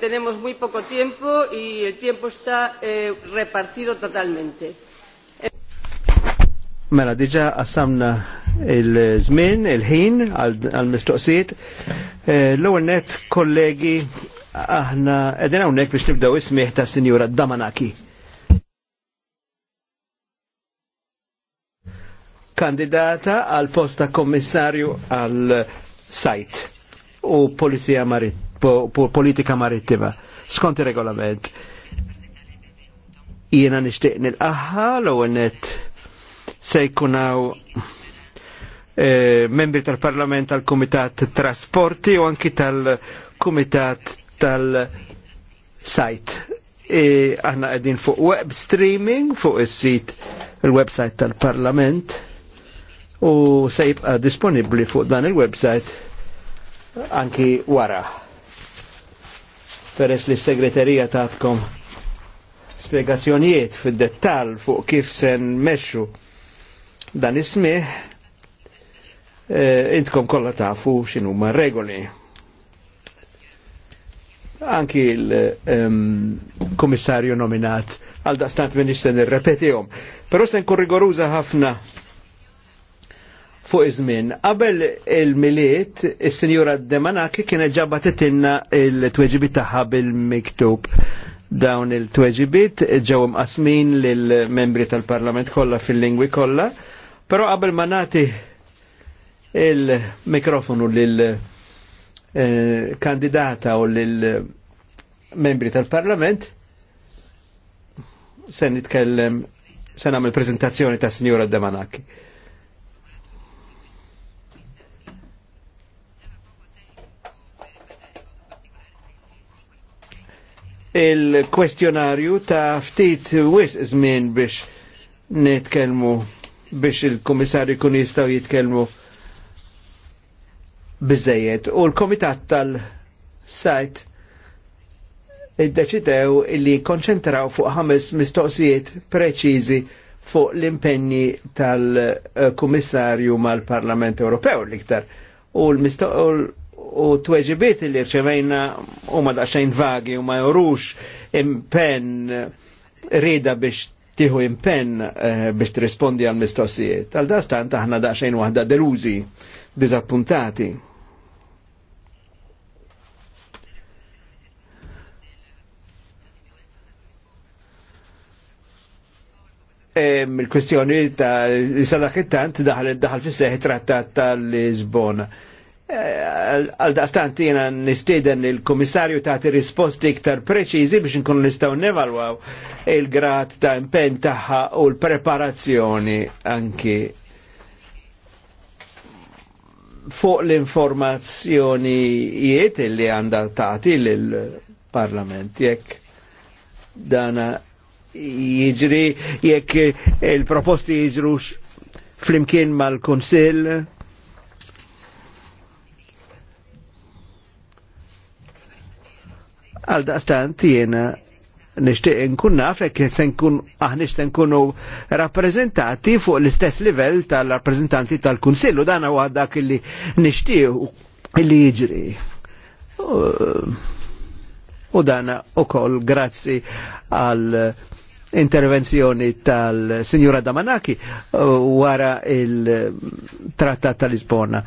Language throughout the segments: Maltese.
Tenemos muy poco tiempo y el tiempo está eh, repartido totalmente. Mela diġa għassamna il-żmien, il-ħin għal-mistoqsijiet. Eh, l-ewwel net kollegi aħna qegħdin hawnhekk biex nibdaw ismiħ ta' Sinjura Damanaki. Kandidata għal posta kommissarju għal sajt u Polizija Marit politika marittima skont il-regolament. Jiena nixtieq nil-aħħa l net se jkunaw eh, membri tal-Parlament tal-Kumitat Trasporti u anki tal-Kumitat tal-Sajt. E, aħna qegħdin fuq web streaming fuq is-sit il-website tal-Parlament u se jibqa' disponibbli fuq dan il-website anki wara peress li segreterija tatkom spiegazzjonijiet fid-dettal fuq kif sen meċu dan ismiħ e, eh, intkom kolla tafu xinu ma regoli. Anki l-komissarju ehm, nominat għal daqstant minix sen repetijom Pero sen kun rigoruza ħafna fuq iż-żmien. Qabel il-miliet, is-Sinjura Demanaki kienet ġabat itinna il-tweġibit tagħha bil-miktub. Dawn il-tweġibit ġew imqasmin lill-membri tal-Parlament kollha fil-lingwi kollha, però qabel ma nagħti il-mikrofonu lil eh, kandidata u lil membri tal-Parlament se nitkellem se nagħmel prezentazzjoni ta' Sinjura Demanaki. il-kwestjonarju ta' ftit wis żmien biex nitkellmu biex il-komissarju kun jistgħu jitkellmu biżejjed. U l-komitat tal-sajt iddeċidew li konċentraw fuq ħames mistoqsijiet preċiżi fuq l-impenni tal-Kummissarju mal-Parlament Ewropew l-iktar. U l-mistoqsijiet u tweġibiet li rċevejna u ma daċċajn vagi u ma jorux impenn rida biex tiħu impenn eh, biex trispondi għal mistoqsijiet. Għal dastan taħna daċċajn wahda deluzi, dizappuntati. il-kwestjoni ta' li sadaħ kittant daħal fis trattat tal-Lisbona għal daqstant jena nistiden il-komissarju ta' ti risposti iktar preċizi biex nkun nistaw nevalwaw il-grat ta' impen taħħa u l-preparazzjoni anki fuq l-informazzjonijiet informazzjoni li għanda taħti l-parlament jekk dana jiġri jekk il-proposti jiġrux flimkien mal-konsil Għal daqstant jena nishtiq nkun naf jekk se nkun aħniex se nkunu rappreżentati fuq l-istess livell tal-rappreżentanti tal-Kunsillu dan huwa dak illi nixtieq illi jiġri. U dan ukoll grazzi għal intervenzjoni tal-Sinjura Damanaki uh, wara il-Trattat tal-Lisbona.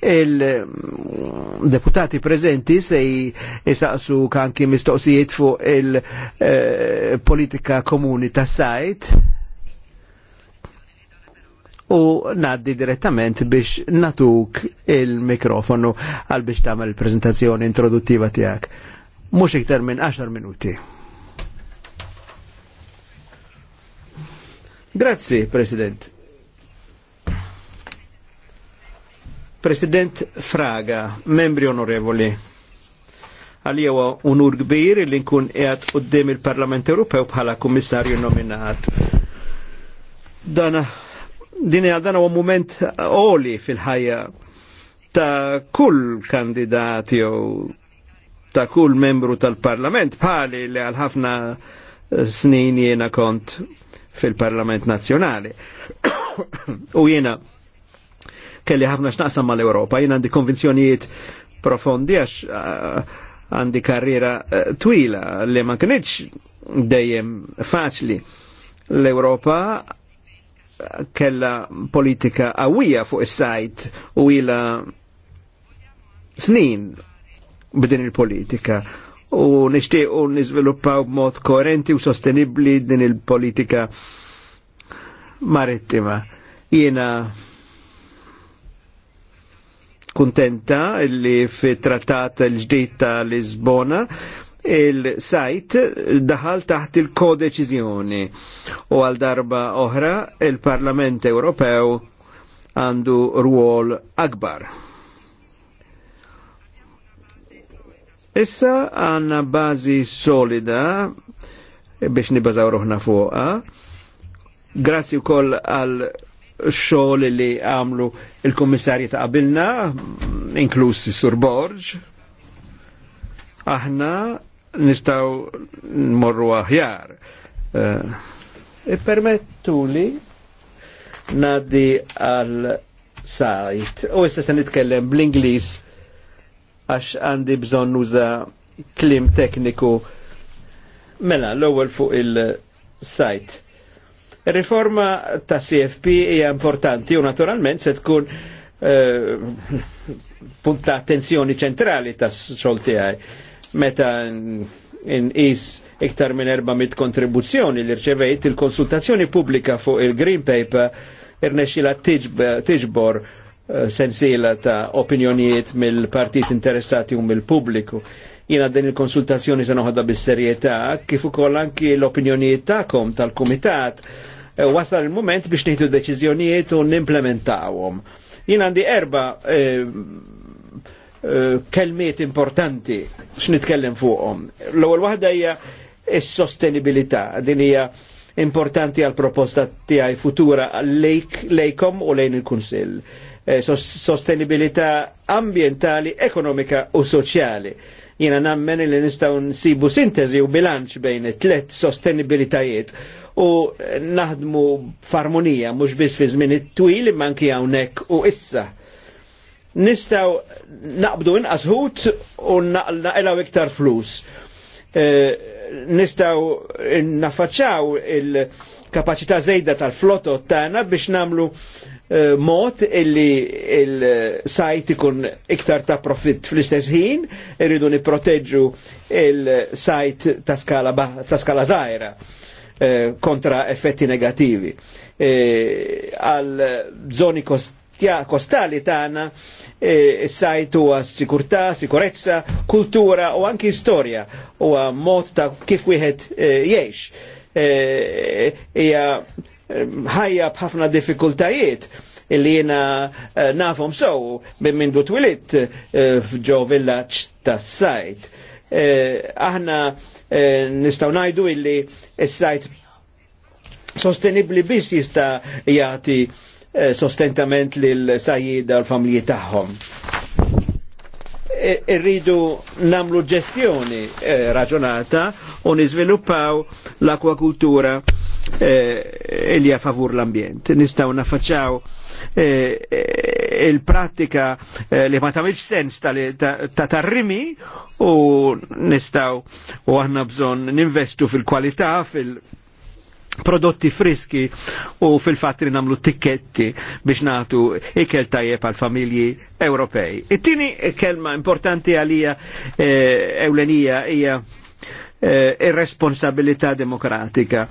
Il-deputati prezenti se jisaqsu kanki mistoqsijiet fuq il-politika eh, komuni ta' sajt u naddi direttament biex natuk il-mikrofonu għal biex tamel il-prezentazzjoni introduttiva tijak. Mux iktar minn 10 minuti. Grazzi, President. President Fraga, membri onorevoli, għal jewa unur gbir li nkun qiegħed qudiem il-Parlament Ewropew bħala kummissarju nominat. Dan din dan huwa mument oli fil-ħajja ta' kull kandidat jew ta' kull membru tal-Parlament bħali li għal ħafna eh, snin jiena kont fil-Parlament Nazzjonali. U jiena kelli ħafna x'naqsam mal-Ewropa, jien għandi konvinzjonijiet profondi għax uh, għandi karriera uh, twila li ma kinitx dejjem faċli. L-Ewropa kella politika qawwija fuq is-sajt u ila snin b'din il-politika u u nizviluppaw b'mod koerenti u sostenibli din il-politika marittima. Jiena kuntenta li fi trattata l-ġdid ta' Lisbona il-sajt daħal taħt il-kodeċizjoni u għal darba oħra il-Parlament Ewropew għandu ruol akbar. Issa għanna bazi solida biex nibazaw ruħna fuqa. Grazzi u koll għal xogħol li għamlu il-kummissarji ta' qabilna, inklusi Sur Borġ. Aħna nistaw morru aħjar. E eh, permettu li nadi għal sajt. U issa se nitkellem bl-Ingliż għax għandi bżonn nuża klim tekniku mela l-ewwel fuq il-sajt Reforma ta' CFP hija importanti u naturalment se tkun eh, punt ta' attenzjoni ċentrali ta' għaj. meta n-is iktar minn 400 kontribuzzjoni li rċevejt il-konsultazzjoni pubblika fuq il-Green Paper irnexxila tiġbor sensiela ta' opinjonijiet mill-partit interessati u mill-pubbliku. Jiena din il-konsultazzjoni se noħodha bis-serjetà kif ukoll anki l-opinjonijiet tagħkom tal-kumitat eh, wasal il-moment biex nieħdu deċiżjonijiet u nimplementawhom. Jien għandi erba eh, eh, kelmiet importanti x'nitkellem fuqhom. L-ewwel waħda hija s-sostenibilità, din hija importanti għal proposta tiegħi futura lejk, lejkom u lejn il-Kunsill. Sostenibilità ambientali, ekonomika u soċjali Jiena nammen li nistgħu nsibu sintesi u bilanċ bejn it-tlet sostenibilitajiet u naħdmu f'armonija mhux biss fi żmien it-twil imma anki hawnhekk u issa. Nistgħu naqbdu inqas u naqlaw iktar flus. E, nistgħu naffaċċaw il- kapaċità zejda tal-flotot tagħna biex namlu Eh, mod illi il-sajt ikun iktar ta' profit fl-istess ħin, irridu niproteġġu il-sajt ta' skala, zaħira eh, kontra effetti negativi. Eh, għal e, zoni kostali tagħna e, sajt huwa sikurtà, sikurezza, kultura u anki storja huwa mod ta' kif wieħed jgħix ħajja bħafna diffikultajiet illi jena eh, nafhom sow minn mindu twilit eh, f'ġo villaċ tas-sajt. Eh, aħna nistgħu ngħidu illi s-sajt sostenibli biss jista' jagħti sostentament lil sajid l-familji tagħhom. E, irridu namlu ġestjoni e, raġunata u nizviluppaw l-akwakultura ilja e, e favur l-ambjent. Nistaw naffaċċaw il-pratika li ma tamilx sens ta, tarrimi u nistaw u għanna bżon ninvestu fil-kwalità, fil-, -kwalità, fil prodotti friski u fil-fatri namlu tikketti biex natu ikel tajjeb għal familji Ewropej. It-tini kelma importanti għalija eh, ewlenija hija eh, irresponsabilità demokratika.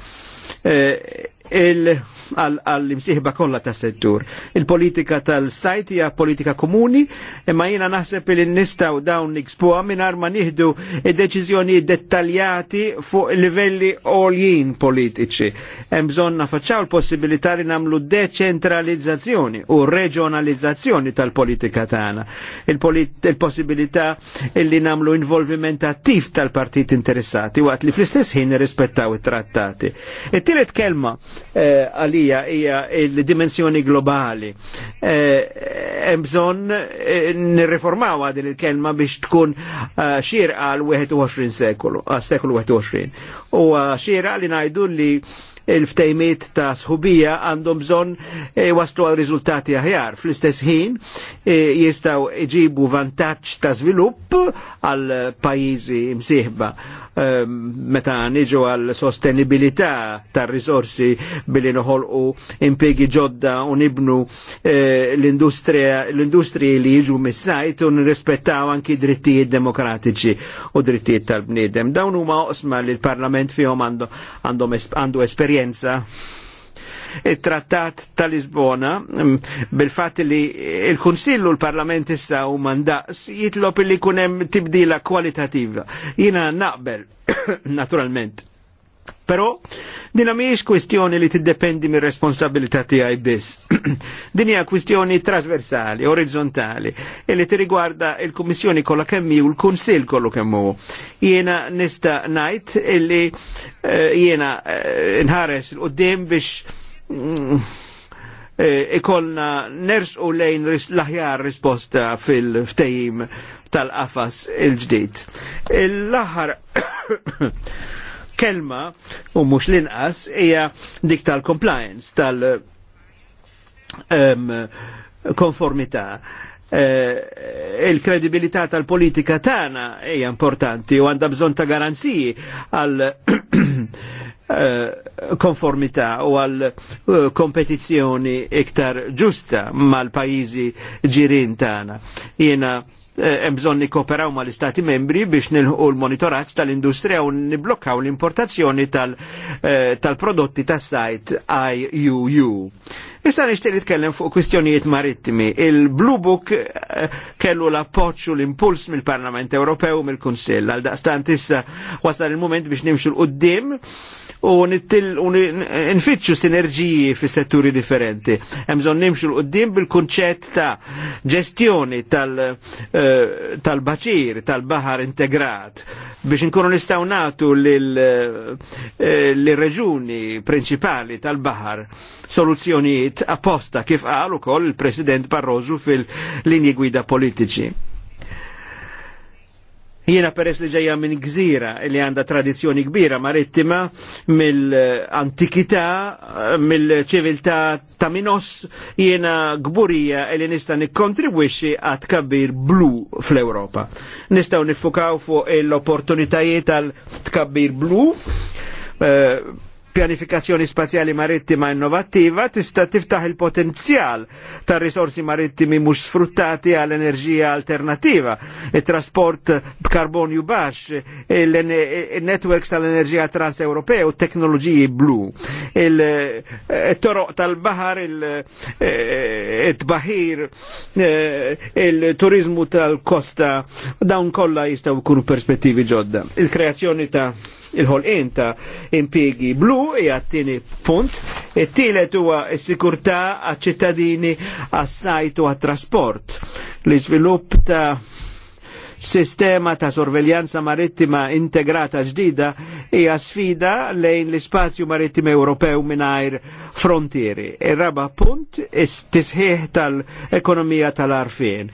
Eh, għal imsiħba kollha tas settur. Il-politika tal-sajt hija politika komuni, imma jiena naħseb li nistaw dawn nikspuha mingħajr ma nieħdu deċiżjoni dettaljati fuq livelli oljin politiċi. Hemm bżonn nafaċċaw l-possibilità li nagħmlu deċentralizzazzjoni u reġjonalizzazzjoni tal-politika tagħna. Il-possibilità li nagħmlu involviment attiv tal-partit interessati waqt li fl-istess ħin nirrispettaw it-trattati. It-tielet kelma Eh, għalija hija il-dimensjoni globali. Eh, hemm bżonn eh, nirriformawha din il-kelma biex tkun xirqa għal 21 sekolu, sekolu 21. U xirqa li ngħidu li il-ftejmiet ta' sħubija għandhom bżon e, waslu għal riżultati aħjar. Fl-istess ħin e, jistaw iġibu vantaġġ ta' zvilupp għal pajjiżi msieħba Ehm, meta niġu għal sostenibilità tar risorsi billi noħolqu impiegi ġodda u nibnu eh, l-industrija li jiġu mis-sajt u nirrispettaw anki drittijiet demokratiċi u drittijiet tal-bniedem. Dawn huma oqsma li l-Parlament fihom għandu esperjenza il-trattat tal-Lisbona mm, bil-fat li il-Kunsillu l-Parlament issa u mandaqs jitlob li kunem tibdila kwalitativa. Jina naqbel, naturalment. Però dina miex kwistjoni li tiddependi mir responsabilità tiegħi biss. din hija kwestjoni trasversali, orizzontali, e li tirrigwarda il-Kummissjoni kollha kemm u l-Kunsill kollu kemm hu. Jiena nista' ngħid illi uh, jiena uh, nħares l-qudiem biex Eh, ikolna ners u lejn l-aħjar risposta fil-ftejim tal-qafas il-ġdid. L-aħħar kelma, u mux l-inqas, hija dik tal-compliance, tal-konformità. Eh, il-kredibilità tal-politika tagħna hija importanti u għandha bżonn ta' garanziji għal Eh, konformità u għal eh, kompetizzjoni iktar ġusta mal-pajizi ġirin tagħna. Jiena eh, hemm bżonn nikkooperaw mal-Istati membri biex nilħu l-monitoraġġ tal-industrija u nibblokkaw l-importazzjoni tal-prodotti tal tas-sajt IUU. Issa nixtieq nitkellem fuq kwistjonijiet marittimi. Il-Blue Book kellu l-appoġġ u l-impuls mill-Parlament Ewropew u mill-Kunsill. Għal daqstant issa wasal il-mument biex nimxu l-qudiem u nfittxu sinerġiji fi setturi differenti. Hemżon nimxu l-qoddim bil-kunċett ta' ġestjoni eh, tal-baċir, tal-bahar integrat biex nkunu nistaw natu l-reġuni eh, principali tal-bahar soluzzjonijiet apposta kif qal ukoll il-President Barroso fil-linji gwida politiċi Jiena peress li ġejja minn gżira li għandha tradizjoni kbira marittima mill-antikità, mill-ċiviltà ta' Minos, jiena gburija li nista' nikkontribwixxi għat kabbir blu fl-Ewropa. Nistgħu nifukaw fuq l-opportunitajiet tal-tkabbir blu, eh, pjanifikazzjoni spazjali marittima innovattiva tista' tiftaħ il-potenzjal ta' risorsi marittimi mhux sfruttati għal enerġija alternativa, it-trasport b'karbonju baxx, il-networks tal-enerġija trans-Ewropew, teknoloġiji blu, il-toroq eh, tal-bahar, il-tbahir, eh, eh, il-turizmu tal-kosta, dawn kollha jistgħu jkunu perspettivi ġodda. Il-kreazzjoni ta' il-ħolqien ta' impiegi blu hija t-tieni punt, it-tielet huwa s-sikurtà għaċ-ċittadini għas sajtu għat-trasport. L-iżvilupp ta' sistema ta' sorveljanza marittima integrata ġdida hija sfida lejn l-ispazju marittim Ewropew mingħajr frontieri. Ir-raba punt tisħiħ tal-ekonomija tal-arfien.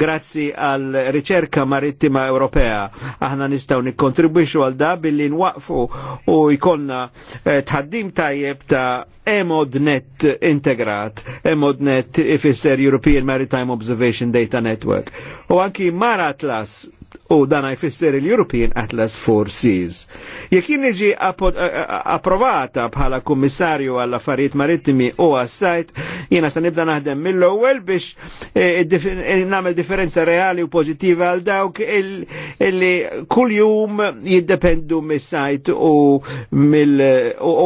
Grazzi għal riċerka marittima Ewropea aħna nistgħu nikkontribwixxu għal da billi nwaqfu u jkollna eh, tħaddim tajjeb ta' Emodnet integrat, Emodnet ifisser European Maritime Observation Data Network. U anki Mar Atlas u dan jfisser il-European Atlas for Seas. Jekk iġi approvata bħala kummissarju għall affarijiet marittimi u għas-sajt, jiena se nibda naħdem mill-ewwel biex e, e, e, nagħmel differenza reali u pożittiva għal dawk illi kuljum jiddependu mis-sajt u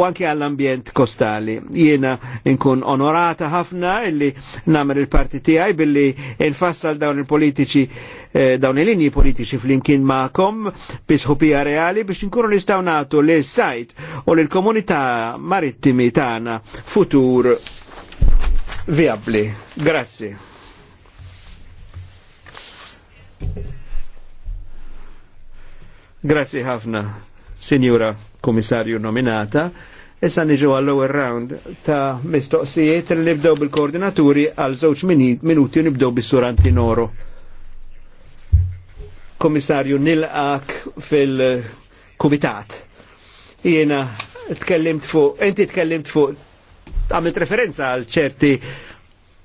anke għall-ambjent kostali. Jiena nkun onorata ħafna illi nagħmel il-parti tiegħi billi nfassal dawn il-politiċi Eh, dawn il-linji politiċi fl-imkien ma'kom bisħupija reali biex nkunu nistaw nagħtu l sajt u l komunità marittimi tagħna futur viabli. Grazzi. Grazzi ħafna, Sinjura Komissarju nominata. Issa niġu għall lower round ta' mistoqsijiet li nibdew bil-koordinaturi għal żewġ minuti u nibdew bis-suranti noro komissarju nilqak fil-kumitat. Jiena tkellimt fuq, inti tkellimt fuq, għamilt referenza għal ċerti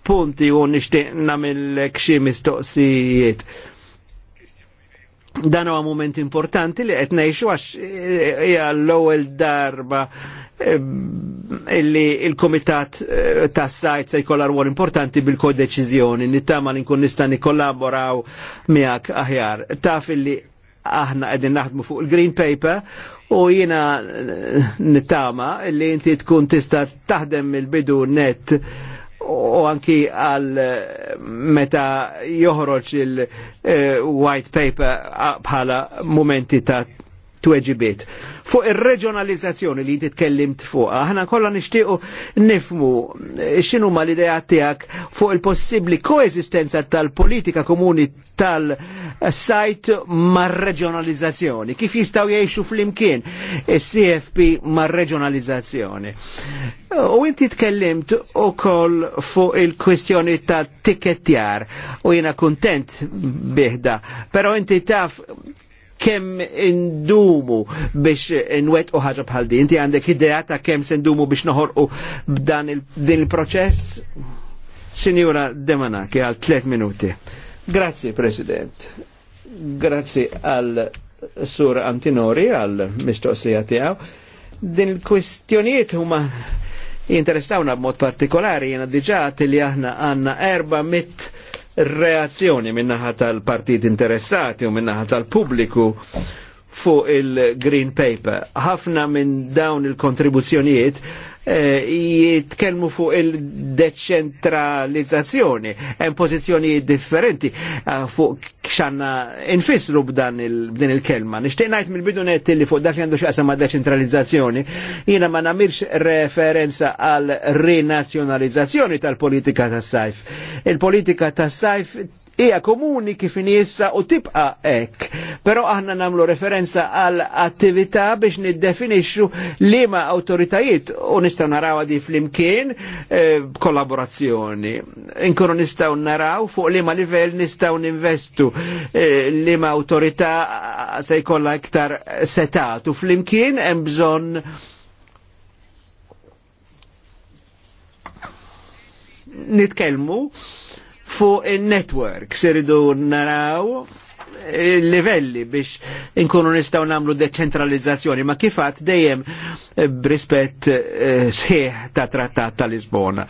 punti u nishtiq namil xi mistoqsijiet. Dan huwa moment importanti li qed ngħixu għax hija l-ewwel darba Eh, illi il-komitat eh, ta' sajt se jkollar war importanti bil-kodeċizjoni, nittama li nkun nista' nikollaboraw miegħek aħjar. Taf illi aħna qegħdin naħdmu fuq il-Green Paper u jiena eh, nittama illi inti tkun tista' taħdem il-bidu net u anki għal meta joħroġ il-white paper ah, bħala momenti ta' tweġibiet. Fuq ir-reġjonalizzazzjoni li titkellimt fuq, aħna kollha nixtiequ nifmu eh, x'inhu ma l-idea tiegħek fuq il-possibbli koeżistenza tal-politika komuni tal-sajt mar-reġjonalizzazzjoni. Kif jistgħu jgħixu flimkien is-CFP mar-reġjonalizzazzjoni. U inti tkellimt u koll fuq il-kwestjoni ta' tikettjar u jiena kontent biħda, pero inti taf kemm indumu biex nwet u ħaġa bħal din, inti għandek idea ta' kem se biex noħorqu b'dan din il-proċess? Sinjura Demanaki għal 3 minuti. Grazzi, President. Grazzi għal Sur Antinori għal mistoqsija tiegħu. Din il-kwestjonijiet huma jinteressawna b'mod partikolari, jena diġa li aħna għanna erba mit reazzjoni minnaħa tal-partit interessati u minnaħa tal-pubbliku fuq il-Green Paper. Ħafna minn dawn il-kontribuzzjonijiet Eh, jitkellmu fuq il-deċentralizzazzjoni, hemm pożizzjonijiet differenti eh, fuq xanna infisru b'dan il-bdin il-kelma. Nixtieq ngħid mill-bidu netti li fuq dak li għandu x'qasam ma' deċentralizzazzjoni, jiena ma nagħmilx referenza għal rinazzjonalizzazzjoni tal-politika tas-sajf. Il-politika tas-sajf hija komuni kif issa u tibqa' hekk. Però aħna nagħmlu referenza għal attività biex niddefinixxu liema awtoritajiet u nistgħu naraw di flimkien eh, kollaborazzjoni. Inkunu nistgħu naraw fuq liema livell nistgħu ninvestu eh, liema awtorità se jkollha iktar setatu flimkien hemm bżonn nitkellmu fuq il-network. Seridu naraw livelli biex inkunu nistaw namlu deċentralizzazzjoni, ma kifat dejjem brispet eh, sħiħ ta' trattat ta' Lisbona.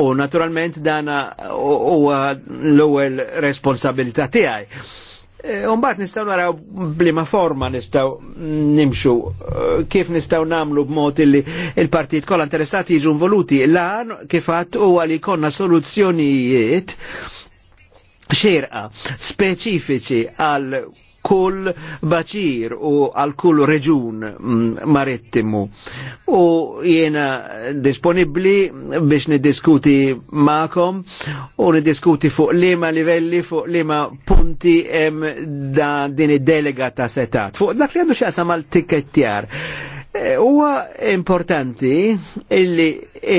U naturalment dana huwa l-ewwel responsabilità tiegħi E, Umbat nistaw naraw blima forma nistaw nimxu e, kif nistaw namlu b'mod illi il-partijiet kolla interessati jiġu involuti. Lan kifat u għali konna soluzzjonijiet xerqa speċifiċi għal kull baċir u għal kull reġun mm, marittimu. U jena disponibli biex nidiskuti ma'kom u nidiskuti fuq lima livelli, fuq lima punti em da din delega ta' setat. Fuq dak li għandu xasam għal tikettjar. Eh, huwa importanti illi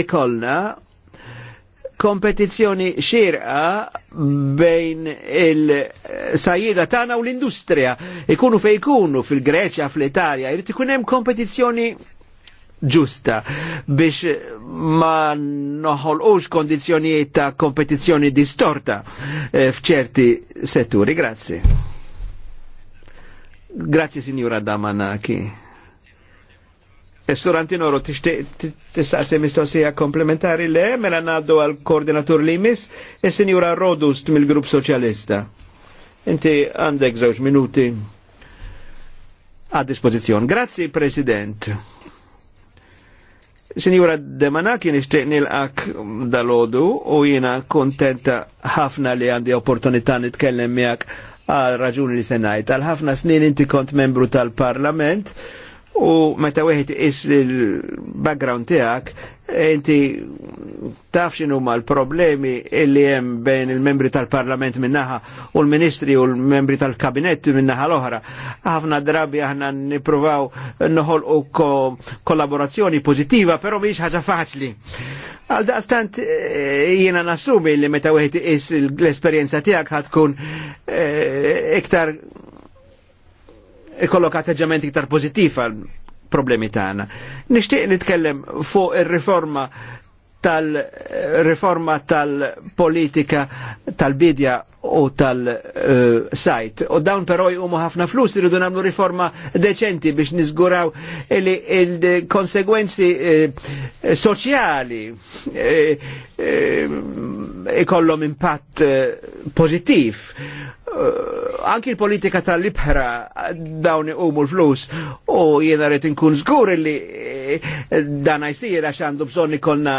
ikolna kompetizzjoni xirqa bejn il-sajjida Tana u l-industrija. Ikunu fej ikunu fil-Greċja, fil italja jrid ikun hemm kompetizzjoni ġusta biex ma noħolqux kondizjonijiet ta' kompetizzjoni distorta eh, f'ċerti setturi. Grazzi. Grazzi, signora Damanaki. Sorantino Ro, tistaqsi mistoqsija komplementari le, mela naddu għal koordinatur Limis, il e Signora Rodust mill-Grupp Soċjalista. Inti għandek żewġ minuti a dispozizjon. Grazzi, President. Sinjura Demana kien ixtieq nilqak dal-ħodu u jiena kontenta ħafna li għandi opportunità nitkellem miegħek għal raġuni li se ngħid. Għal ħafna snin inti kont membru tal-Parlament, u meta wieħed is il-background tiegħek inti taf x'inhu l-problemi illi hemm bejn il-membri tal-Parlament minnaħa u l-Ministri u l-membri tal-Kabinett minnaħa l-oħra. Ħafna drabi aħna nippruvaw noħolqu kollaborazzjoni pożittiva, però mhix ħaġa faċli. Għal daqstant eh, jiena nassumi li meta wieħed is l-esperjenza tiegħek ħatkun eh, iktar e ikollok atteġġament iktar pozittiv għal problemi tagħna. Nixtieq nitkellem fuq ir-riforma tal-riforma tal-politika tal-bidja u tal-sajt. U dawn però jgħumu ħafna flus iridu nagħmlu riforma deċenti biex niżguraw il-konsegwenzi eh, soċjali eh, eh, ikollom impatt pożittiv Eh, anki l-politika tal-libħra dawn umu l-flus u jena rrit nkun zgur li eh, dan għajsir għax għandu bżonni konna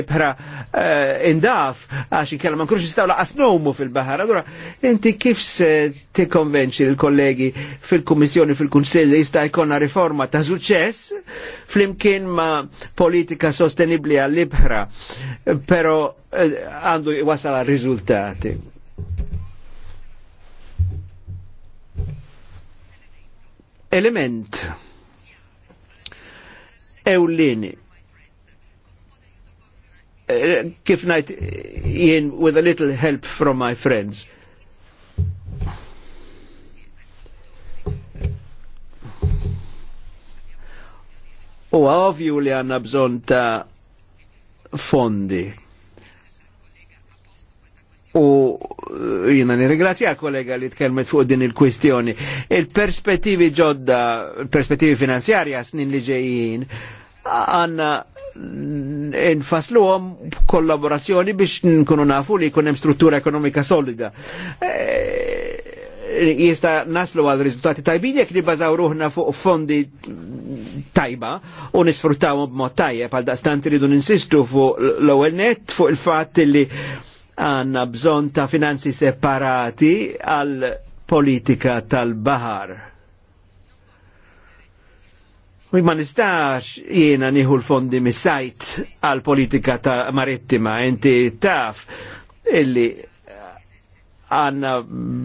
ibħra eh, indaf għax inkella ma nkunux stawla għasnumu fil-bahar. Għadura, inti kif se te konvenċi l-kollegi fil kommissjoni fil-Kunsill li jista' jkollna riforma ta' suċess flimkien ma' politika sostenibli għall-ibħra, pero għandu wasal riżultati. element ewlini eh, kif najt jien with a little help from my friends. U għavju li għanna bżon ta' fondi U eh, jina nirigrazzja kollega li tkellmet fuq din il-kwistjoni. Il-perspettivi ġodda, il-perspettivi finanzjarja snin li ġejjin, għanna infasluhom kollaborazzjoni biex nkunu nafu li kunem struttura ekonomika solida. Eh, jista naslu għal riżultati tajbin jekk nibbażaw ruħna fuq fondi tajba u nisfruttawhom b'mod tajjeb għal daqstant ridu ninsistu fuq l-ewwel net fuq il-fatt li għanna bżon ta' finanzi separati għal politika tal-bahar. U ma nistax jiena niħu l-fondi mis-sajt għal politika ta' marittima, inti taf illi għanna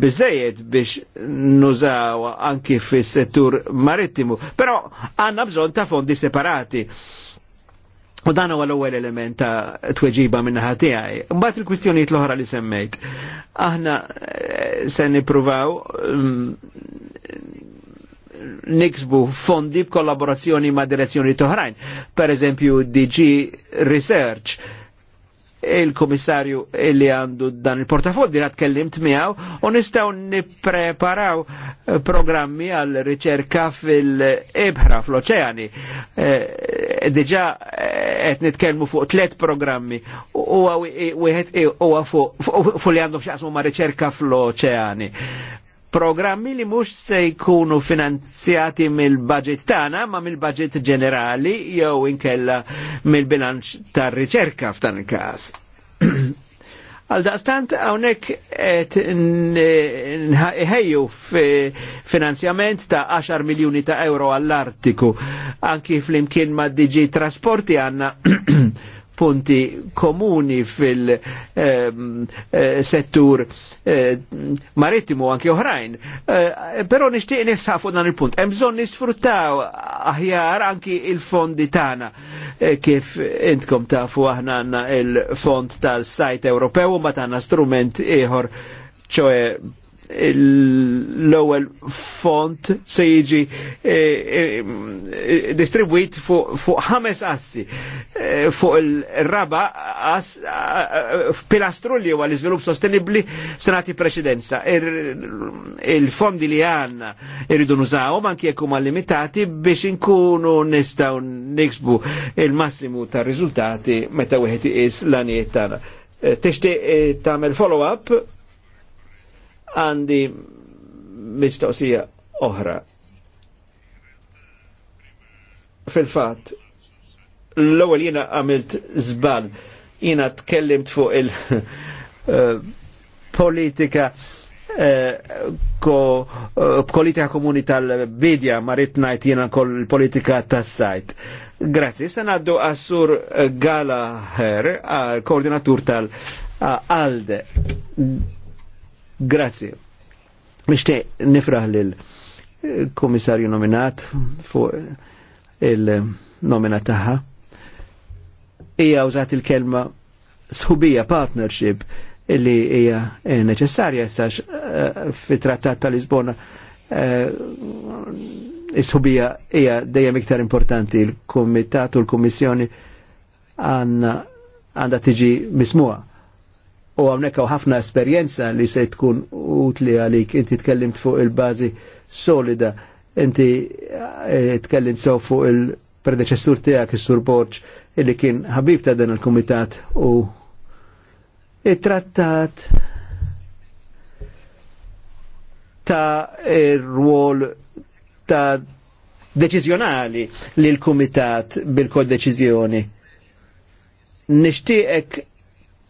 bizzejed biex nużaw anki fis settur marittimu, pero għanna bżon ta' fondi separati U dan huwa l-ewwel element ta' tweġiba minn naħa tiegħi. Mbagħad il-kwistjonijiet l-oħra li semmejt. Aħna eh, se nippruvaw mm, niksbu fondi b'kollaborazzjoni ma' direzzjoni oħrajn. Per eżempju, DG Research il-komissarju li għandu dan il-portafol dina kellimt miegħu u nistgħu nippreparaw programmi għal riċerka fil-ebħra fl-oċeani. Diġa għet qed nitkellmu fuq tliet programmi u wieħed fuq li għandhom x'jaqsmu ma' riċerka fl-oċeani programmi li mhux se jkunu finanzjati mill-budget tagħna ma mill-budget ġenerali jew inkella mill-bilanċ tar-riċerka f'dan il-każ. Għal daqstant għawnek nħejju finanzjament ta' 10 miljoni ta' euro għall-artiku, anki fl-imkien ma' diġi trasporti għanna punti komuni fil-settur ehm, eh, eh, marittimu anki oħrajn. Eh, però nixtieq nisħafu dan il-punt. Hemm bżonn nisfruttaw aħjar anki il-fondi tagħna kif intkom tafu aħna għandna il-fond tal-sajt Ewropew u ma tagħna strument ieħor ċoe l-ewwel font se jiġi eh, eh, distribwit fuq ħames assi eh, fuq il-raba ass pilastru li huwa l-iżvilupp sostenibbli se nagħti preċedenza. Il-fondi li għandna irridu nużawhom anke jekk huma limitati biex inkunu nistgħu niksbu il-massimu tar-riżultati meta wieħed is l-għanijiet tagħna. Tixtieq tagħmel follow-up għandi mistoqsija oħra. Fil-fat, l-ewwel jiena għamilt żball, jiena tkellimt fuq il-politika eh, eh, eh, politika komuni tal-bidja marit najt jena kol politika tas-sajt. Grazzi, sen għaddu għassur Gala Her, koordinatur tal-ALDE. Grazie. Mishte nifraħ lil eh, komissarju nominat fuq eh, il-nomina taħħa. Ija użat il-kelma sħubija partnership illi hija eh, neċessarja jistax fi fit-trattat tal-Lisbona is-sħubija hija dejjem iktar importanti l-Kumitat u l-Kummissjoni għandha tiġi mismuha u għamnek u ħafna esperienza li se tkun utli għalik, inti tkellimt fuq il-bazi solida, inti eh, tkellimt so fuq il-predeċessur tijak, il-sur Borċ, illi kien ħabib ta' dan il-komitat u it-trattat ta' il-ruol ta' deċizjonali li l-komitat bil-kod deċizjoni. Nishtiqek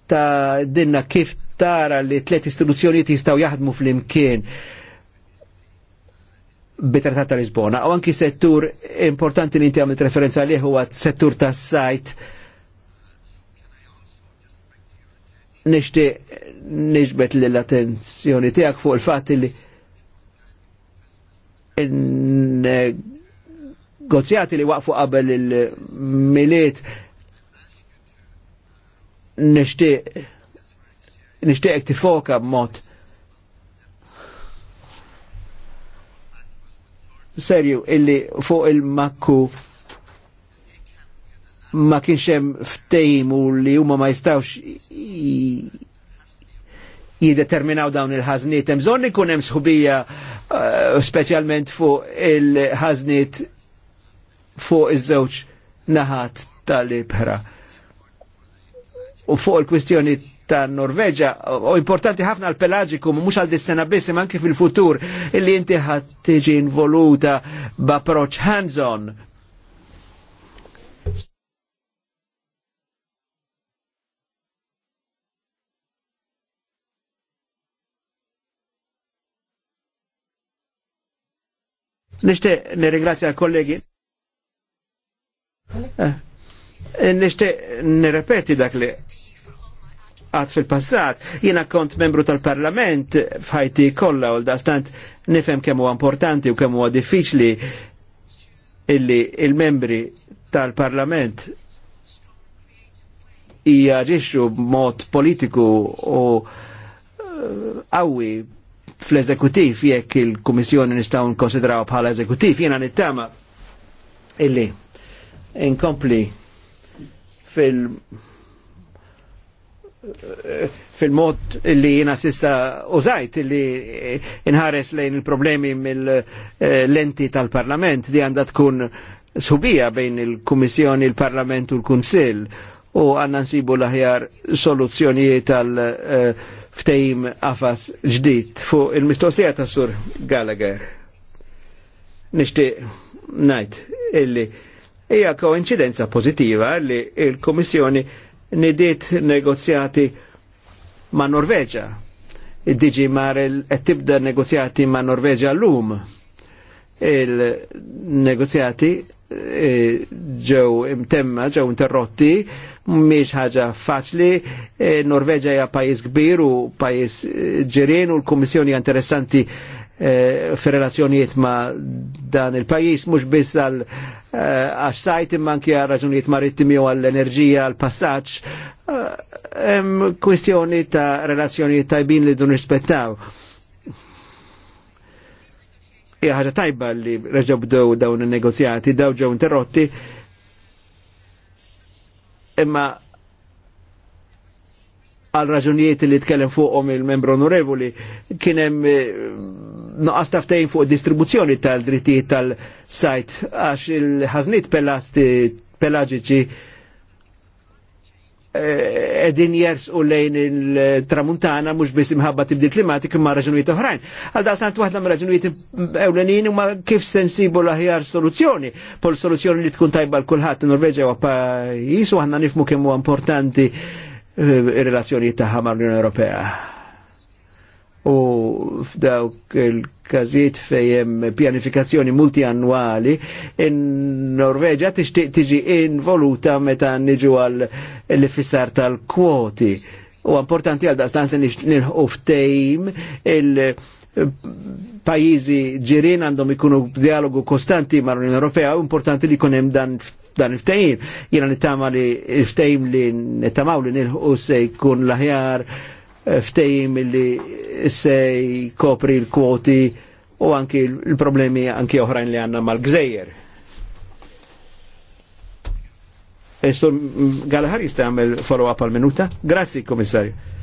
ta' dinna kif tara li tliet istituzzjoni jistgħu jaħdmu flimkien bit-Trattat ta' Lisbona. U anki settur importanti li inti għamilt referenza li huwa settur tas sajt Nixtieq nixbet li l-attenzjoni tiegħek fuq il-fatt li negozjati li waqfu qabel il-miliet nishtiq nishtiq tifoka b'mod serju illi fuq il-makku ma kienx hemm ftehim u li huma ma jistawx jideterminaw dawn il-ħażniet. Mżon bżonn ikun hemm sħubija eh, speċjalment fuq il ħazniet fuq iż-żewġ naħat tal-ibħra u fuq il-kwistjoni ta' Norveġa u importanti ħafna għal pelagiku mux għal dissena sena ma' anki fil-futur illi inti ħad tiġi involuta b'approċċ hands-on Nishtiq nirringrazzja l-kollegi. Eh. Eh, nishtiq nirrepeti dak li għad fil-passat, jiena kont membru tal-parlament fħajti kollha u l-da dastant nifhem kemm huwa importanti u kemm huwa diffiċli illi il-membri tal-parlament jgħagġiċu mod politiku u eh, qawwi fl eżekutif jekk il-Kummissjoni nistgħu nkonsidraw bħala ezekutif, jiena nittama illi inkompli fil- fil-mod li jina sissa użajt li inħares lejn il-problemi mill-lenti tal-parlament di għanda tkun subija bejn il-Kummissjoni, il-Parlament u l-Kunsil u għanna nsibu laħjar soluzzjonijiet tal ftejim għafas ġdid fu il-mistoqsija ta' Sur Gallagher. najt illi Hija koincidenza pozittiva li il-Komissjoni nidiet negozjati ma' Norveġa. Diġi mar qed tibda negozjati ma' Norveġa l-lum. Il-negozjati eh, ġew imtemma, ġew interrotti, miex ħaġa faċli, eh, Norveġa hija pajis kbir u pajis eh, ġirien u l-Kummissjoni interessanti Eh, fi relazzjonijiet ma dan il-pajis, mux biss għal eh, għax sajt imman kja raġunijiet marittimi u għal enerġija, għal passaċ, eh, kwestjoni ta' relazzjonijiet tajbin li dun rispettaw. ħagħa tajba li reġaw daw dawn il-negozjati, daw ġew interrotti, imma għal raġunijiet li tkellem fuqhom il-membru onorevoli kien hemm eh, noqas taftejn fuq distribuzzjoni tal-drittijiet tal-sajt għax il-ħażnit pelagiċi eh, edin jers u lejn il-tramuntana mux biss imħabba tibdil klimatik ma raġunijiet oħrajn. Għal daqstant waħda ma raġunijiet ewlenin ma kif sensibu l-aħjar soluzzjoni. Pol soluzzjoni li tkun tajba l-kulħat Norveġa u għapajis u għanna nifmu kemmu importanti il relazzjoni tagħha mal-Unjoni Ewropea. U f'dawk il kazit fejn pjanifikazzjoni multianwali, in-Norveġa tixtieq tiġi involuta meta niġu għal l-fissar tal-kwoti. U importanti għal daqstant nilħu ftejm il- pajizi ġirin għandhom ikunu dialogu kostanti ma' l-Unjoni Ewropea, importanti li kunem dan dan il-ftajim. Jena nittama li il-ftajim li nittamaw li nilħu se jkun l-ħjar eh, ftajim li se kopri l-kwoti u anki l-problemi anki oħrajn li għanna mal-gżejjer. Esso, eh, Galahar jista' għamil follow-up għal-minuta? Grazie, komissarju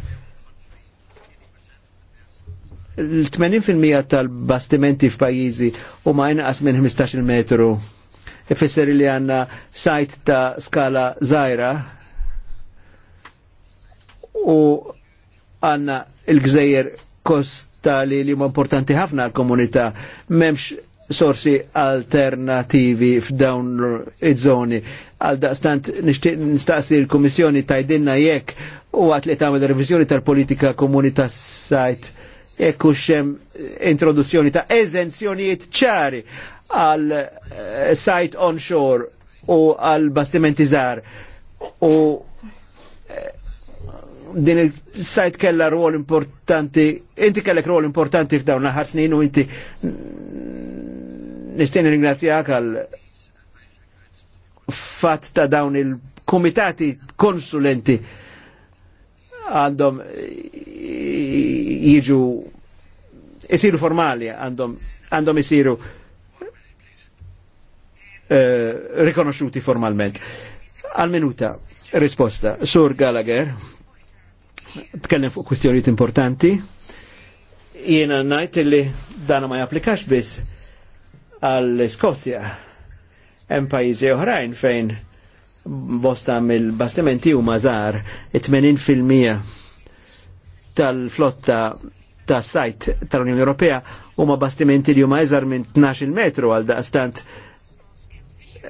l-80% tal-bastimenti f'pajjiżi huma inqas minn 15 metru. Ifisser li għandna sajt ta' skala żgħira u għandna il-gżejjer kostali li huma importanti ħafna għal-komunità m'hemmx sorsi alternativi f'dawn iż-żoni. Għal daqstant nistaqsi l-Kummissjoni tajdinna jekk u għat li tagħmel revizjoni tal-politika komuni tas-sajt ekkux eh, introduzzjoni ta' eżenzjonijiet ċari għal eh, sajt onshore u għal bastimenti zar u eh, din il-sajt kella rol importanti, inti kellek rol importanti f'dawn naħar snin u inti nishtieni ringrazzjak għal fat ta' dawn il-komitati konsulenti għandhom jiġu isiru formali għandhom għandhom isiru eh, rikonosciuti formalment. Għal minuta risposta. Sur Gallagher tkellem fuq kwestjonijiet importanti. Jiena ngħid li dana ma japplikax biss għall-Skozja. Hemm pajjiżi oħrajn fejn bosta mill-bastimenti u mażar 80% tal-flotta ta' sajt tal-Unjoni Ewropea huma bastimenti li huma eżar minn 12 metru għal daqstant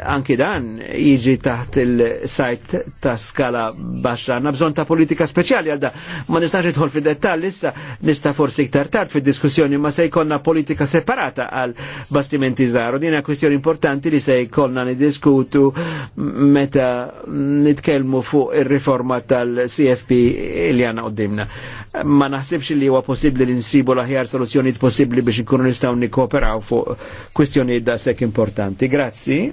anki dan jiġi taħt il-sajt ta' skala baxa. Nabżon ta' politika speċjali għalda. Ma nistax idħol fi dettal issa, nista' forsi iktar tard fi diskussjoni ma se jkollna politika separata għal bastimenti zaru. Dina kwestjoni importanti li se jkollna nidiskutu meta nitkellmu fuq ir-riforma tal-CFP li u Dimna. Ma naħsibx li huwa possibbli li nsibu laħjar aħjar soluzzjonijiet possibbli biex nkunu nistaw nikkooperaw fuq kwestjoni da' sekk importanti. Grazzi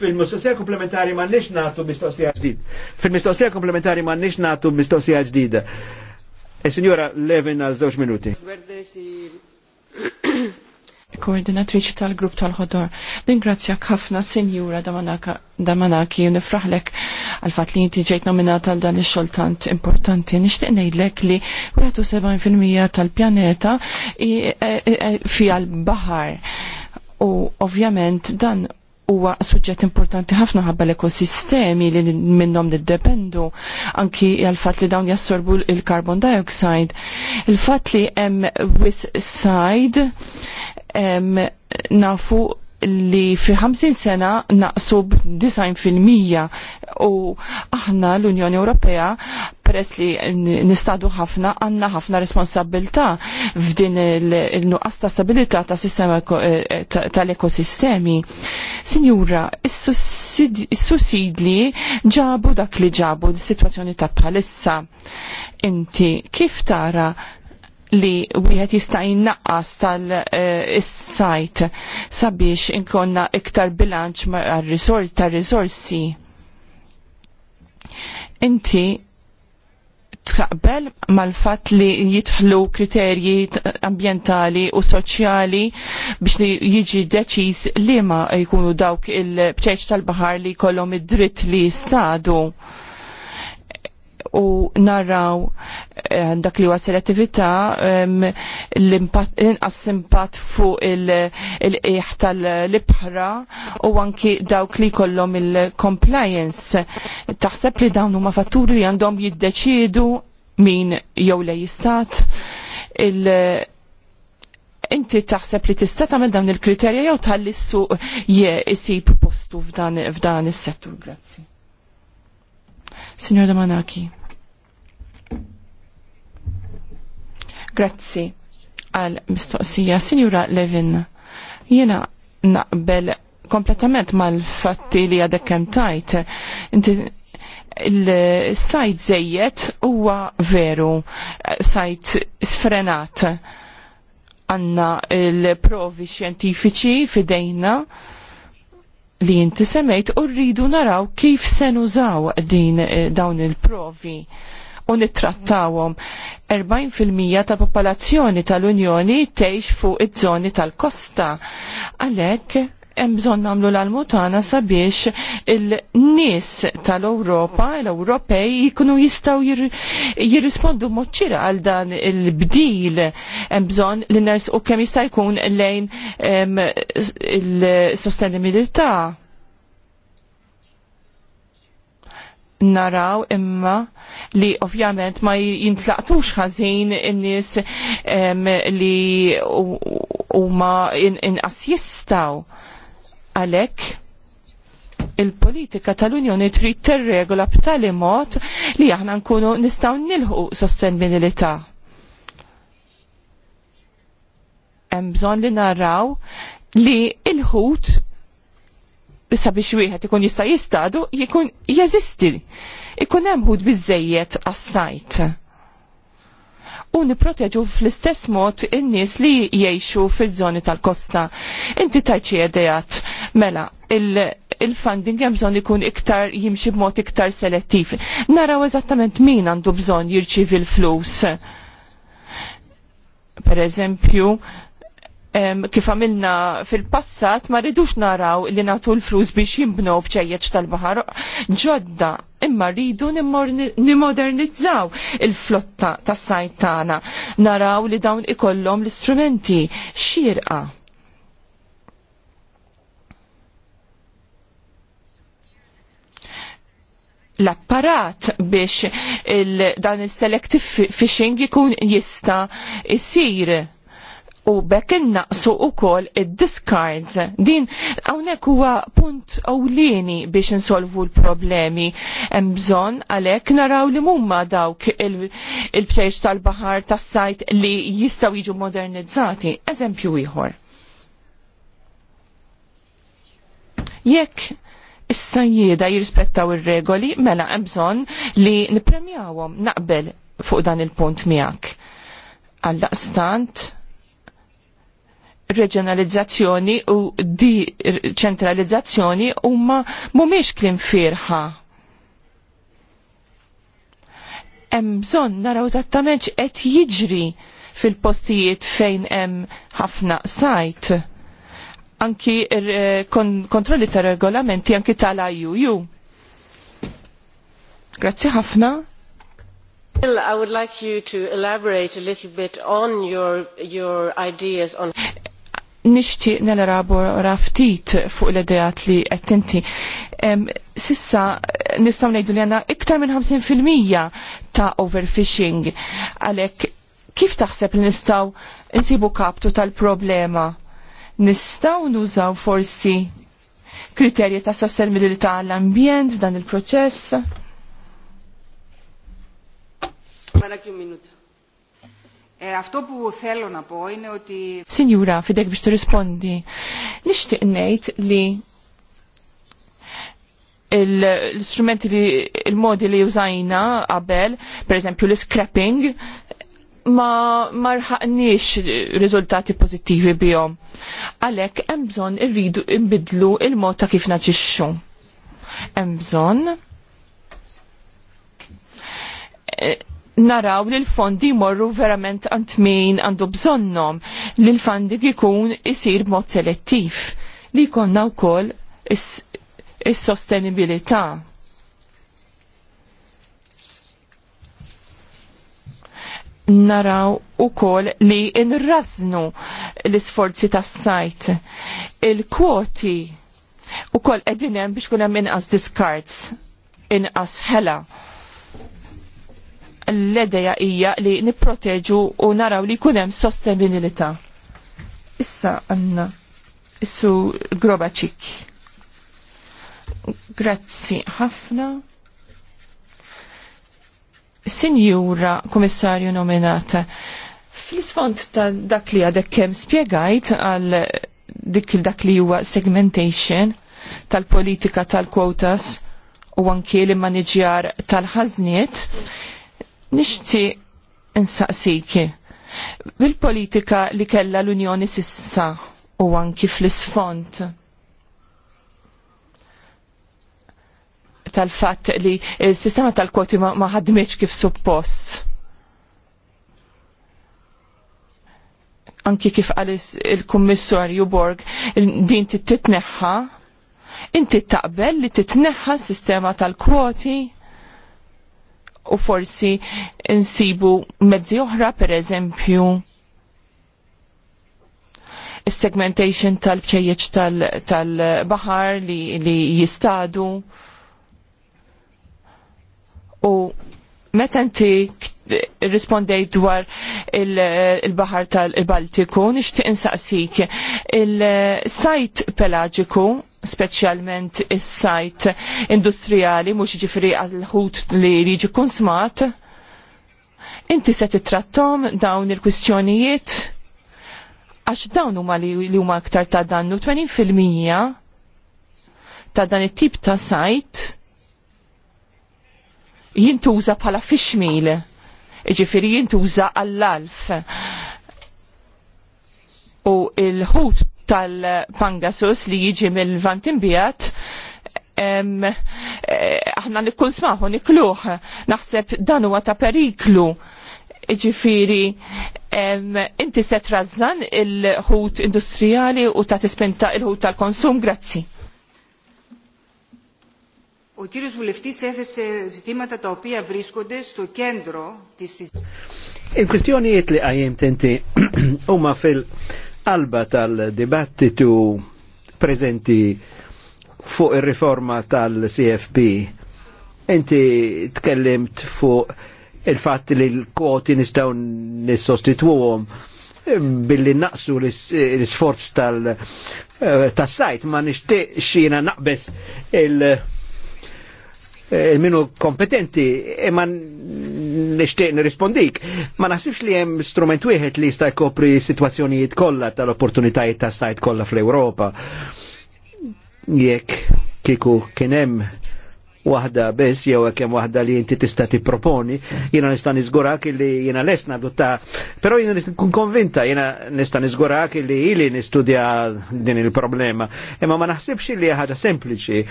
fil-mistoqsija komplementari ma nix natu mistoqsija ġdid. Fil-mistoqsija komplementari ma nix natu mistoqsija ġdida. E signora Levin għal żewġ minuti. Koordinatriċi tal-grupp tal-ħodor, ningrazzjak ħafna sinjura Damanaki u nifraħlek għal-fat li inti ġejt nominata għal dan ix-xoltant importanti. Nixtieq ngħidlek li 77% tal-pjaneta e- e- e- fi għal-bahar. U ovvjament dan huwa suġġett importanti ħafna ħabba l-ekosistemi li minnhom niddependu anki għal fatt li dawn jassorbu l carbon dioxide. Il-fatt li hemm with side nafu li fi 50 sena naqsu b-90% u aħna l-Unjoni Ewropea peress li nistadu ħafna għanna ħafna responsabilta f'din il-nuqqas ta' stabilita ta' sistema eh, eh, tal-ekosistemi. Sinjura, is-sussidli ġabu dak li ġabu di situazzjoni ta' bħalissa. Inti kif tara li wieħed jista' jinnaqqas tal-sajt eh, sabiex inkonna iktar bilanċ ta' tar-risorsi. Inti tqabel mal-fatt li jitħlu kriterji ambientali u soċjali biex li jiġi deċiż li ma jkunu dawk il bċeċ tal-bahar li kolom id-dritt li stadu u naraw eh, dak li huwa selettività l-inqas impatt fuq il-qiegħ tal-ibħra u anki dawk li kollhom il-compliance. Taħseb li dawn huma fatturi li għandhom jiddeċiedu min jew lej jistat il- inti taħseb li tista' tagħmel dawn il-kriterja jew tħalli s-suq isib postu f'dan is-settur, grazzi. Signor Damanaki. Grazzi għal mistoqsija. Sinjura Levin, jena naqbel kompletament mal-fatti li għadek kem tajt. Inti il-sajt zejjet huwa veru, sajt sfrenat għanna il-provi xjentifiċi fidejna li jinti semmejt u rridu naraw kif se nużaw din dawn il-provi u nittrattawhom. 40% ta' popolazzjoni tal-Unjoni tgħix fuq iż-żoni tal-kosta. Għalhekk hemm bżonn nagħmlu l-almutana sabiex il-nies tal-Ewropa, l-Ewropej jkunu jistgħu jirrispondu moċċ-ċira għal dan il-bdil hemm bżonn li nersqu kemm jista' jkun lejn il-sostenibilità naraw imma li ovvjament ma jintlaqtux ħażin in-nies li huma inqas jistgħu għalhekk il-politika tal-Unjoni trid tirregola b'tali mod li aħna nkunu nistgħu nilħu sostenibilità. Hemm bżonn li naraw li il-ħut sabiex wieħed ikun jista' jistadu jkun jeżisti. Ikun hemm ħud biżejjed għas-sajt. U nipproteġu fl-istess mod in-nies li jgħixu fil-żoni tal-kosta. Inti tajċi idejat mela il-funding hemm bżonn ikun iktar jimxi b'mod iktar selettiv. Naraw eżattament min għandu bżonn jirċivi l-flus. Per eżempju, kif għamilna fil-passat ma rridux naraw li natu l-flus biex jimbnu bċejjeċ tal-bahar ġodda imma rridu nimodernizzaw il-flotta tas sajtana tagħna naraw li dawn ikollhom l-istrumenti xirqa. l-apparat biex il dan il-selective fishing jikun jista' jsir u bekk u wkoll id-discards. Din hawnhekk huwa punt ewlieni biex insolvu l-problemi. Hemm bżonn għalhekk naraw li mumma dawk il-ptejx tal-baħar tas-sajt li jistgħu jiġu modernizzati. Eżempju ieħor. Jekk is-sajjieda jirrispettaw ir-regoli, mela hemm bżonn li nippremjawhom naqbel fuq dan il-punt miegħek. Għal daqstant, reġjonalizzazzjoni u di ċentralizzazzjoni huma mhumiex klim firħa. Hemm bżonn naraw eżattament x'qed jiġri fil-postijiet fejn hemm ħafna sajt. Anki eh, kontrolli ta' regolamenti anki tal-IUU. Grazzi ħafna. Bill, I would like you to elaborate a little bit on your, your ideas on nixtieq nelarabora ftit fuq l ideat li qed inti. Sissa nistgħu ngħidu li għandna iktar minn 50% ta' overfishing. Għalhekk kif taħseb li nistgħu nsibu kaptu tal-problema? Nistgħu nużaw forsi kriterji ta' sostenibilità għall-ambjent f'dan il-proċess? Malak jum minut. Sinjura, fidek biex t-rispondi. Nishtiq nejt li l-istrumenti li il-modi li użajna qabel, per eżempju l-scrapping, ma marħaqniex riżultati pozittivi bihom. Għalek hemm bżonn irridu imbidlu il-mod ta' kif naġixxu. Hemm bżonn eh, naraw li l-fondi morru verament għant min għandu bżonnom li l-fondi jkun isir mod selettiv li konna u kol is-sostenibilità. naraw u kol li inraznu l-sforzi tas sajt. Il-kwoti u kol edinem biex kunem inqas discards, inqas hela l-edeja hija li nipproteġu u naraw li jkun hemm sostenibilità. Issa għandna su Grobaċik. Grazzi ħafna. Sinjura Komissarju nominata, fl-isfond ta' dak li għadek kem spiegajt għal dik dak li huwa segmentation tal-politika tal-quotas u anki l-manager tal-ħazniet, nishti insaqsiki. Bil-politika li kella l-Unjoni sissa u anki fl-isfond tal-fatt li il-sistema tal-kwoti ma ħadmitx kif suppost. Anki kif għalis il-Kummissarju Borg din titneħħa, inti taqbel li titneħħa s-sistema tal-kwoti u forsi nsibu mezzi oħra per eżempju segmentation tal-bċejjeċ tal-bahar tal li, li jistadu u meta inti rispondejt dwar il-bahar il tal-Baltiku, nixtieq insaqsik il-sajt pelagiku speċjalment is-sajt industrijali mhux ġifri għal-ħut li jiġi smat, Inti se trattom dawn il-kwistjonijiet għax dawn huma li huma aktar ta' dannu 80% ta' dan it-tip ta' sajt jintuża bħala fixmil, ġifiri jintuża għall-alf. U il-ħut tal-Pangasus li jiġi mill-Vant imbijat eh, aħna nikkun smaħu nikluħ naħseb dan huwa ta' periklu ġifiri inti se trażżan il-ħut industrijali u ta' tispinta il-ħut tal-konsum grazzi. Ο κύριος Βουλευτής έθεσε ζητήματα τα οποία βρίσκονται στο κέντρο της συζήτησης. Il-kwistjonijiet li għajem tenti huma fil- fil tal-dibattitu prezenti fuq il-riforma tal-CFP. Inti tkellimt fuq il-fatt li l-kwoti nistaw nis-sostituwom ehm, billi naqsu l-sforz tal-sajt eh, ma nishtiq xina naqbes il- Eh, il-minu kompetenti, imma e nishtiq nirrispondik. Ma nasibx li hemm strument wieħed li jista' jkopri situazzjonijiet kollha tal-opportunitajiet tas sajt kollha fl-Ewropa. Jekk kiku kien hemm waħda bes jew kem wahda li inti tista' tipproponi, jina nista' nizgurak li jina lesna dutta pero jina jiena nkun konvinta jina nista' nizgurak li ili nistudja din il-problema. Imma ma naħsibx li ħaġa sempliċi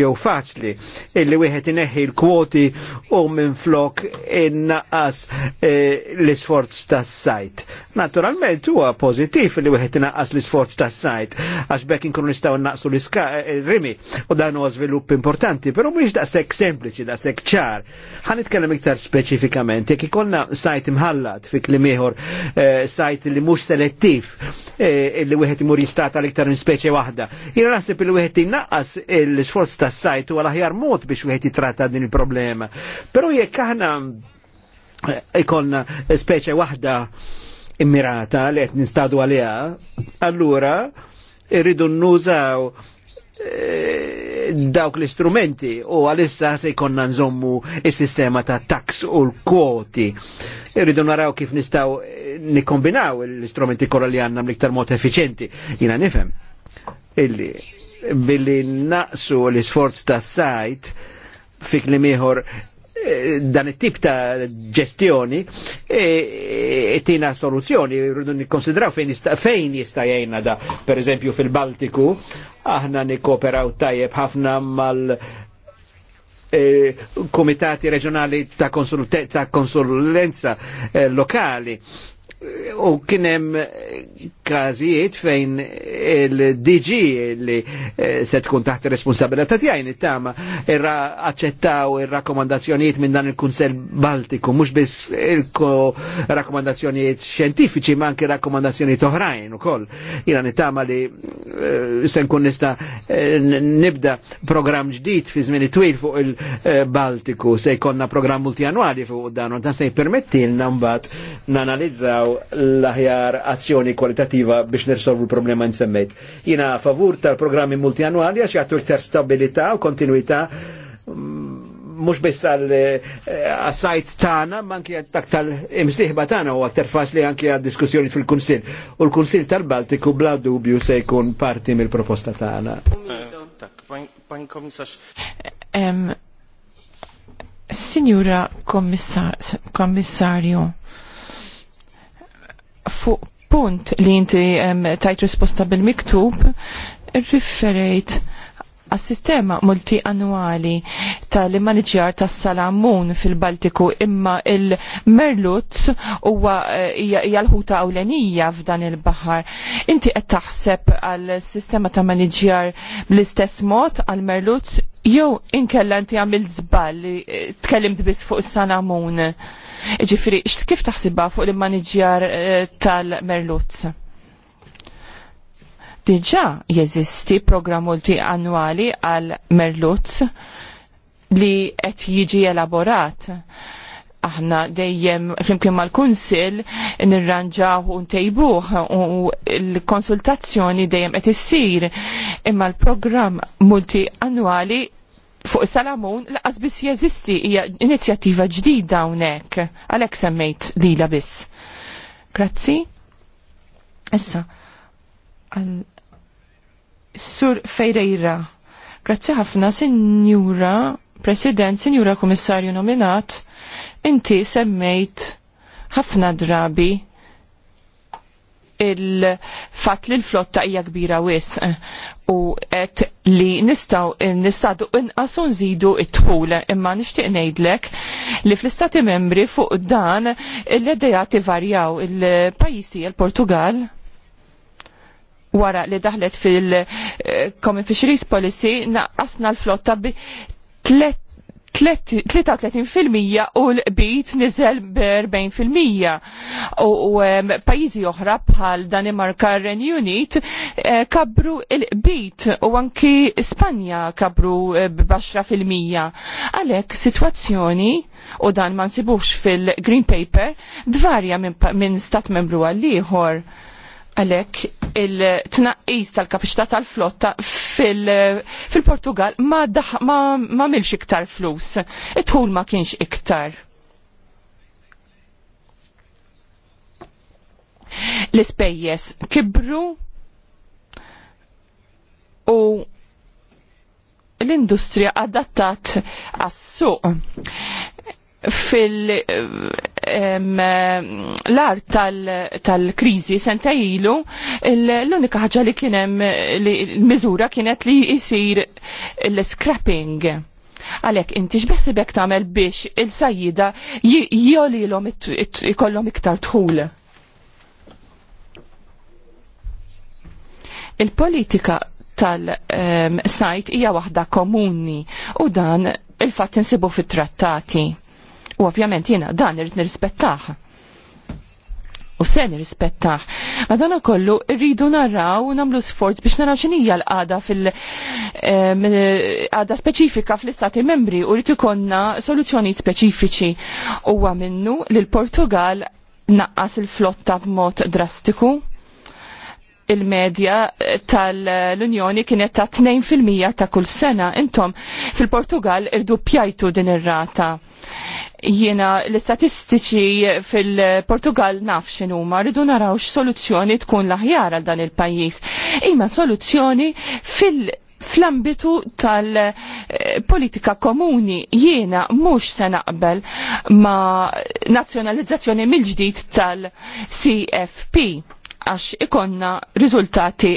jew faċli illi wieħed ineħħi l-kwoti u minn flok innaqas eh, l-isforz tas-sajt. Naturalment huwa pożittiv li wieħed inaqqas l-isforz tas-sajt għax bekk inkunu nistgħu naqsu l-rimi eh, u dan huwa żvilupp importanti, però mhix daqshekk sempliċi, daqshekk ċar. Ħan nitkellem iktar speċifikament, jekk ikonna sajt imħallat fi klimieħor, eh, sajt li mhux selettiv eh, li wieħed imur jistata l-iktar minn speċi waħda. Jiena naħseb li wieħed innaqqas l-isforz ta' sajt u għal aħjar mod biex wieħed jitratta din il-problema. Pero jekk aħna eh, ikonna speċi wahda immirata li qed nistadu għaliha, allura irridu nużaw. Eh, dawk l-istrumenti u għalissa se jkonna nżommu il-sistema ta' tax u l-kwoti. Irridu naraw kif nistaw eh, nikombinaw l-istrumenti korra li għanna mliktar mod effiċenti. Jina nifem illi billi naqsu l-isforz ta' sajt fik li miħor dan it-tip ta' ġestjoni e, e, tina soluzzjoni, rridu nikkonsidraw fejn jista' fejn jista' jgħinna da, per fil-Baltiku, aħna nikkooperaw tajjeb ħafna mal e, komitati reġjonali ta', ta konsulenza e, lokali u kienem kazijiet fejn il-DG li eh, se tkun taħt responsabilità tiegħi nittama irra aċċettaw ir-rakkomandazzjonijiet minn dan il-Kunsell Baltiku mhux biss il-rakkomandazzjonijiet xjentifiċi ma anke rakkomandazzjonijiet oħrajn ukoll. Jiena nittama li eh, se nkun nista eh, nibda programm ġdid fi żmien twil fuq il-Baltiku se jkollna programm multianwali fuq dan u dan se jpermettilna mbagħad nanalizzaw l-aħjar azzjoni kwalitativa biex nirsolvu l-problema nsemmejt. Jina favur tal-programmi multianwali għax jgħattu iktar stabilità u kontinuità mux mm, biss għal-sajt eh, tana, ma għad taktal tal-imsiħba tana u għaktar faċli anki għad-diskussjoni fil-Kunsil. U l-Kunsil tal-Baltiku bla dubju se jkun parti mill-proposta tana. Signora Kommissarju, fuq punt li inti tajt risposta bil-miktub, riferejt għas-sistema multi-annuali tal-manager tas-salamun fil-Baltiku imma il-Merluz huwa eh, jalħuta awlenija f'dan il-baħar. Inti qed taħseb għal-sistema ta' manager bl-istess mod għal-Merluz jew inkella inti għamil li eh, tkellimt biss fuq is-salamun. Ġifiri, kif taħsibba fuq il-maniġjar eh, tal-Merluz? Diġà jeżisti programm multi annuali għal Merluz li qed jiġi elaborat aħna dejjem flimkien mal-kunsil nirranġaw u ntejbuh u l-konsultazzjoni dejjem qed issir imma l-programm multi annwali fuq Salamun laqas biss jeżisti hija inizjattiva ġdida hawnhekk għalhekk semmejt lila biss. Grazzi. Issa għal Sur Fejrejra. Grazzi ħafna, Sinjura President, Sinjura Kummissarju nominat, inti semmejt ħafna drabi il-fat li l-flotta hija kbira wis u qed li nistaw nistadu inqas u nżidu it-tħul imma nixtieq ngħidlek li fl-istati membri fuq dan l-edejati varjaw il-pajjiżi il-Portugal wara li daħlet fil-Common Fisheries Policy naqqasna l-flotta bi 3 33% u l-bit nizel b-40%. U pajizi oħra bħal Danimarka Renew Unit eh, kabru l-bit u anki Spanja kabru eh, b-10%. Għalek situazzjoni u dan ma nsibux fil-Green Paper dvarja minn min stat membru għal-liħor Għalek, il-tnaqqis tal-kapacità tal-flotta fil-Portugal ma, milx iktar flus. It-ħul ma kienx iktar. L-ispejjes kibru u l-industrija adattat għas-suq fil- l-art tal-krizi senta ilu l-unika ħaġa li kienem l-miżura kienet li jisir l-scrapping. Għalek, inti xbeħsibek tamel biex il-sajjida jolilom ikollom iktar tħul. Il-politika tal-sajt hija waħda komuni u dan il-fatt insibu fit-trattati U ovvjament jiena dan irrit nirrispettaħ. U se nirrispettaħ. Ma dan kollu rridu naraw u nagħmlu sforz biex naraw x'inhija l-qada fil-qada speċifika fl-istati membri u rrid ikonna soluzzjonijiet speċifiċi. Huwa minnu li l-Portugal naqqas il-flotta b'mod drastiku il-medja tal-Unjoni kienet ta' 2% ta' kull sena. Intom fil-Portugal irdupjajtu din ir-rata. Jiena l-istatistiċi fil-Portugal naf x'inhuma rridu naraw x'soluzzjoni tkun l-aħjar għal dan il-pajjiż. Ima soluzzjoni fil- fl-ambitu tal-politika komuni jiena mhux se naqbel ma' nazzjonalizzazzjoni mill-ġdid tal-CFP għax ikonna riżultati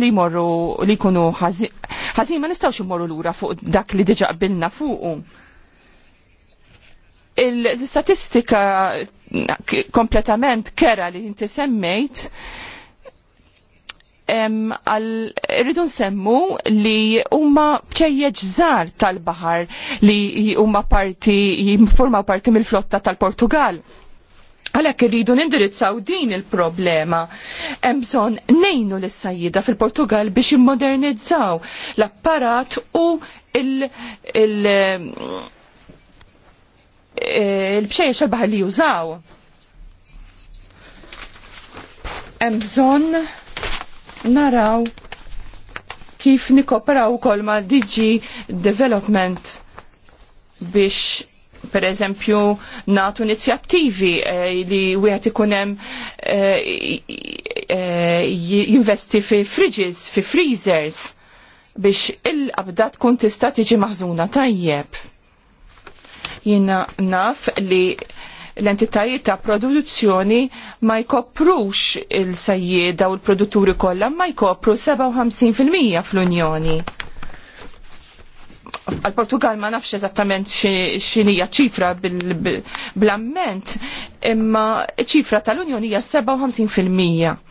li morru li kunu ħażin ma nistgħux l lura fuq dak li diġa qbilna fuqu. Il-statistika kompletament kera li jinti semmejt għal rridu nsemmu li huma bċejjeġ żgħar tal-baħar li huma parti jimformaw parti mill-flotta tal-Portugal Għalhekk irridu nindirizzaw din il-problema. Hemm bżonn ngħinu lis sajjida fil-Portugal biex immodernizzaw l-apparat u il- il- il-bxejja li jużaw. Hemm bżonn naraw kif nikoperaw ukoll ma' DG Development biex per eżempju natu inizjattivi eh, li wieħed ikun hemm eh, jinvesti fi fridges, fi freezers biex il-qabda tkun tista' tiġi maħżuna tajjeb. Jiena naf li l-entitajiet ta' produzzjoni ma jkoprux il-sajjieda u l-produtturi kollha ma jkopru 57% fl-Unjoni għal-Portugal ma nafx eżattament xinija ċifra bl-amment, imma ċifra tal-Unjoni hija 57%.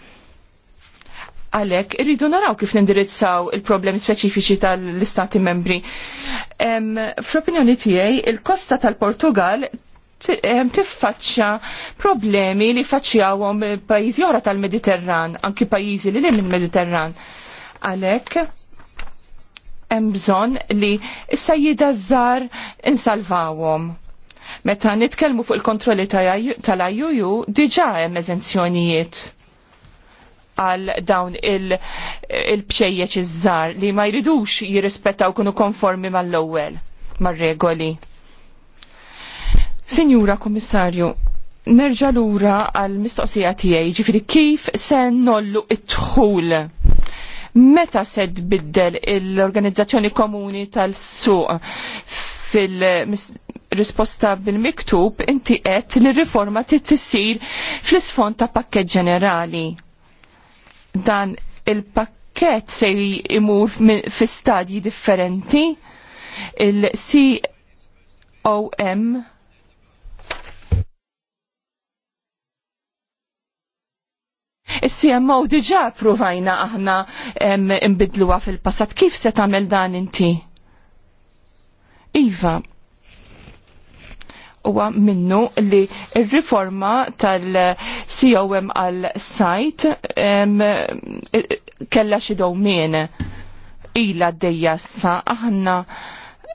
Għalek, irridu naraw kif nindirizzaw il-problemi speċifiċi tal-istati membri. Fl-opinjoni tiegħi, il-kosta tal-Portugal tiffaċċa problemi li faċċjawhom pajjiżi oħra tal-Mediterran, anki pajjiżi li l-Mediterran. Għalek, hemm bżonn li s-sajjida żgħar insalvawhom. Meta nitkellmu fuq il-kontrolli tal-ajuju diġa' hemm eżenzjonijiet għal dawn il-bċejjeċ il iż-żar li ma jridux jirrispettaw kunu konformi mal-ewwel mar-regoli. Sinjura Komissarju, nerġa lura għal mistoqsija tiegħi ġifieri kif se nollu it-dħul Meta se tbiddel l-organizzazzjoni komuni tal-suq fil-risposta bil-miktub inti qed li riforma tissir fl-isfond ta' pakket ġenerali. Dan il-pakket se imur fi stadji differenti il-COM Is-CMO diġà provajna aħna imbidluha fil-passat. Kif se tagħmel dan inti? Iva, huwa minnu li r-riforma tal-COM għal sajt kella xi dowmien ila d-dejja sa aħna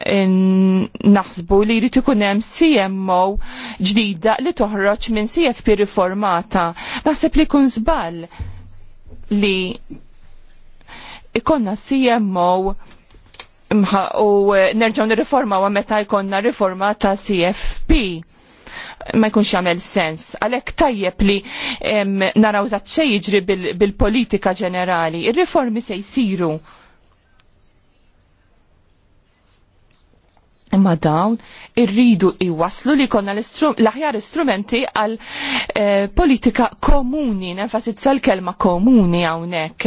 naħsbu li jrid ikun hemm CMO ġdida li toħroġ minn CFP riformata. Naħseb li jkun żball li ikonna CMO u nerġgħu nirriforma u meta jkollna riforma ta' CFP ma jkunx jagħmel sens. Għalhekk tajjeb li naraw żatt xejn jiġri bil-politika ġenerali. Ir-riformi se jsiru Imma dawn irridu iwaslu li konna l-aħjar istrumenti għal eh, politika komuni, nefasitza l-kelma komuni għawnek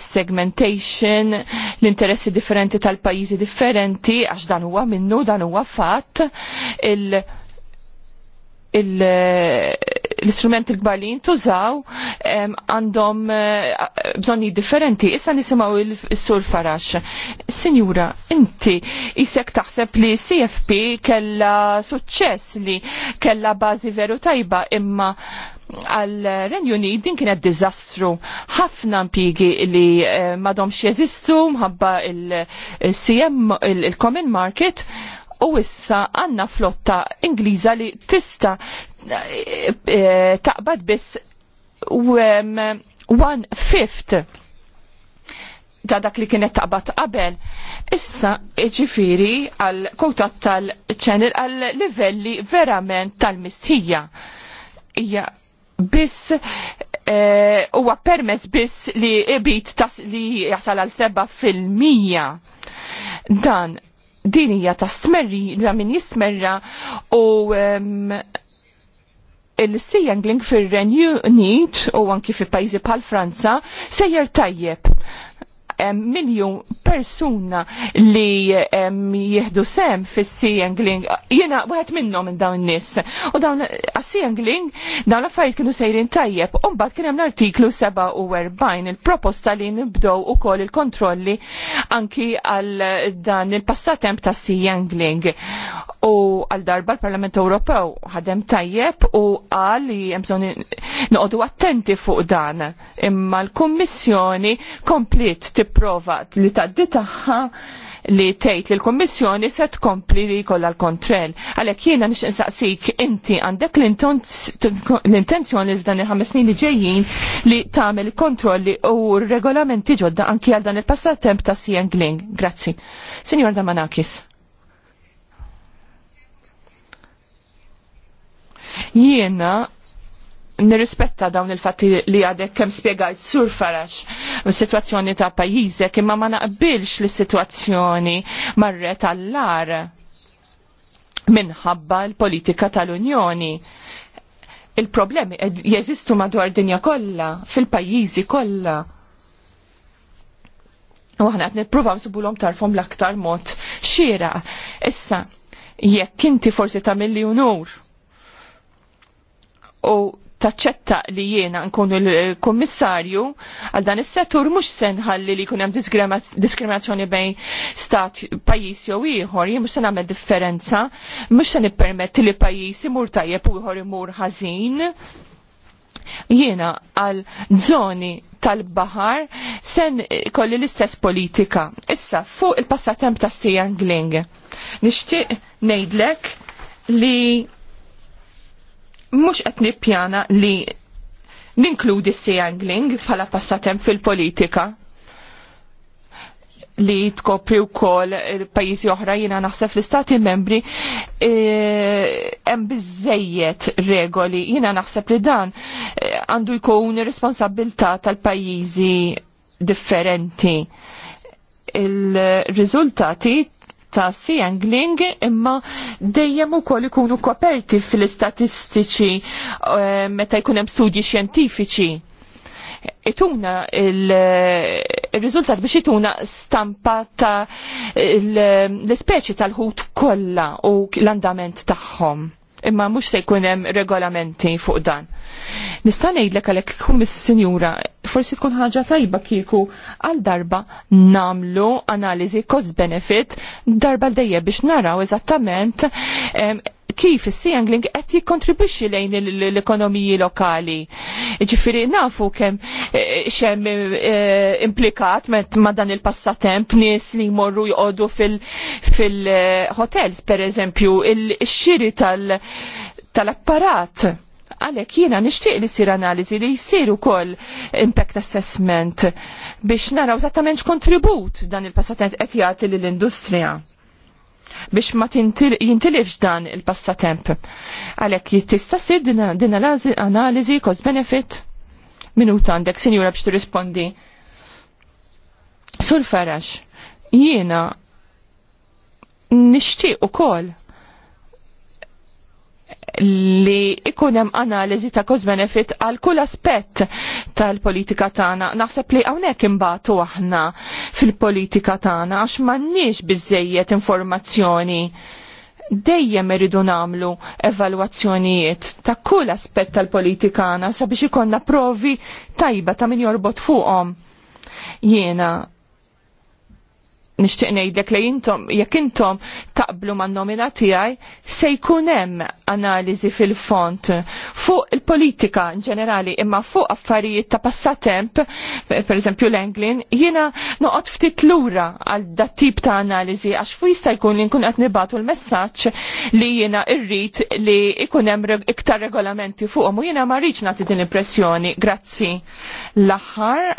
segmentation, l-interessi differenti tal-pajizi differenti, għax dan huwa minnu, dan huwa fatt, il- Eh, l-istrument il gbar li jintużaw għandhom eh, bżonni differenti. Issa nisimaw il-sur Farax. Sinjura, inti jisek taħseb li CFP kella suċċess li kella bazi veru tajba imma għal Renjuni din kienet dizastru. ħafna impigi li eh, madomx jeżistu mħabba il-CM, il-Common Market, u issa għanna flotta Ingliża li tista eh, eh, taqbad biss one fifth ta' dak li kienet taqbad qabel. Issa ġifiri għal kotat tal-ċenil għal livelli verament tal-mistija. Ija biss huwa eh, permess biss li ibit tas li jasal għal seba fil-mija. Dan din hija ta' stmerri, min jismerra u il-sea fil-Renju Unit u anki fil pajzi pal Franza sejjer tajjeb miljun persuna li jieħdu sem fis seangling jiena wieħed minnhom minn dawn nis nies U dawn għas-seangling dawn l-affarijiet kienu sejrin tajjeb. U mbagħad kien hemm l-artiklu 47 il-proposta li nibdew ukoll il-kontrolli anki għal dan il-passatemp ta' seangling. U għal darba l-Parlament Ewropew ħadem tajjeb u qal li hemm bżonn noqogħdu attenti fuq dan. Imma l-Kummissjoni komplit tipprova li taddi tagħha li tgħid li l-Kummissjoni se tkompli li jkollha l-kontrell. Għalhekk jiena nix insaqsik inti għandek l-intenzjoni li dan il-ħames snin li ġejjin li tagħmel kontrolli u regolamenti ġodda anki għal dan il-passatemp ta' Sian Gling. Grazzi. Sinjor Damanakis. jiena nirrispetta dawn il-fatti li għadek kem spiegajt sur farax situazzjoni ta' pajizek imma ma naqbilx li situazzjoni marret għallar minħabba l-politika tal-Unjoni. Il-problemi jeżistu madwar dinja kollha, fil-pajjiżi kollha. U aħna qed nippruvaw nsibulhom tarfhom l-aktar mod xiera. Issa, jekk inti forsi ta' unur u taċċetta li jiena nkun il-kommissarju għal dan is-settur mhux se nħalli li jkun hemm diskriminazzjoni bejn stat pajjiż jew ieħor, jien mhux se nagħmel differenza, mhux se nippermetti li pajjiż imur tajjeb u ieħor imur ħażin. Jiena għal żoni tal-baħar sen kolli l-istess politika. Issa fuq il-passatemp ta' sejangling Nixtieq ngħidlek li mhux qed nippjana li ninkludi sea angling bħala passatem fil-politika li tkopri u kol pajjiżi oħra jina naħseb l-istati membri e, hemm biżejjed regoli jina naħseb li dan e, għandu jkun responsabilità tal-pajjiżi differenti il-riżultati ta' singling imma dejjem ukoll ikunu koperti fil-istatistiċi eh, meta jkun hemm studji xjentifiċi. Ituna eh, il-riżultat biex ituna stampa ta' l speċi tal-ħut kollha u l-andament tagħhom imma mhux se jkun hemm regolamenti fuq dan. Nista' ngħidlek għalhekk ikun mis-sinjura, forsi tkun ħaġa tajba kieku għal darba namlu analiżi cost benefit darba l biex naraw eżattament kif is-sea angling qed jikkontribwixxi lejn l-ekonomiji lokali. Ġifieri nafu kemm eh, xem eh, implikat ma dan il-passatemp nies li jmorru jqogħdu fil-hotels pereżempju il-xiri tal-apparat. Għalek jiena nixtieq li sir analiżi li jsir ukoll impact assessment biex naraw żattament x'kontribut dan il-passatent qed jagħti lill-industrija biex ma jintilifx dan il-passatemp. Għalek jittista sir din analizi cost benefit minuta għandek sinjura biex tirrispondi. Sur farax, jiena nishtiq u kol li ikun hemm analiżi ta' cost benefit għal kull aspett tal-politika tagħna. Naħseb li hawnhekk imbagħtu aħna fil-politika tagħna għax m'għandniex biżejjed informazzjoni dejjem iridu nagħmlu evalwazzjonijiet ta' kull aspett tal-politikana sabiex ikonna provi tajba ta' min jorbot fuqhom. Jiena nixtieq ngħidlek li intom jekk intom taqblu man-nomina tiegħi se jkun hemm analiżi fil-font fuq il-politika in ġenerali imma fuq affarijiet ta' passatemp pereżempju l-Englin jiena noqgħod ftit lura għal dat tip ta' analiżi għax fu jista' jkun li nkun qed nibatu l-messaġġ li jiena rrid li jkun hemm iktar regolamenti fuqhom u jiena ma rridx nagħti din l-impressjoni. Grazzi. L-aħħar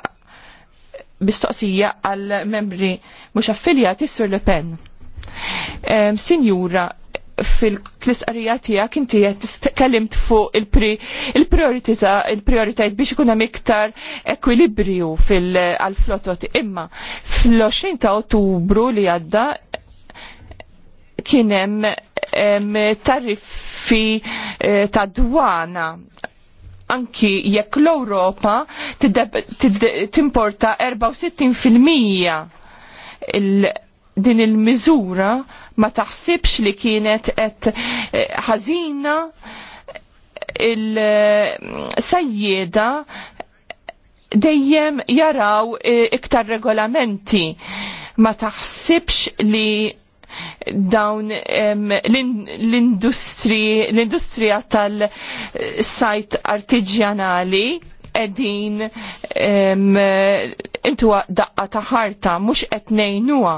mistoqsija għal membri mhux affiljati Sur Le Pen. Sinjura, fil klisqarija tiegħek inti qed tkellimt fuq il-prioritajt biex ikun hemm iktar ekwilibrju fil-flotot. Imma fl-20 ta' Ottubru li għadda kien hemm tariffi eh, ta' dwana anki jekk l-Ewropa timporta 64% il din il-miżura ma taħsibx li kienet qed eh, ħażina il-sajjeda eh, dejjem jaraw eh, iktar regolamenti ma taħsibx li dawn l-industrija tal-sajt artiġjanali edin intuwa daqqa ta' ħarta, mux etnejnua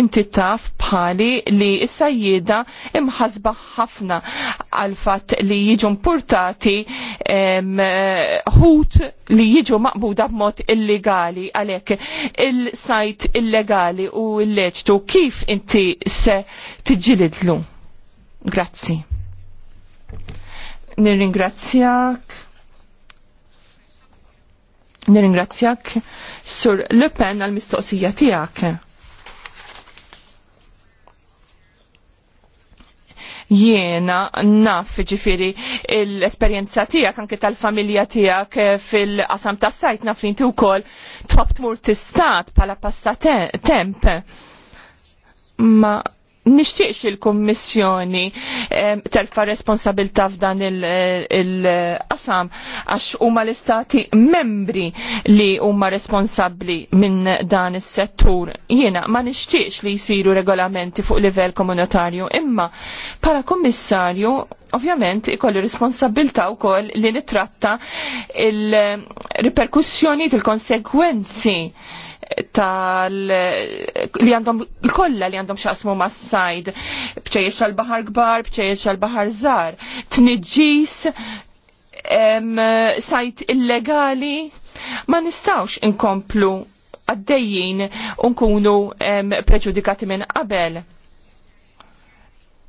inti taf bħali li s-sajjida imħasba ħafna għal li jiġu importati ħut li jiġu maqbuda b'mod illegali għalhekk il-sajt illegali u l-leċtu kif inti se tiġilidlu? Grazzi. Nirringrazzjak. Nirringrazzjak sur Le Pen għal-mistoqsija tiegħek jiena naf ġifiri l-esperienza tijak anke tal-familja tijak eh, fil-qasam ta' sajt naf li inti u kol t tistat pala passatemp. Ma nixtieqx il-Kummissjoni eh, terfa responsabilta f'dan il-qasam għax huma l-istati membri li huma responsabbli minn dan is-settur. Jiena ma nixtieqx li jsiru regolamenti fuq livell komunitarju, imma bħala Kummissarju ovvjament ikolli responsabilta wkoll li nitratta il-riperkussjoni il-konsekwenzi il il konsegwenzi tal li għandhom kollha li għandhom xaqsmu mas-sajd bċejjex għall baħar kbar, bċejjex għall baħar żgħar, tniġġis sajt illegali ma nistawx inkomplu għaddejjin unkunu preġudikati minn qabel.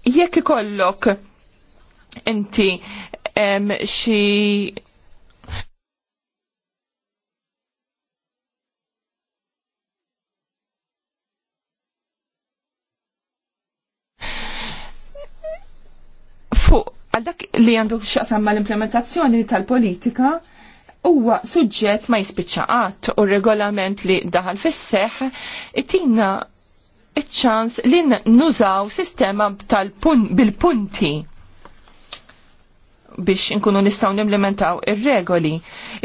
Jekk ikollok inti xi fuq għal dak li għandu xaqsam ma l-implementazzjoni tal-politika huwa suġġett ma jispiċċaqat u regolament li daħal fis-seħ it-tina iċ-ċans li nużaw sistema bil-punti biex inkunu nistaw nimplementaw ir-regoli.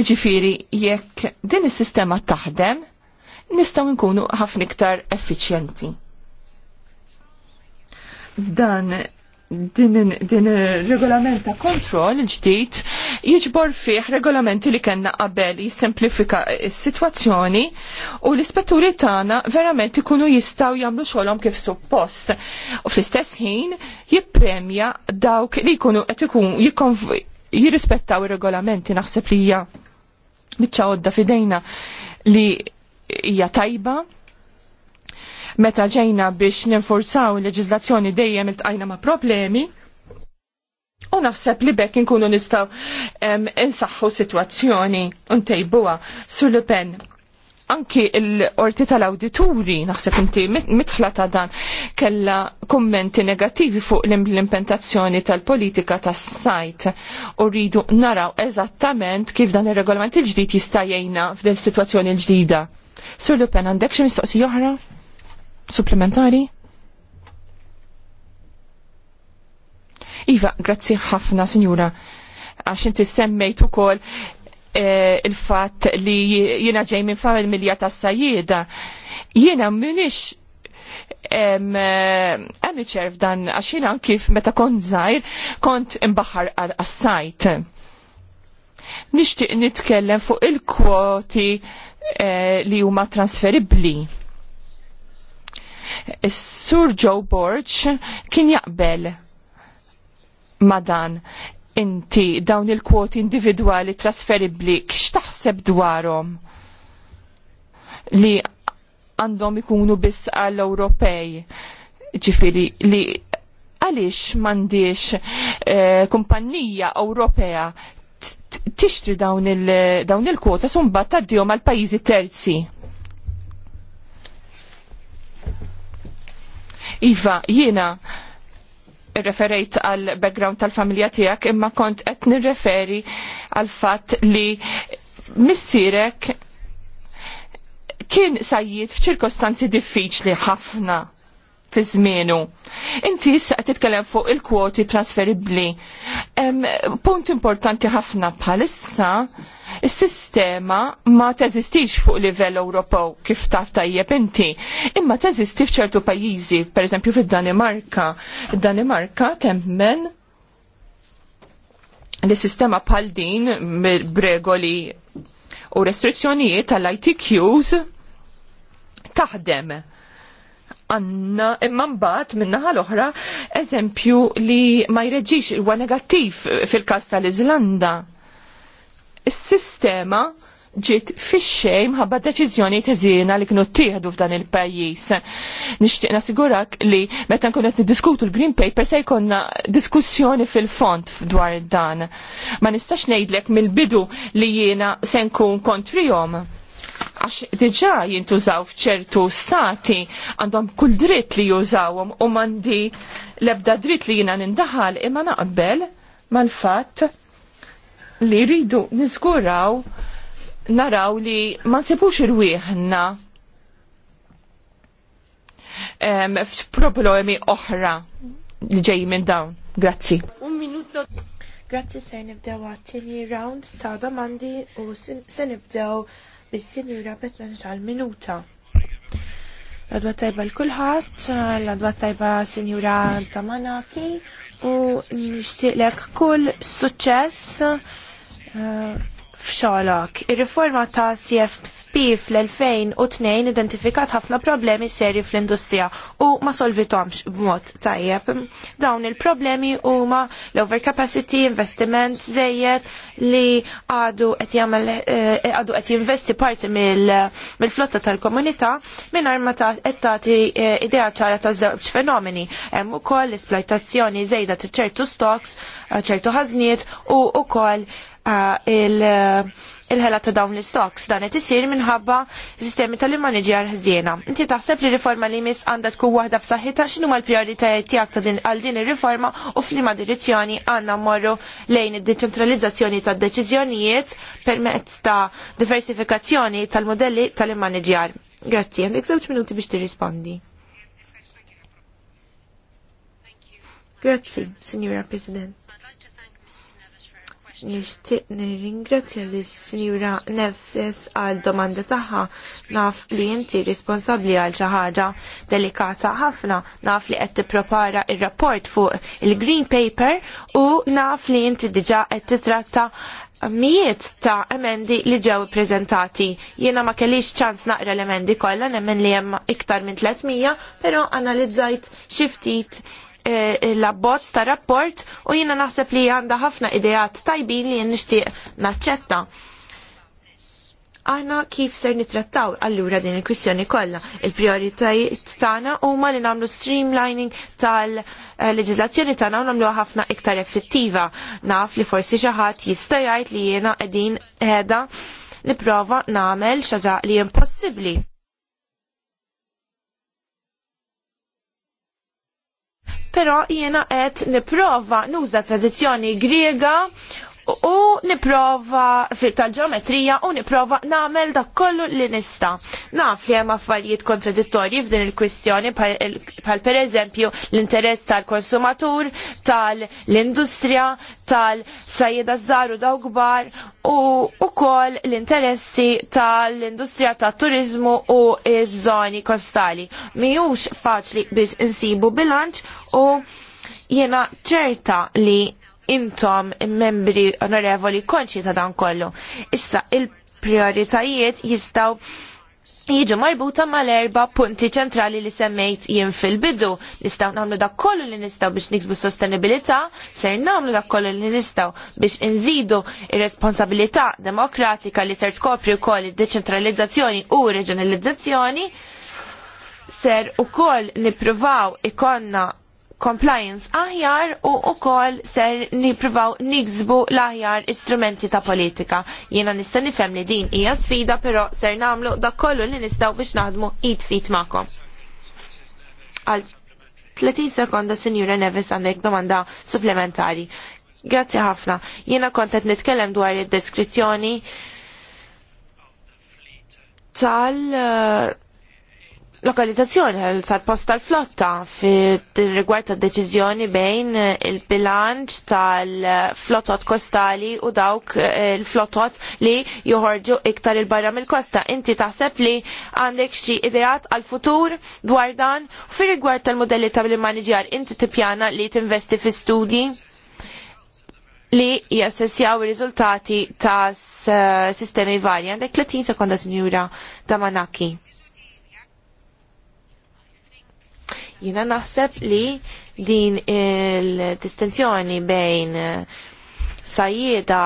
Iġifiri, jekk din is-sistema taħdem, nistaw nkunu ħafna iktar effiċjenti. Dan din, din regolament ta' kontroll ġdid jiġbor fih regolamenti li kellna qabel jisimplifika s-sitwazzjoni u l-ispetturi tagħna verament ikunu jistgħu jagħmlu xogħolhom kif suppost. U fl-istess ħin jippremja dawk li jkunu qed ikun jirrispettaw ir-regolamenti naħseb li hija biċċa għodda fidejna li hija tajba Meta ġejna biex ninforzaw il-leġizlazzjoni dejjem iltqajna ma' problemi, U naħseb li bekk inkunu nistaw insaħħu situazzjoni untejbuwa su Le Pen. Anki l-orti tal-awdituri, naħseb inti mitħla ta' dan, kella kommenti negativi fuq l-implementazzjoni tal-politika tas sajt u rridu naraw eżattament kif dan il-regolament il-ġdid jistajjena f'din situazzjoni l-ġdida. Sur Le Pen, għandek xi mistoqsi oħra? supplementari? Iva, grazzi ħafna, sinjura, għax inti semmejt ukoll eh, il-fatt li jiena ġej minn familja ta' sajjida. Jiena minix eh, amateur f'dan għax jiena kif meta kont żgħir kont imbaħar għal sajt Nixtieq nitkellem fuq il-kwoti eh, li huma transferibbli Is-Sur Joe Borch kien jaqbel ma dan inti dawn il-kwoti individwali trasferibbli kx taħseb dwarhom li għandhom ikunu biss għall Ewropej. Ġifiri li għaliex m'għandix eh, kumpannija kumpanija Ewropea tixtri dawn il-kwota sumbat taddihom għal pajjiżi terzi. Iva, jiena referejt għal background tal-familja tijak imma kont qed nirreferi għal fatt li missirek kien sajjiet f'ċirkostanzi diffiċli ħafna fi żmienu. Inti issa qed titkellem fuq il-kwoti trasferibbli. Punt importanti ħafna bħalissa is-sistema ma teżistix fuq livell Ewropew kif taf tajjeb inti, imma teżisti f'ċertu pajjiżi, pereżempju fid-Danimarka. Danimarka temmen li sistema bħal din bregoli u restrizzjonijiet tal-ITQs taħdem għanna imma mbagħad minnaħa l-oħra eżempju li ma jreġġix huwa negattiv fil-każ tal-Iżlanda. Is-sistema ġiet fix-xej mħabba deċiżjoni teżina li kienu tieħdu f'dan il-pajjiż. Nixtieq nasigurak li meta nkun qed niddiskutu l-Green Paper se jkollna diskussjoni fil-font dwar dan. Ma nistax ngħidlek mill-bidu li jiena se nkun kontrihom għax diġà jintużaw f'ċertu stati għandhom kull dritt li jużawhom u mandi l-ebda dritt li jina nindaħal imma naqbel mal-fatt li rridu niżguraw naraw li ma nsibux irwieħna f'problemi oħra li ġej minn dawn. Grazzi. Un minuto. Grazzi ser nibdew għattini round ta' domandi u se nibdew bis sinjura Petra tal-minuta. L-adwa tajba l-kulħat, l-adwa tajba sinjura Tamanaki u nishtiq lek kull suċess eh, f'xolok. Ir-riforma ta' CFP fl-2002 identifikat ħafna problemi serji fl-industrija u ma solvitomx b'mod tajjeb. Dawn il-problemi huma l-overcapacity, investiment żejjed li għadu qed jagħmel eh, għadu qed jinvesti parti mill-flotta tal-komunità mingħajr ma qed tagħti eh, idea ċara ta' żewġ fenomeni. Hemm ukoll l-esploitazzjoni żejda ta' ċertu stocks ċertu ħażniet u wkoll uh, uh, il-ħela ta' dawn l-stocks dan qed isir minħabba sistemi tal-immaniġjar ħżiena. Inti taħseb li riforma li miss għandha tkun waħda f'saħħitha x'inhu l-prijoritajiet tiegħek għal din ir-riforma u f'liema direzzjoni għandna mmorru lejn id-deċentralizzazzjoni tad-deċiżjonijiet permezz ta' diversifikazzjoni tal-modelli tal-immaniġjar. Grazzi, għandek żewġ minuti biex tirrispondi. Grazzi, Signora President nixtieq nirringrazzja lis sinjura Nefses għal domanda tagħha naf li inti responsabbli għal xi ħaġa delikata ħafna naf li qed tippropara il rapport fuq il-Green Paper u naf li inti diġà qed titratta mijiet ta' emendi li ġew prezentati. Jiena ma kellix ċans naqra l-emendi kollha nemmen li hemm iktar minn 300, però analizzajt xi ftit Eh, l-abbozz ta' rapport u jiena naħseb li għandha ħafna ideat tajbin li jien nixtieq naċċetta aħna kif ser nitrattaw allura din il-kwistjoni kollha. Il-prioritajiet tagħna huma li nagħmlu streamlining tal leġislazzjoni tagħna u nagħmluha ħafna iktar effettiva. Naf li forsi xi ħadd jista' jgħid li jiena qegħdin qiegħda nipprova nagħmel xi ħaġa li impossibbli. Però jiena qed nipprova nuża tradizzjoni Griega u niprova tal-ġeometrija u niprova namel dak kollu li nista. Naf li hemm affarijiet kontradittorji f'din il-kwistjoni bħal per eżempju l-interess tal-konsumatur, tal-industrija, tal-sajjeda żaru daw kbar u wkoll l-interessi tal-industrija tat-turizmu u ż-żoni kostali. Mhijiex faċli biex insibu bilanċ u jena ċerta li intom membri onorevoli konċi ta' dan kollu. Issa il-prioritajiet jistaw jiġu marbuta mal-erba punti ċentrali li semmejt jien fil-bidu. Nistaw namlu da kollu li nistaw biex niksbu sostenibilità, ser namlu dak kollu li nistaw biex nżidu ir-responsabilità demokratika li ser tkopri wkoll id-deċentralizzazzjoni u reġjonalizzazzjoni, ser ukoll nippruvaw ikonna compliance aħjar u ukoll ser nippruvaw nigżbu l-aħjar istrumenti ta' politika. Jiena nista' nifhem li din hija sfida, però ser nagħmlu dak kollu li nistgħu biex naħdmu id fit magħkom. Għal 30 sekonda, Sinjura Nevis, għandek domanda supplementari. Grazzi ħafna. Jiena kont qed nitkellem dwar id-deskrizzjoni tal eh, lokalizzazzjoni tal-post tal-flotta fi riguard ta' deċiżjoni bejn il-bilanċ tal-flottot kostali u dawk eh, il-flottot li joħorġu iktar il-barra mill-kosta. Inti taħseb li għandek xi ideat għal-futur dwar dan fi rigward tal-modelli tal-manager inti tippjana li tinvesti fi studji li jassessjaw ir riżultati ta' eh, sistemi varji. Għandek 30 sekonda, Sinjura Damanaki. Jina naħseb li din il-distenzjoni bejn eh, sajjeda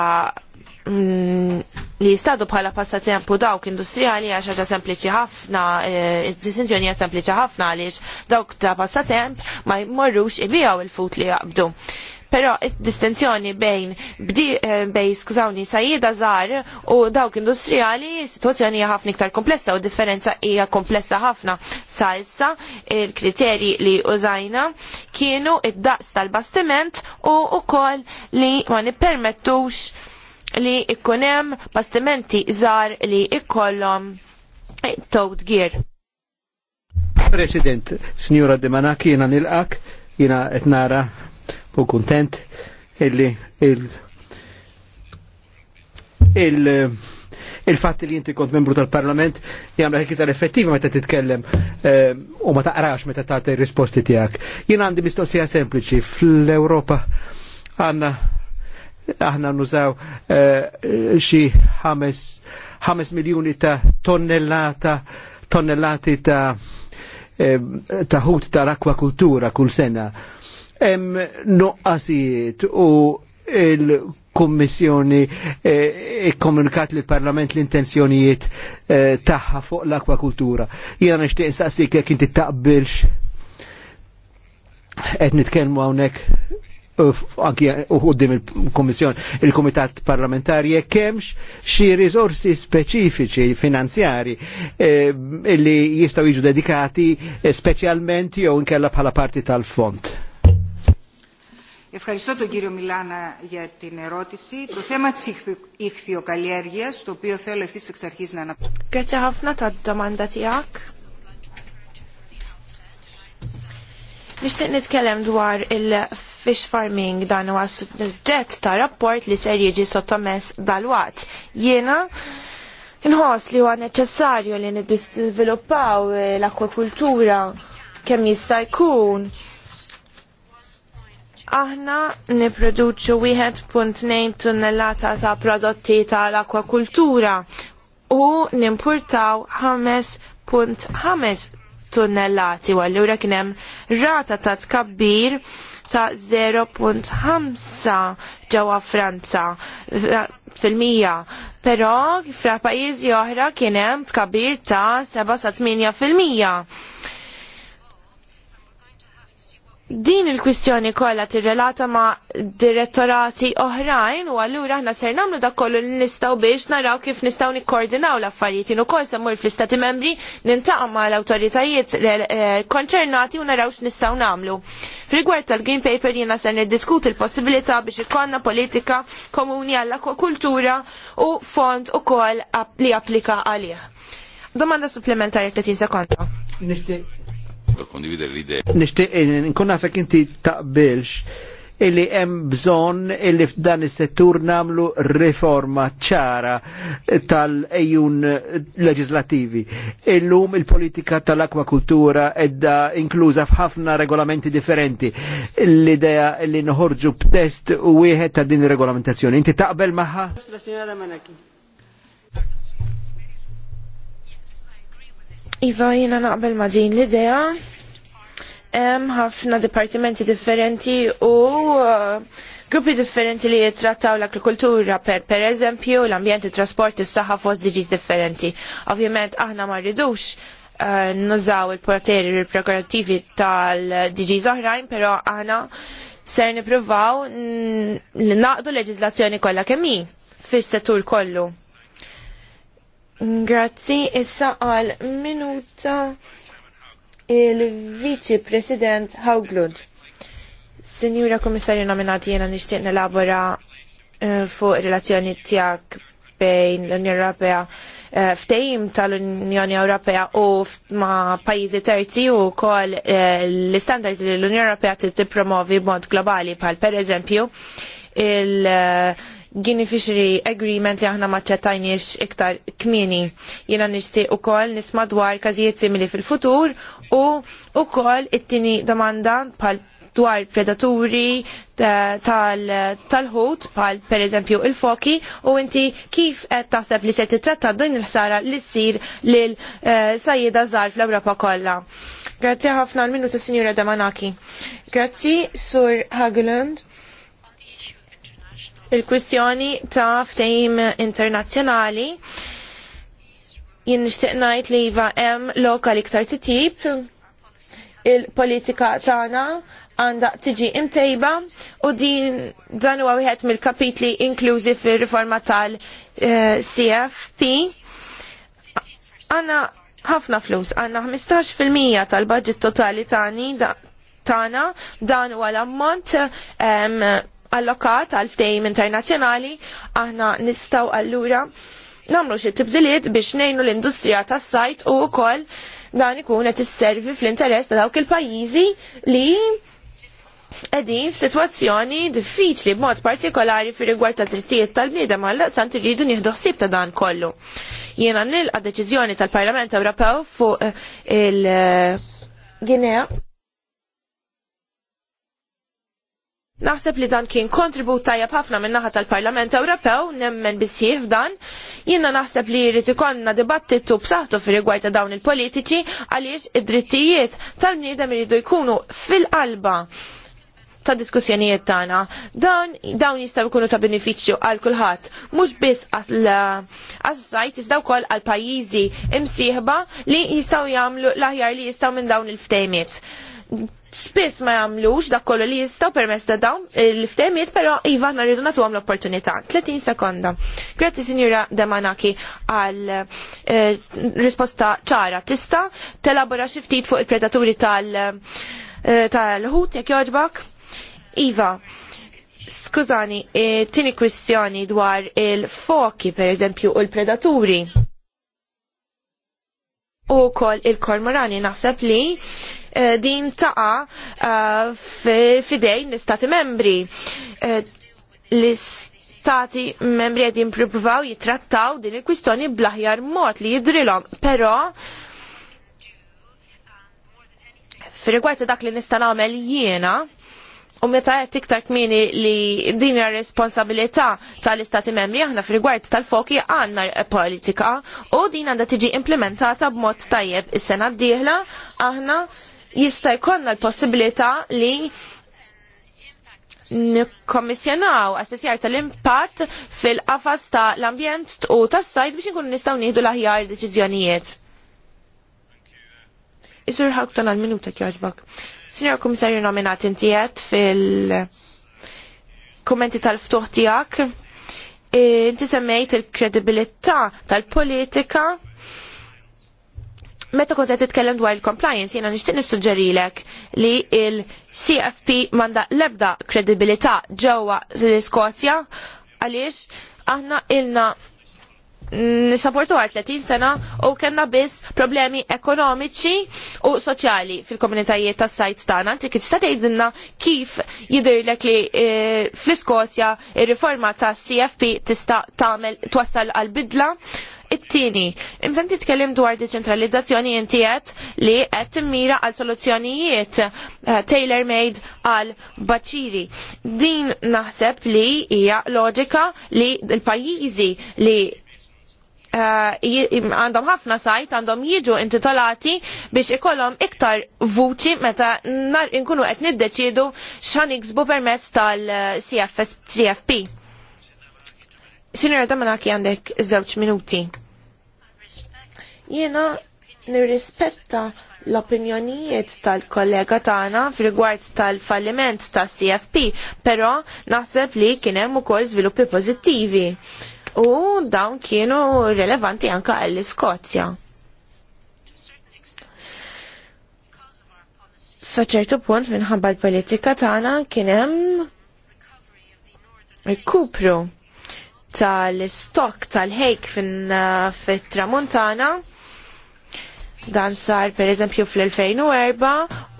mm, li jistadu bħala tempu dawk industrijali għax ħaġa sempliċi ħafna, eh, id-distenzjoni hija sempliċi ħafna għaliex dawk ta' passatemp ma jmorrux ibijaw il-fut li jaqbdu. Però distenzjoni bejn eh, bej skużawni sajjida żgħar u dawk industrijali situazzjoni hija ħafna iktar komplessa u differenza hija komplessa ħafna. Sa issa il-kriterji li użajna kienu id-daqs tal-bastiment u wkoll li ma nippermettux li ikun hemm bastimenti żgħar li jkollhom eh, towed gear. President, Signora De Manaki, jina jiena qed etnara u kontent illi il il il-fatt li inti kont membru tal-parlament ħekita iktar effettiva meta titkellem eh, u ma taqrax meta tagħti risposti tiegħek. Jien għandi mistoqsija sempliċi fl-Ewropa għandna aħna nużaw eh, xi ħames ħames miljuni ta' tonnellata tonnellati ta' eh, taħut tal-akwakultura kull sena hemm nuqqasijiet u il-Kommissjoni eh, ikkomunikat e, l-Parlament l-intenzjonijiet e, tagħha fuq l-akwakultura. Jiena nixtieq insaqsik jekk inti taqbilx qed nitkellmu hawnhekk eh, anki uħoddim il-Komissjon, il-Komitat Parlamentari, jekkemx xi risorsi speċifiċi finanzjari eh, li jistaw jiġu dedikati eh, specialment jew inkella bħala parti tal-fond. Ευχαριστώ τον κύριο Μιλάνα για την ερώτηση. Το θέμα της ηχθειοκαλλιέργειας, το οποίο θέλω ευθύς εξ αρχής να αναπτύξω. ħafna Nishtiq nitkellem dwar il-fish farming dan huwa suġġett ta' rapport li ser jiġi sottomess dal-waqt. Jiena inħoss li huwa neċessarju li niddiżviluppaw l-akwakultura kemm jista' jkun Aħna niproduċu 1.2 tonnellata ta' prodotti tal-akwakultura u nimpurtaw 5.5 tonnellati u allura kien hemm rata ta' tkabbir ta' 0.5 ġewwa Franza fil-mija. Però fra pajjiżi oħra kien hemm tkabbir ta' 7 sa 8 fil-mija din il-kwistjoni kollha tirrelata ma' direttorati oħrajn u allura aħna ser nagħmlu dak kollu li nistgħu biex naraw kif nistgħu nikkoordinaw l-affarijiet. Jien ukoll semmur fl-istati membri nintaqa' mal awtoritajiet eh, konċernati u naraw x'nistgħu nagħmlu. F'rigward tal-Green Paper jiena se niddiskuti l-possibilità biex ikollna politika komuni għall akwakultura u fond ukoll li applika għalih. Domanda supplementari 30 sekonda. Kondividere l-idea. Nishtiq eh, nkun nafek inti taqbilx illi hemm bżonn illi f'dan is-settur namlu riforma ċara tal-ejjun leġislativi. Illum il-politika tal-akwakultura edda inkluża f'ħafna regolamenti differenti. L-idea li noħorġu b'test wieħed ta' din ir-regolamentazzjoni. Inti taqbel maħħa? Iva, jina naqbel ma din l-idea. Hemm ħafna dipartimenti differenti u uh, gruppi differenti li jittrattaw l-agrikoltura per per eżempju l-ambjent, it-trasport, is-saħħa fost diġis differenti. Ovvjament aħna ma rridux uh, nużaw il-poteri il prokurativi tal-diġis oħrajn, però aħna ser nipruvaw naqdu leġizlazzjoni kollha kemm fis-settur kollu. Grazzi, issa għal minuta il vici President Hauglund. Sinjura Komissarju nominati jena nishtiq nelabora eh, fuq relazzjoni tijak bejn l-Unjoni Ewropea eh, ftejim tal-Unjoni Ewropea u ma pajjiżi terzi u kol eh, l-standards li l-Unjoni Ewropea t tipromovi mod globali pal per eżempju il- fixri Agreement li aħna maċċettajniex iktar kmini. Jena nishti u kol nisma dwar kazijiet simili fil-futur u u kol it-tini domanda pal dwar predaturi tal-ħut pal per eżempju il-foki u inti kif qed taħseb li se titratta din il-ħsara li ssir lil eh, sajjida żgħar fl-Ewropa kollha. Grazzi ħafna l-minuta Sinjura Damanaki. Grazzi Sur Haglund il-kwistjoni ta' ftehim internazzjonali jien nixtieq ngħid li iva hemm lokal iktar titjib il-politika tagħna għandha tiġi imtejba u din dan huwa wieħed mill-kapitli inklużi fir-riforma tal-CFP. Għandna ħafna flus, għandna 15% tal-budget totali tagħna dan huwa l-ammont allokat għal ftehim internazzjonali aħna nistgħu allura nagħmlu xi tibdiliet biex ngħinu l-industrija tas-sajt u wkoll dan ikun qed isservi fl-interess ta' dawk il-pajjiżi li qegħdin f'sitwazzjoni diffiċli b'mod partikolari fir rigward ta' trittijiet tal-bniedem għal sant irridu nieħdu ħsieb ta' dan kollu. Jiena nilqa' deċiżjoni tal-Parlament Ewropew fuq eh, il-Ginea eh, Naħseb li dan kien kontribut tajjeb ħafna min naħa tal-Parlament Ewropew, nemmen bisħieħ dan, jiena naħseb li jrid ikonna dibattitu b'saħħtu fi rigward ta' dawn il-politiċi għaliex id-drittijiet tal-bniedem iridu jkunu fil-qalba ta' diskussjonijiet tagħna. Dan dawn jistgħu jkunu ta' benefiċċju għal kulħadd, mhux biss għas-sajt iżda wkoll għal pajjiżi imsieħba li jistgħu jagħmlu l-aħjar li jistgħu minn dawn il-ftejmiet spiss ma jagħmlux dak kollu li jistaw permezz ta' dawn il ftemiet però iva narridu rridu nagħtuhom l-opportunità. 30 sekonda. Grazzi signora Demanaki għal eh, risposta ċara. Tista' telabora xi ftit fuq il-predaturi tal- eh, tal-ħut jekk jogħġbok? Iva, skużani, eh, tini kwistjoni dwar il-foki, per eżempju, u l-predaturi u kol il-kormorani naħseb li eh, din taqa eh, fidejn l-istati membri. Eh, l-istati membri għed jimpruvaw jitrattaw din il-kwistjoni blaħjar mod li jidrilom, pero fir rigward dak li nista' nagħmel jiena, U meta qed iktar kmini li din ir responsabilità tal-Istati Membri aħna f'rigward tal-foki għandna politika u din għandha tiġi implementata b'mod tajjeb is-sena d-dieħla aħna jista' jkollna l-possibilità li nikkommissjonaw assessjar tal-impatt fil-qafas tal ambjent u tas-sajd biex inkunu nistgħu nieħdu l-aħjar deċiżjonijiet. Isur ħaktan għal minuta kjaġbak. Signor Komissarju nominat intijet fil-kommenti tal-ftuħ tijak, e, inti semmejt il-kredibilità tal-politika meta kont qed titkellem dwar il-compliance jiena nixtieq nissuġġerilek li il-CFP manda lebda kredibilità ġewwa l-Iskozja għaliex aħna ilna nisaportu għal 30 sena u kena biss problemi ekonomiċi u soċjali fil-komunitajiet tas sajt tagħna. Ti kitt tista' tgħidilna kif jidhirlek li e, fl-Iskozja il riforma tas CFP tista' tagħmel twassal għal bidla. It-tieni, inti titkellim dwar deċentralizzazzjoni inti li qed timmira għal soluzzjonijiet e, tailor-made għal baċiri. Din naħseb li hija loġika li l-pajjiżi li Eh, għandhom ħafna sajt għandhom jiġu intitolati biex ikollhom iktar vuċi meta nar inkunu qed niddeċiedu x'għan iksbu permezz tal-CFP. Sinjora Damanaki għandek żewġ minuti. Jiena nirrispetta l-opinjonijiet tal-kollega tagħna f'rigward tal-falliment tas CFP, però naħseb li kien hemm ukoll żviluppi pożittivi u dawn kienu relevanti anka għall-Iskozja. Saċertu punt minħabba l-politika tagħna kien hemm rikupru tal-istok tal-ħejk fit-tramuntana. Dan sar per eżempju fl-2004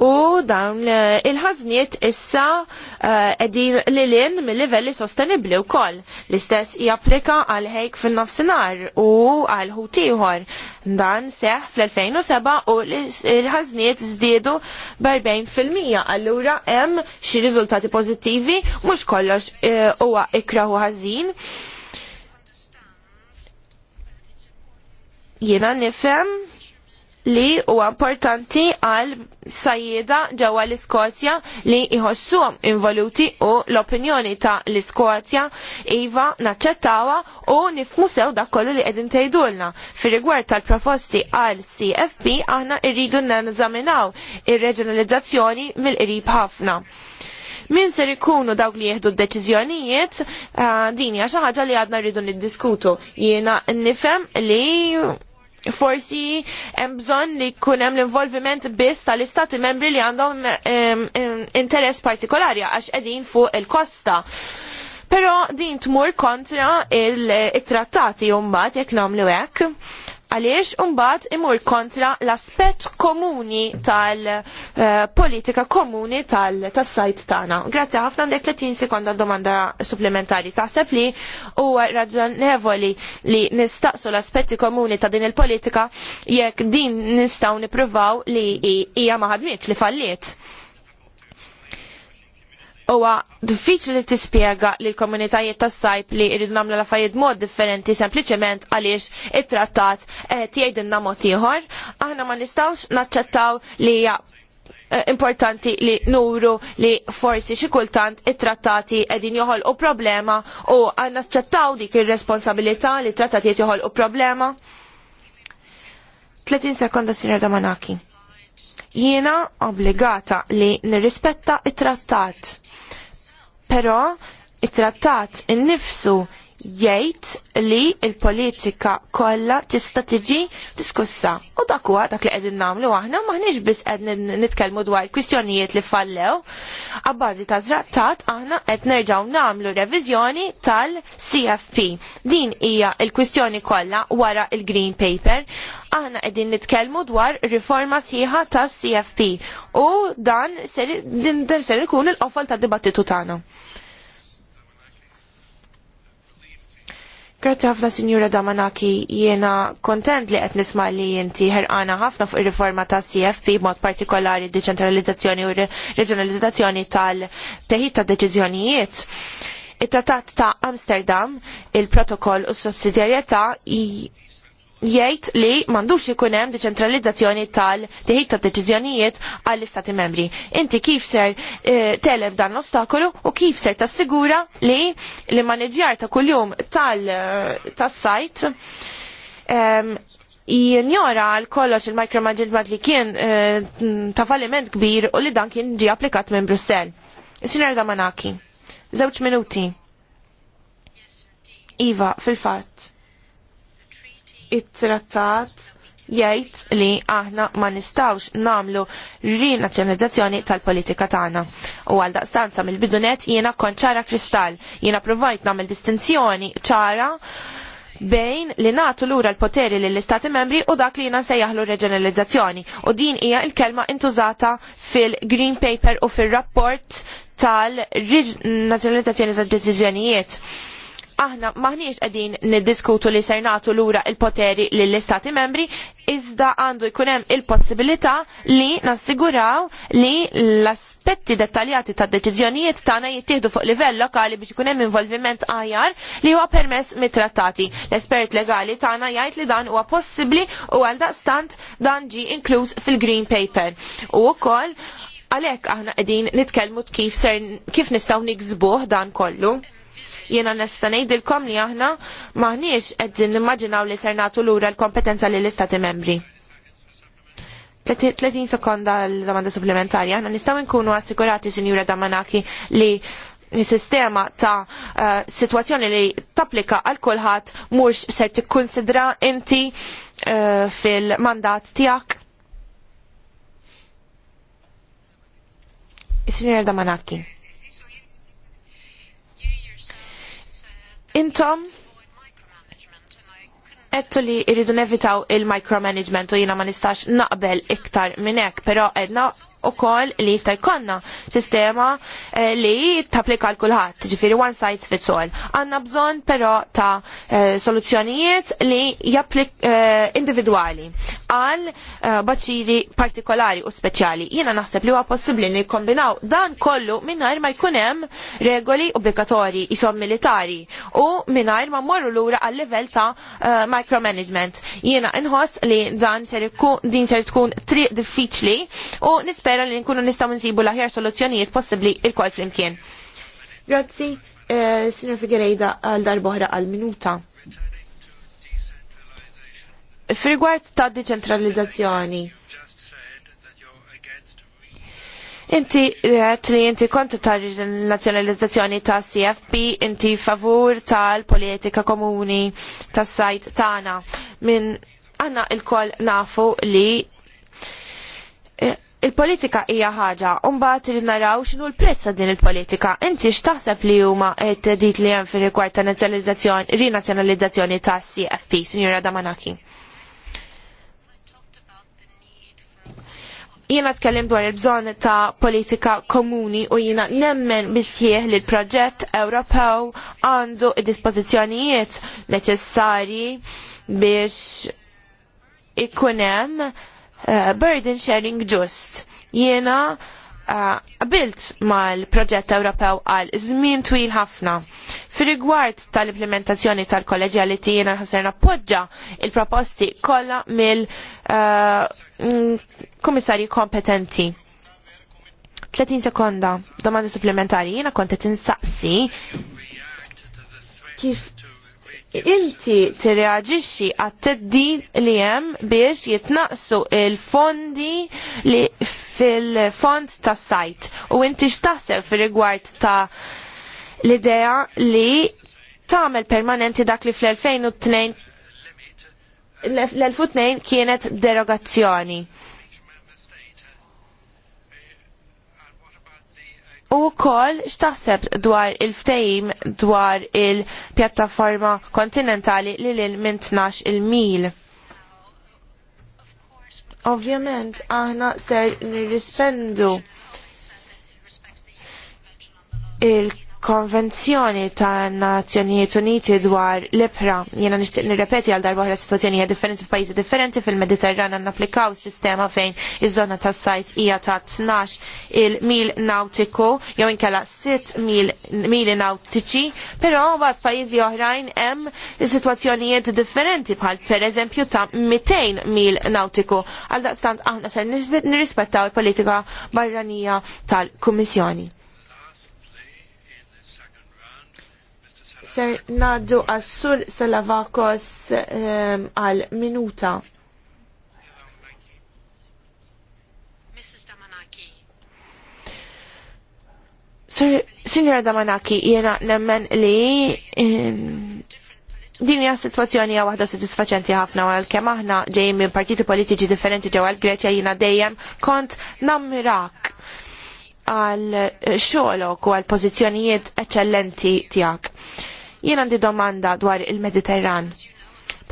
u dawn eh, il-ħazniet issa eh, edin lilin mill-livelli sostenibli u koll. L-istess japplika għal ħejk fin-nofsinar u għal ħutiħor. Dan seħ fl-2007 u l-ħazniet zdiedu b-40% għallura hemm xi riżultati pożittivi mhux kollox eh, huwa ikraħu ħażin. Jiena nifhem li huwa importanti għal sajjeda ġewwa l-Iskozja li jħossuhom involuti u l-opinjoni ta' l-Iskozja iva naċċettawha u nifmu sew dak kollu li qegħdin tgħidulna. Fir-rigward tal-proposti għal CFP aħna rridu neżaminaw ir-reġjonalizzazzjoni mill-qrib ħafna. Min ser ikunu dawk li jieħdu d-deċiżjonijiet eh, din hija xi ħaġa li għadna rridu niddiskutu. Jiena nifhem li forsi hemm bżonn li jkun hemm l-involviment biss tal-istati membri li għandhom interess partikolari għax qegħdin fuq il-kosta. Però din tmur kontra il-trattati mbagħad jekk nagħmlu hekk għaliex umbat imur kontra l-aspet komuni tal-politika komuni tal-sajt tana. Grazie ħafna għandek 30 sekonda domanda supplementari. Taħseb li u raġunevoli li nistaqsu l-aspetti komuni ta' din il-politika jekk din nistaw niprovaw li hija maħadmiċ li falliet huwa diffiċli tispjega li l-komunitajiet tas-sajb li jridu nagħmlu l-affarijiet mod differenti sempliċement għaliex it-trattat eh, tgħidilna mod ieħor. Aħna ma nistgħux naċċettaw li hija eh, importanti li nuru li forsi xi kultant it-trattati qegħdin joħolqu problema u għandna naċċettaw dik ir-responsabilità li t-trattatijiet joħolqu problema. 30 sekonda sinjor Damanaki. Jiena obbligata li nirrispetta it-trattat. Però it-trattat innifsu jgħid li il-politika kollha tista' tiġi diskussa. U dak huwa dak li qegħdin nagħmlu aħna m'aħniex biss qed nitkellmu dwar kwistjonijiet li fallew. Abbażi ta' trattat aħna qed nerġgħu nagħmlu reviżjoni tal-CFP. Din hija l-kwistjoni kollha wara il-Green Paper. Aħna qegħdin nitkellmu dwar riforma sħiħa tas-CFP u dan ser ikun il-qofol tad-dibattitu tagħna. Grazzi ħafna Sinjura Damanaki, jiena kontent li qed nisma li inti ħerqana ħafna fuq ir-riforma ta' CFP mod partikolari deċentralizzazzjoni u reġjonalizzazzjoni tal-teħid ta' deċiżjonijiet. It-Tratat ta' Amsterdam, il-Protokoll u s-Subsidjarjetà jgħid li mandux ikun hemm deċentralizzazzjoni tal tiħit tad deċiżjonijiet għall-Istati membri. Inti kif ser e, eh, teleb dan l-ostakolu u kif ser tassigura li li maneġjar ta' kuljum tal-sajt eh, um, ehm, jinjora għal kollox il-micromanagement li kien eh, ta' falliment kbir u li dan kien ġi applikat minn Brussel. Sinjor Damanaki, zewċ minuti. Iva, fil-fatt it-trattat jgħid li aħna ma nistawx namlu rinazzjonalizzazzjoni tal-politika tagħna. U għal daqstanza mill-bidunet jiena kont ċara kristall, jiena provajt nagħmel distinzjoni ċara bejn li natu lura l-poteri lill istati membri u dak li jina sejjaħlu reġionalizzazzjoni. U din hija il-kelma intużata fil-Green Paper u fil-rapport tal-reġionalizzazzjoni tad-deċiżjonijiet aħna maħniex qegħdin niddiskutu li ser nagħtu lura il-poteri lill istati membri, iżda għandu jkun hemm il-possibilità li nassiguraw li l-aspetti dettaljati ta' deċiżjonijiet tagħna jittieħdu fuq livell lokali biex ikun hemm involviment aħjar li huwa permess mit-trattati. L-espert legali tagħna jgħid li dan huwa possibbli u għal daqstant dan ġi inkluż fil-Green Paper. U wkoll għalhekk aħna qegħdin nitkellmu kif ser kif nistgħu niksbuh dan kollu. Jiena nesta ngħidilkom li aħna maħniex qegħdin nimmaġinaw li ser nagħtu lura l-kompetenza lill istati membri. 30 sekonda l-domanda supplementarja. Aħna nistgħu nkunu assikurati, Sinjura Damanaki, li sistema ta' uh, situazzjoni li tapplika għal kulħadd mhux ser tikkunsidra inti uh, fil-mandat tiegħek. Is-Sinjura Damanaki. Intom għettu li irridu nevitaw il-micromanagement u jina ma nistax naqbel iktar minnek, pero edna u kol li jista' jkollna sistema eh, li tapplika l kulħadd, ġifiri one size fits all. Għanna bżonn però ta' eh, soluzzjonijiet li japplik eh, individwali għal baċiri partikolari u speċjali. Jiena naħseb li huwa possibbli li kombinaw dan kollu mingħajr ma jkun hemm regoli obbligatorji isom militari u mingħajr ma mmorru lura għal livell ta' micromanagement. Jiena inħoss li dan ser tkun triq diffiċli u nisp nispera li nkunu nistaw nsibu l-aħjar soluzzjonijiet possibli il-kol flimkien. Grazzi, eh, Sinjor Figuerejda, għal darbohra għal minuta. Frigward ta' deċentralizzazzjoni. Inti għet li inti kontu ta' nazjonalizzazzjoni ta' CFP, inti favur tal-politika komuni ta' sajt tana. Min għanna il-koll nafu li eh, il-politika hija ħaġa, u mbagħad trid naraw x'inhu l-prezz ta' din il-politika. Inti x'taħseb li huma qed li hemm fir-rigward ta' nazzjonalizzazzjoni, rinazzjonalizzazzjoni ta' CFP, Sinjura Damanaki. Jiena tkellim dwar il-bżonn ta' politika komuni u jiena nemmen bisħieħ li l-proġett Ewropew għandu id-dispożizzjonijiet neċessarji biex ikun hemm uh, burden sharing ġust. Jiena eh, qabilt uh, mal-proġett Ewropew għal żmien twil ħafna. Fir-rigward tal-implementazzjoni tal-kolleġjaliti jiena ħasser appoġġa il-proposti kollha mill-kummissarji eh, uh, kompetenti. 30 sekonda, domanda supplementari, jiena kont qed insaqsi kif inti tirreaġixxi għat-teddin li hemm biex jitnaqsu il-fondi li fil-fond tas sajt u inti x'taħseb fir-rigward ta' l-idea li tagħmel permanenti dak li fl-2002 l-2002 kienet derogazzjoni. U kol xtaħseb dwar il-ftejim dwar il-pjattaforma kontinentali li l minn 12 il-mil. Ovvjament, aħna ser nirrispendu il konvenzjoni ta' Nazzjonijiet Uniti dwar l ipra Jena nishtiq nirrepeti għal darba ħra situazzjoni differenti f'pajjiżi differenti fil-Mediterran għan applikaw sistema fejn iż-żona tas sajt hija ta' 12 il-mil nautiku jew inkella 6 mil, mili nautiċi, però mbagħad pajjiżi oħrajn hemm situazzjonijiet differenti bħal pereżempju ta' 200 mil nautiku. Għal daqstant aħna ser nirrispettaw il-politika barranija tal-Kummissjoni. Ser naddu għassur Salavakos ehm, għal eh, minuta. Signora Damanaki, jena nemmen li ehm, din hija sitwazzjoni hija waħda sodisfaċenti ħafna għalkemm aħna ġejjin minn partiti politiċi differenti ġew għall greċja jiena dejjem kont nammirak għal xogħolok u għal pożizzjonijiet eċċellenti tiegħek. Jien għandi domanda dwar il-Mediterran.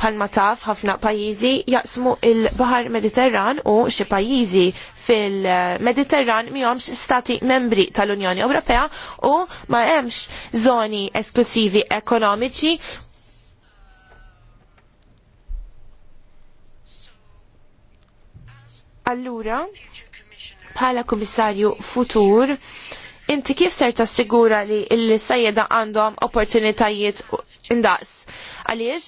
Palma taf ħafna pajjiżi jaqsmu il-Bahar Mediterran u xi pajjiżi fil-Mediterran mihomx stati membri tal-Unjoni Ewropea u ma hemmx zoni esklusivi ekonomiċi Allura, bħala komissarju futur, inti kif ser tassigura li l-sajjeda għandhom opportunitajiet indaqs? Għaliex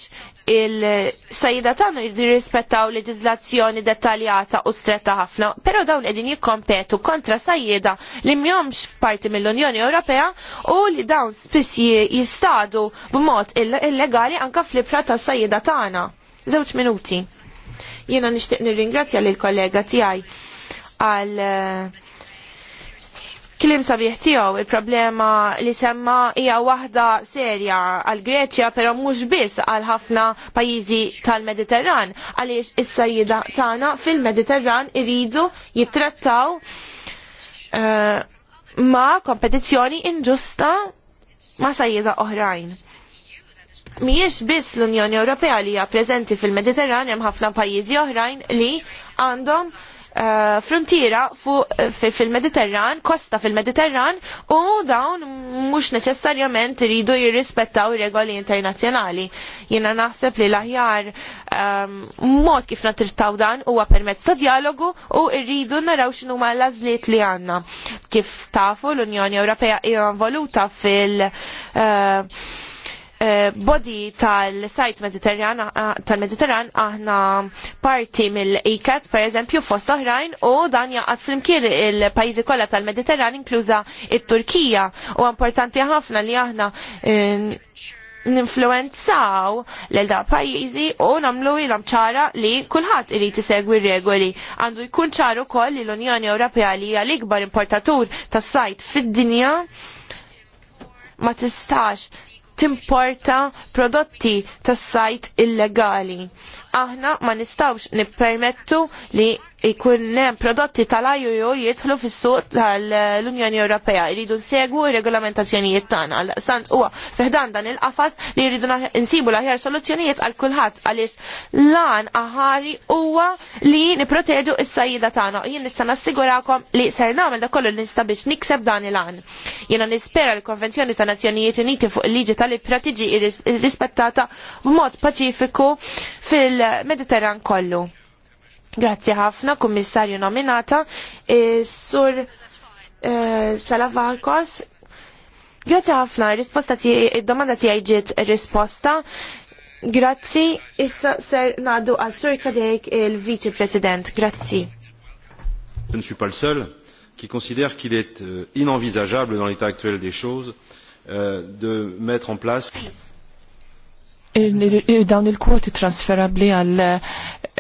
il-sajjeda tagħna jirrispettaw leġiżlazzjoni dettaljata u stretta ħafna, però dawn qegħdin jikkompetu kontra sajjeda li m'jomx parti mill-Unjoni Ewropea u li dawn spiss jistadu b'mod illegali anke fl-ibra tas sajjeda tagħna. Żewġ minuti. Jiena nixtieq nirringrazzja lill kollega tiegħi għal uh, Klim sabiħ tiegħu il-problema li semma hija waħda serja għal Greċja però mhux biss għal ħafna pajjiżi tal-Mediterran għaliex is-sajjida tagħna fil-Mediterran iridu jittrattaw uh, ma' kompetizzjoni inġusta ma' sajjida oħrajn. Mhijiex biss l-Unjoni Ewropea li hija preżenti fil-Mediterran hemm ħafna pajjiżi oħrajn li għandhom Eh, frontiera eh, fil-Mediterran, kosta fil-Mediterran u dawn mhux neċessarjament iridu jirrispettaw ir-regoli internazzjonali. Jiena naħseb li l-aħjar ehm, mod kif natrittaw dan huwa permezz ta' dialogu u rridu naraw xinu ma l li għandna. Kif tafu l-Unjoni Ewropea jgħan voluta fil- uh, Eh, body tal-sajt mediterran tal-Mediterran aħna parti mill-ICAT per eżempju fost oħrajn u dan jaqat flimkien il-pajjiżi kollha tal-Mediterran inkluża il turkija u importanti ħafna li aħna eh, ninfluenzaw l elda pajjiżi u namlu ilhom ċara li kulħadd irid isegwi regoli. Għandu jkun ċaru koll li l-Unjoni Ewropea li hija l-ikbar importatur tas-sajt fid-dinja ma tistax timporta prodotti tas-sajt illegali. Aħna ma nistawx nippermettu li Ikun nem prodotti tal aju jitħlu fis-suq tal-Unjoni Ewropea jridu nsegwu r-regolamentazzjonijiet tagħna. Stant huwa fiħdan dan il-qafas li jridu nsibu l-aħjar soluzzjonijiet għal kulħadd għaliex lan aħari huwa li nipproteġu s-sajjida tagħna. Jien nista' nassigurakom li ser nagħmel dak kollu nista' biex nikseb dan il-għan. Jiena nispera l-Konvenzjoni ta' Nazzjonijiet Uniti fuq il-liġi tal-ibra tiġi rispettata b'mod paċifiku fil-Mediterran kollu. Grazie ħafna, kummissarju nominata, eh, sur eh, Salavakos. Grazie ħafna, risposta id-domanda ti ġiet risposta. Grazie, issa ser nadu għal sur kadejk il vice President. Grazie. Je ne suis pas le seul qui considère qu'il est euh, inenvisageable dans l'état actuel des choses euh, de mettre en place dawn il-kwoti trasferabli għal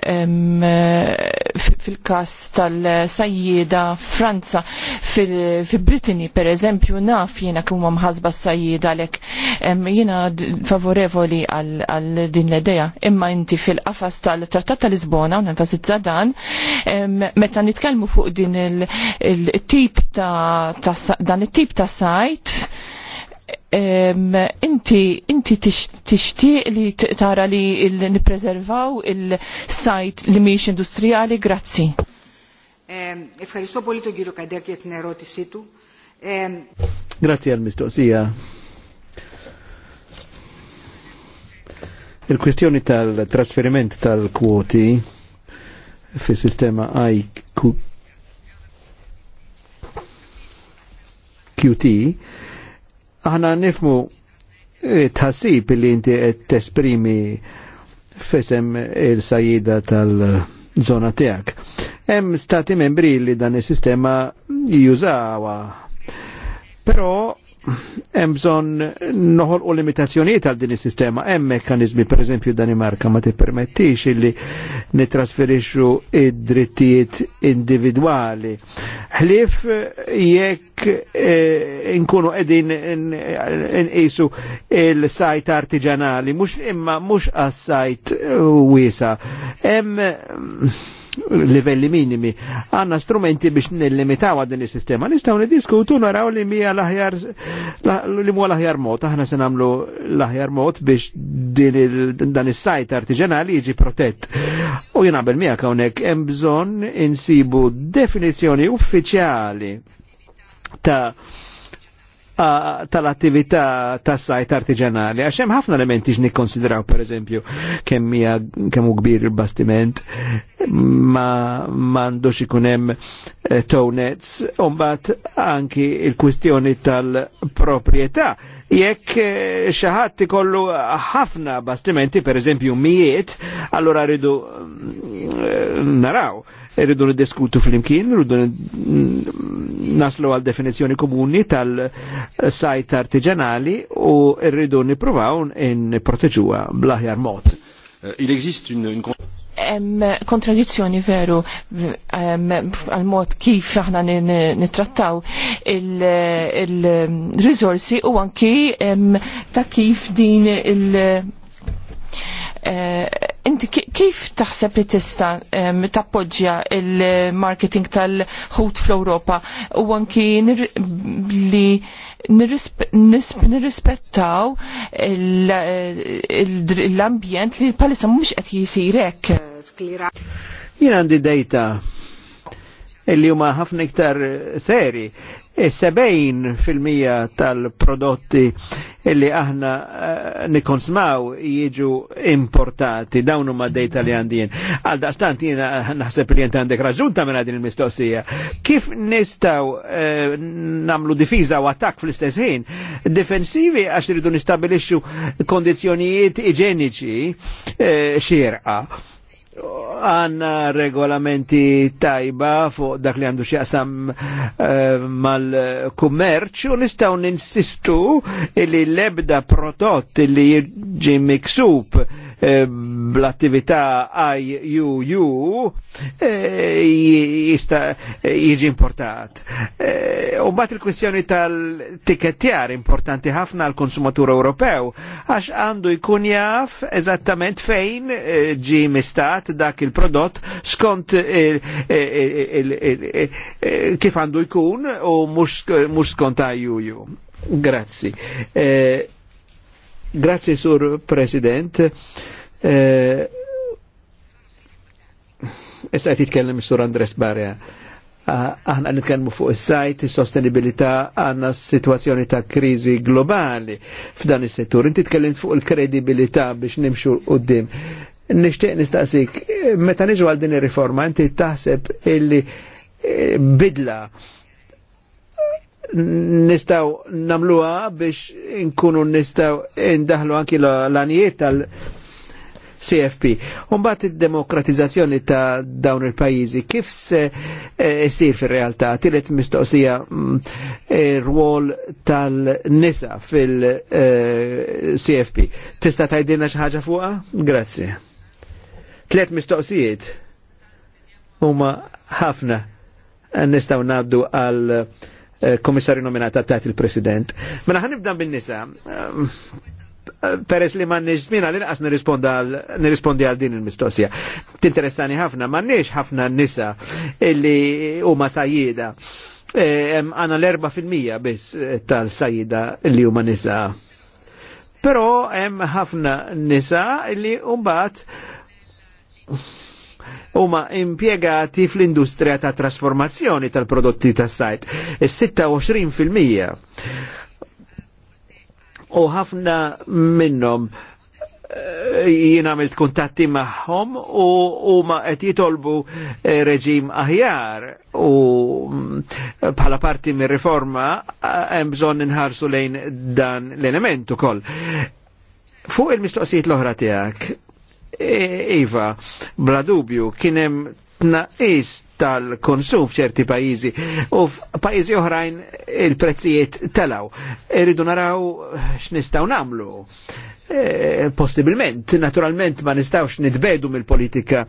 Eh, fil-kas tal-sajjida Franza fil-Britini per eżempju naf jena kumma mħazba s-sajjida lek jena favorevoli għal din l edeja imma inti fil-qafas tal-trattat tal-Lisbona un Zadan, meta nitkellmu fuq din il-tip ta' dan il-tip ta' sajt inti inti tixtieq li tara li nippreservaw il-sajt li mhix industrijali grazzi. Ευχαριστώ πολύ τον κύριο Καντέρ για την ερώτησή του. Grazie għal mistoqsija. Il-kwestjoni tal-trasferiment tal-kwoti fis sistema IQT Aħna nifmu eh, tħassib li inti qed tesprimi fisem il-sajida tal zona tijak. Em stati membri li dan il sistema jużawa. Però hemm bżonn noħolqu limitazzjonijiet għal din is-sistema. Hemm mekkaniżmi pereżempju Danimarka ma tippermettix illi nitrasferixxu id-drittijiet individwali. Ħlief jekk nkunu e, inkunu qegħdin inqisu il-sajt artiġanali mhux imma mhux għas-sajt wiesa. Hemm livelli minimi. Għanna strumenti biex nillimitaw din is-sistema. Nistgħu niddiskutu naraw li mija l-aħjar li mu l-aħjar mod. Aħna se nagħmlu l-aħjar mod biex dan is-sajt artiġanali jiġi protett. U jien qabel miegħek hawnhekk hemm bżonn insibu definizzjoni uffiċjali ta' tal-attività tas sajt artiġanali. Għax hemm ħafna elementi x'nikkonsidraw pereżempju kemm hija kemm hu kbir il-bastiment ma m'għandux ikun hemm eh, tonets, u mbagħad anki il-kwistjoni tal-proprjetà Jekk eh, xaħat kollu ħafna bastimenti, per eżempju mijiet, allora rridu mm, eh, naraw, rridu niddiskutu fl-imkien, rridu naslu għal definizjoni komuni tal-sajt artiġanali u rridu niprovaw in proteġuwa blaħjar mod. Euh, il existe une, une kontradizzjoni veru għal-mod kif aħna nitrattaw il-rizorsi il u anki ta' kif din il- eh, inti kif taħseb li tista tappoġġja il-marketing tal-ħut fl-Ewropa u anki li nirrispettaw l-ambjent li palissa mhux qed jisir Jien għandi dejta illi huma ħafna iktar seri 70% tal-prodotti li aħna eh, nikonsmaw jiġu importati dawnu ma dejta li għandien. Għaldaqstant daqstant jina naħseb li jent għandek raġun ta' minna din il-mistoqsija. Kif nistaw eh, namlu difiza u attak fl-istess ħin? Defensivi għax rridu nistabilixxu kondizjonijiet iġeniċi eh, xirqa għanna regolamenti tajba fuq dak li għandu xieqsam eh, mal-kummerċ u nistaw ninsistu illi l-ebda prodott illi jġi miksub Eh, bl-attività IUU eh, jista eh, jiġi importat. U bat il kwistjoni tal-tikettjar importanti ħafna għal konsumatur Ewropew, għax għandu jkun jaf eżattament fejn ġi mistat dak il-prodott skont kif għandu jkun u mux skont IUU. Grazzi. Grazie, Sur President. Eh, issa qed jitkellem Sur Andres Barja. Ah, aħna nitkellmu fuq is-sajt, is-sostenibilità, għandna situazzjoni ta' kriżi globali f'dan is-settur. Inti tkellimt fuq il-kredibilità biex nimxu qudiem. Nixtieq nistaqsik, eh, meta niġu għal din ir-riforma, inti taħseb illi eh, bidla nistaw namluwa biex nkunu nistaw indaħlu anki l-anijiet tal-CFP. Umbat id-demokratizzazzjoni ta' dawn il-pajizi, kif se jisir eh, e, fil-realtà? Tiret mistoqsija mm, r-rwol tal-nisa fil-CFP. Tista' tajdilna xi ħaġa fuqha? Grazzi. Tlet mistoqsijiet huma ħafna nistaw naddu għal uh, Eh, komissarju nominata tajt il-president. Mela ħan nibda bil-nisa. Eh, Peres li ma nix zmina li naqas nirrispondi għal din il-mistoqsija. Tinteressani ħafna, ma nix ħafna nisa illi huma sajjida. Eh, għana l-4% biss tal-sajjida u huma nisa. Pero hemm ħafna nisa li umbat huma impjegati fl-industrija ta' trasformazzjoni tal-prodotti tas-sajt, e is-26 fil-mija. U ħafna minnhom eh, jien għamilt kuntatti maħħom u, huma qed jitolbu eh, reġim aħjar u mm, bħala parti mir riforma eh, hemm bżonn inħarsu lejn dan l elementu ukoll. Fuq il-mistoqsijiet l-oħra tiegħek, E, iva, bla dubju, kienem tnaqis tal-konsum f'ċerti pajjiżi u f'pajjiżi oħrajn il-prezzijiet telaw. Irridu naraw x'nistgħu nagħmlu E, possibilment, naturalment ma nistawx nitbedu mill-politika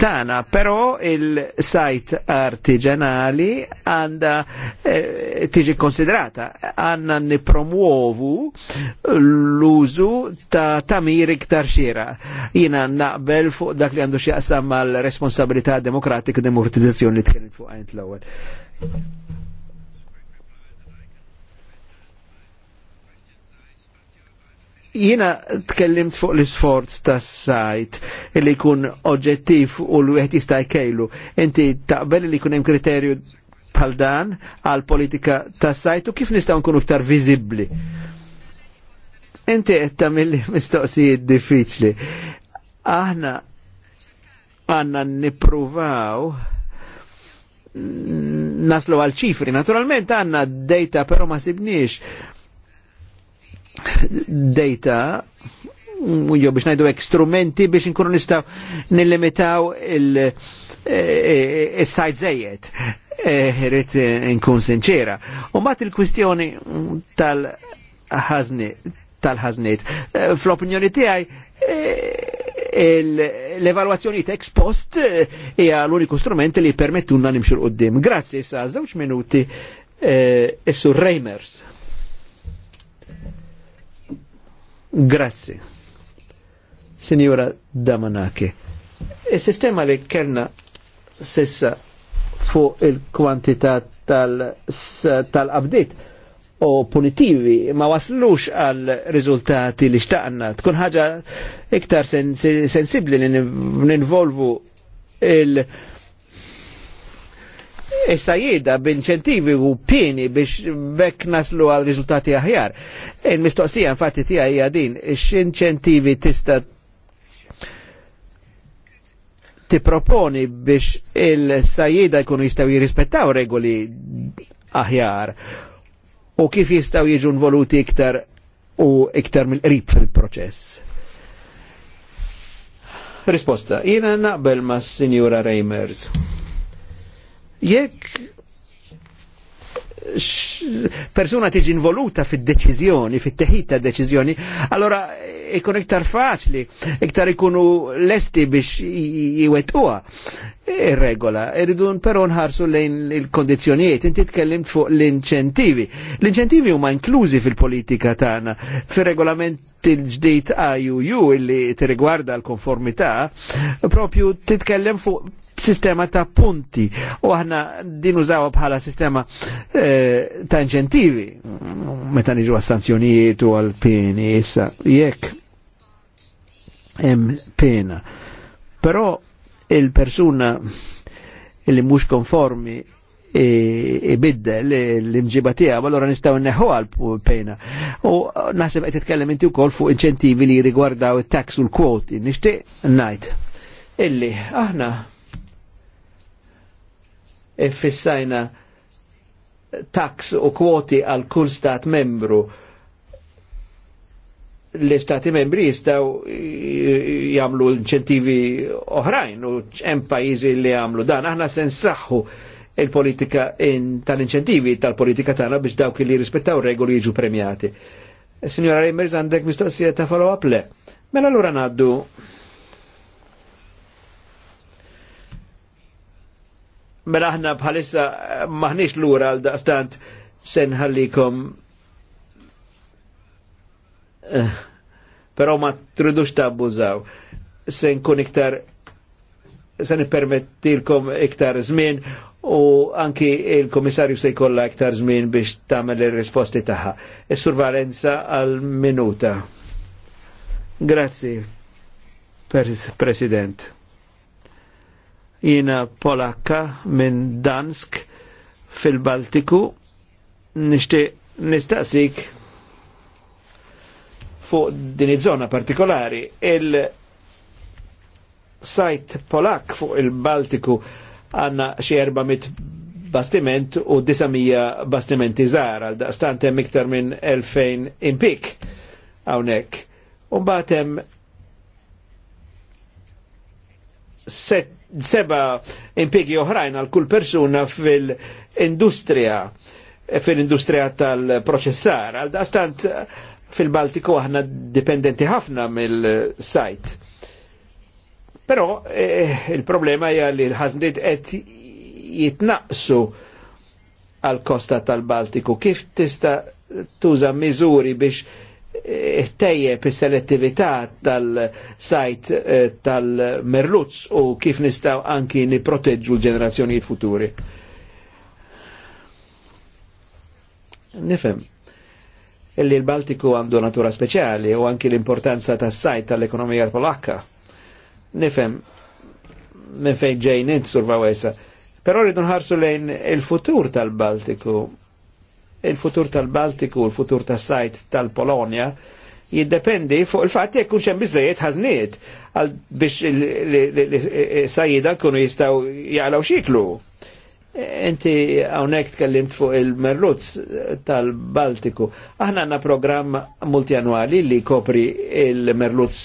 tana, però il-sajt artiġanali għanda eh, tiġi konsiderata, għanna nipromuovu l-użu ta' tamir iktar xira. Jina naqbel fuq dak li għandu xieqsam mal responsabilità demokratika demokratizzazzjoni li tkellem fuq għajnt l-ewwel. Jina tkellimt fuq l-sforz tas sajt li jkun oġġettiv u l-wieħed jista' jkejlu. Inti taqbel li jkun hemm kriterju bħal dan għal politika tas sajt u kif nistgħu nkunu iktar viżibbli. Inti qed tagħmel mistoqsijiet diffiċli. Aħna għanna nippruvaw naslu għal ċifri. Naturalment għanna data, pero ma sibniex data jo biex najdu ekstrumenti biex nkunu nistaw nillimitaw il-sajt eh, eh, eh, zejiet. Rrit nkun sinċera. U mat il-kwistjoni tal-ħazni tal-ħaznit. Fl-opinjoni tiegħi l-evaluazzjoni ex post hija l-uniku strument li permettunna nimxu l-qoddim. Grazzi sa' żewġ minuti is-sur Reimers. Grazzi. Signora Damanaki, il-sistema li kellna sissa fuq il-kwantità tal-abdit tal u punitivi ma waslux għal riżultati li xtaqna. Tkun ħaġa iktar sensibli li ninvolvu il- issa jida b'inċentivi u pieni biex bekk naslu għal rizultati aħjar. Il-mistoqsija infatti ti hija din, x'inċentivi tista' proponi biex il-sajjida jkunu jistaw jirrispettaw regoli aħjar u kif jistaw jiġu involuti iktar u iktar mill-qrib fil-proċess. Risposta, jina naqbel ma' Sinjura Reimers Jekk persuna tiġi involuta fid-deċiżjoni, fit-teħid ta' deċiżjoni, allora ikun iktar faċli, iktar ikunu lesti biex jwettuha ir-regola, irridu però nħarsu lejn il-kondizjonijiet, inti tkellim fuq l-inċentivi. L-inċentivi huma inklużi fil-politika tagħna, fir-regolament il-ġdid IUU illi tirrigwarda l-konformità, propju titkellem fuq sistema ta' punti u aħna din użawa bħala sistema eh, ta' inċentivi meta niġu għas-sanzjonijiet u għal pieni issa jekk hemm pena. Però il-persuna li mhux konformi ibiddel l-imġiba tiegħu, nistaw nistgħu neħu għal pena U nasib għet t-tkellem inti u kol fuq inċentivi li rigwardaw il tax u l-kwoti. Nixtieq najt. illi aħna fissajna tax u kwoti għal kull stat membru l-istati membri jistaw jamlu inċentivi oħrajn u hemm pajjiżi li jamlu dan. Aħna sen saħħu il-politika tal-inċentivi tal-politika tagħna biex dawk li jirrispettaw regoli jiġu premjati. Signora Reimers għandek mistoqsija ta' follow-up le. Mela allura ngħaddu Mela aħna bħalissa maħniex lura għal daqstant senħallikom Eh, però ma tridux ta' abbużaw. Se nkun iktar se nipermettilkom iktar zmin u anki il-komissarju se jkolla iktar zmin biex tamel il risposti taħħa. Is-Sur e Valenza għal minuta. Grazzi, President. Jina Polakka minn Dansk fil-Baltiku nishtiq nistaqsik fuq din iż-żona partikolari. Il-sajt Polak fuq il-Baltiku għanna xie 400 bastiment u 900 bastimenti zaħar għal daqstant hemm iktar minn 2000 impik hawnhekk. U mbagħad hemm seba impjegi oħrajn għal kull persuna fil-industrija fil-industrija tal-proċessar. Għal daqstant fil-Baltiku aħna dipendenti ħafna mill-sajt. Però eh, il-problema hija li l-ħażniet qed jitnaqsu għal kosta tal-Baltiku. Kif tista' tuża miżuri biex eh, tejjeb is-selettività tal-sajt eh, tal-merluzz u kif nistgħu anki niproteġġu l-ġenerazzjonijiet futuri? Nifhem illi l-Baltiku għandu natura speċjali u anki l-importanza tas sajt tal-ekonomija polakka. Nifem minn fejn ġejn int survawesa. Però rridu nħarsu lejn il-futur tal-Baltiku. Il-futur tal-Baltiku, il-futur tas sajt tal polonia jiddependi fuq il-fatt jekk kunx hemm biżejjed ħażniet biex sajjida kunu jistgħu jaqlaw xiklu. Inti għonek tkellimt fuq il merruz tal-Baltiku. Aħna għanna program multianwali li kopri il merruz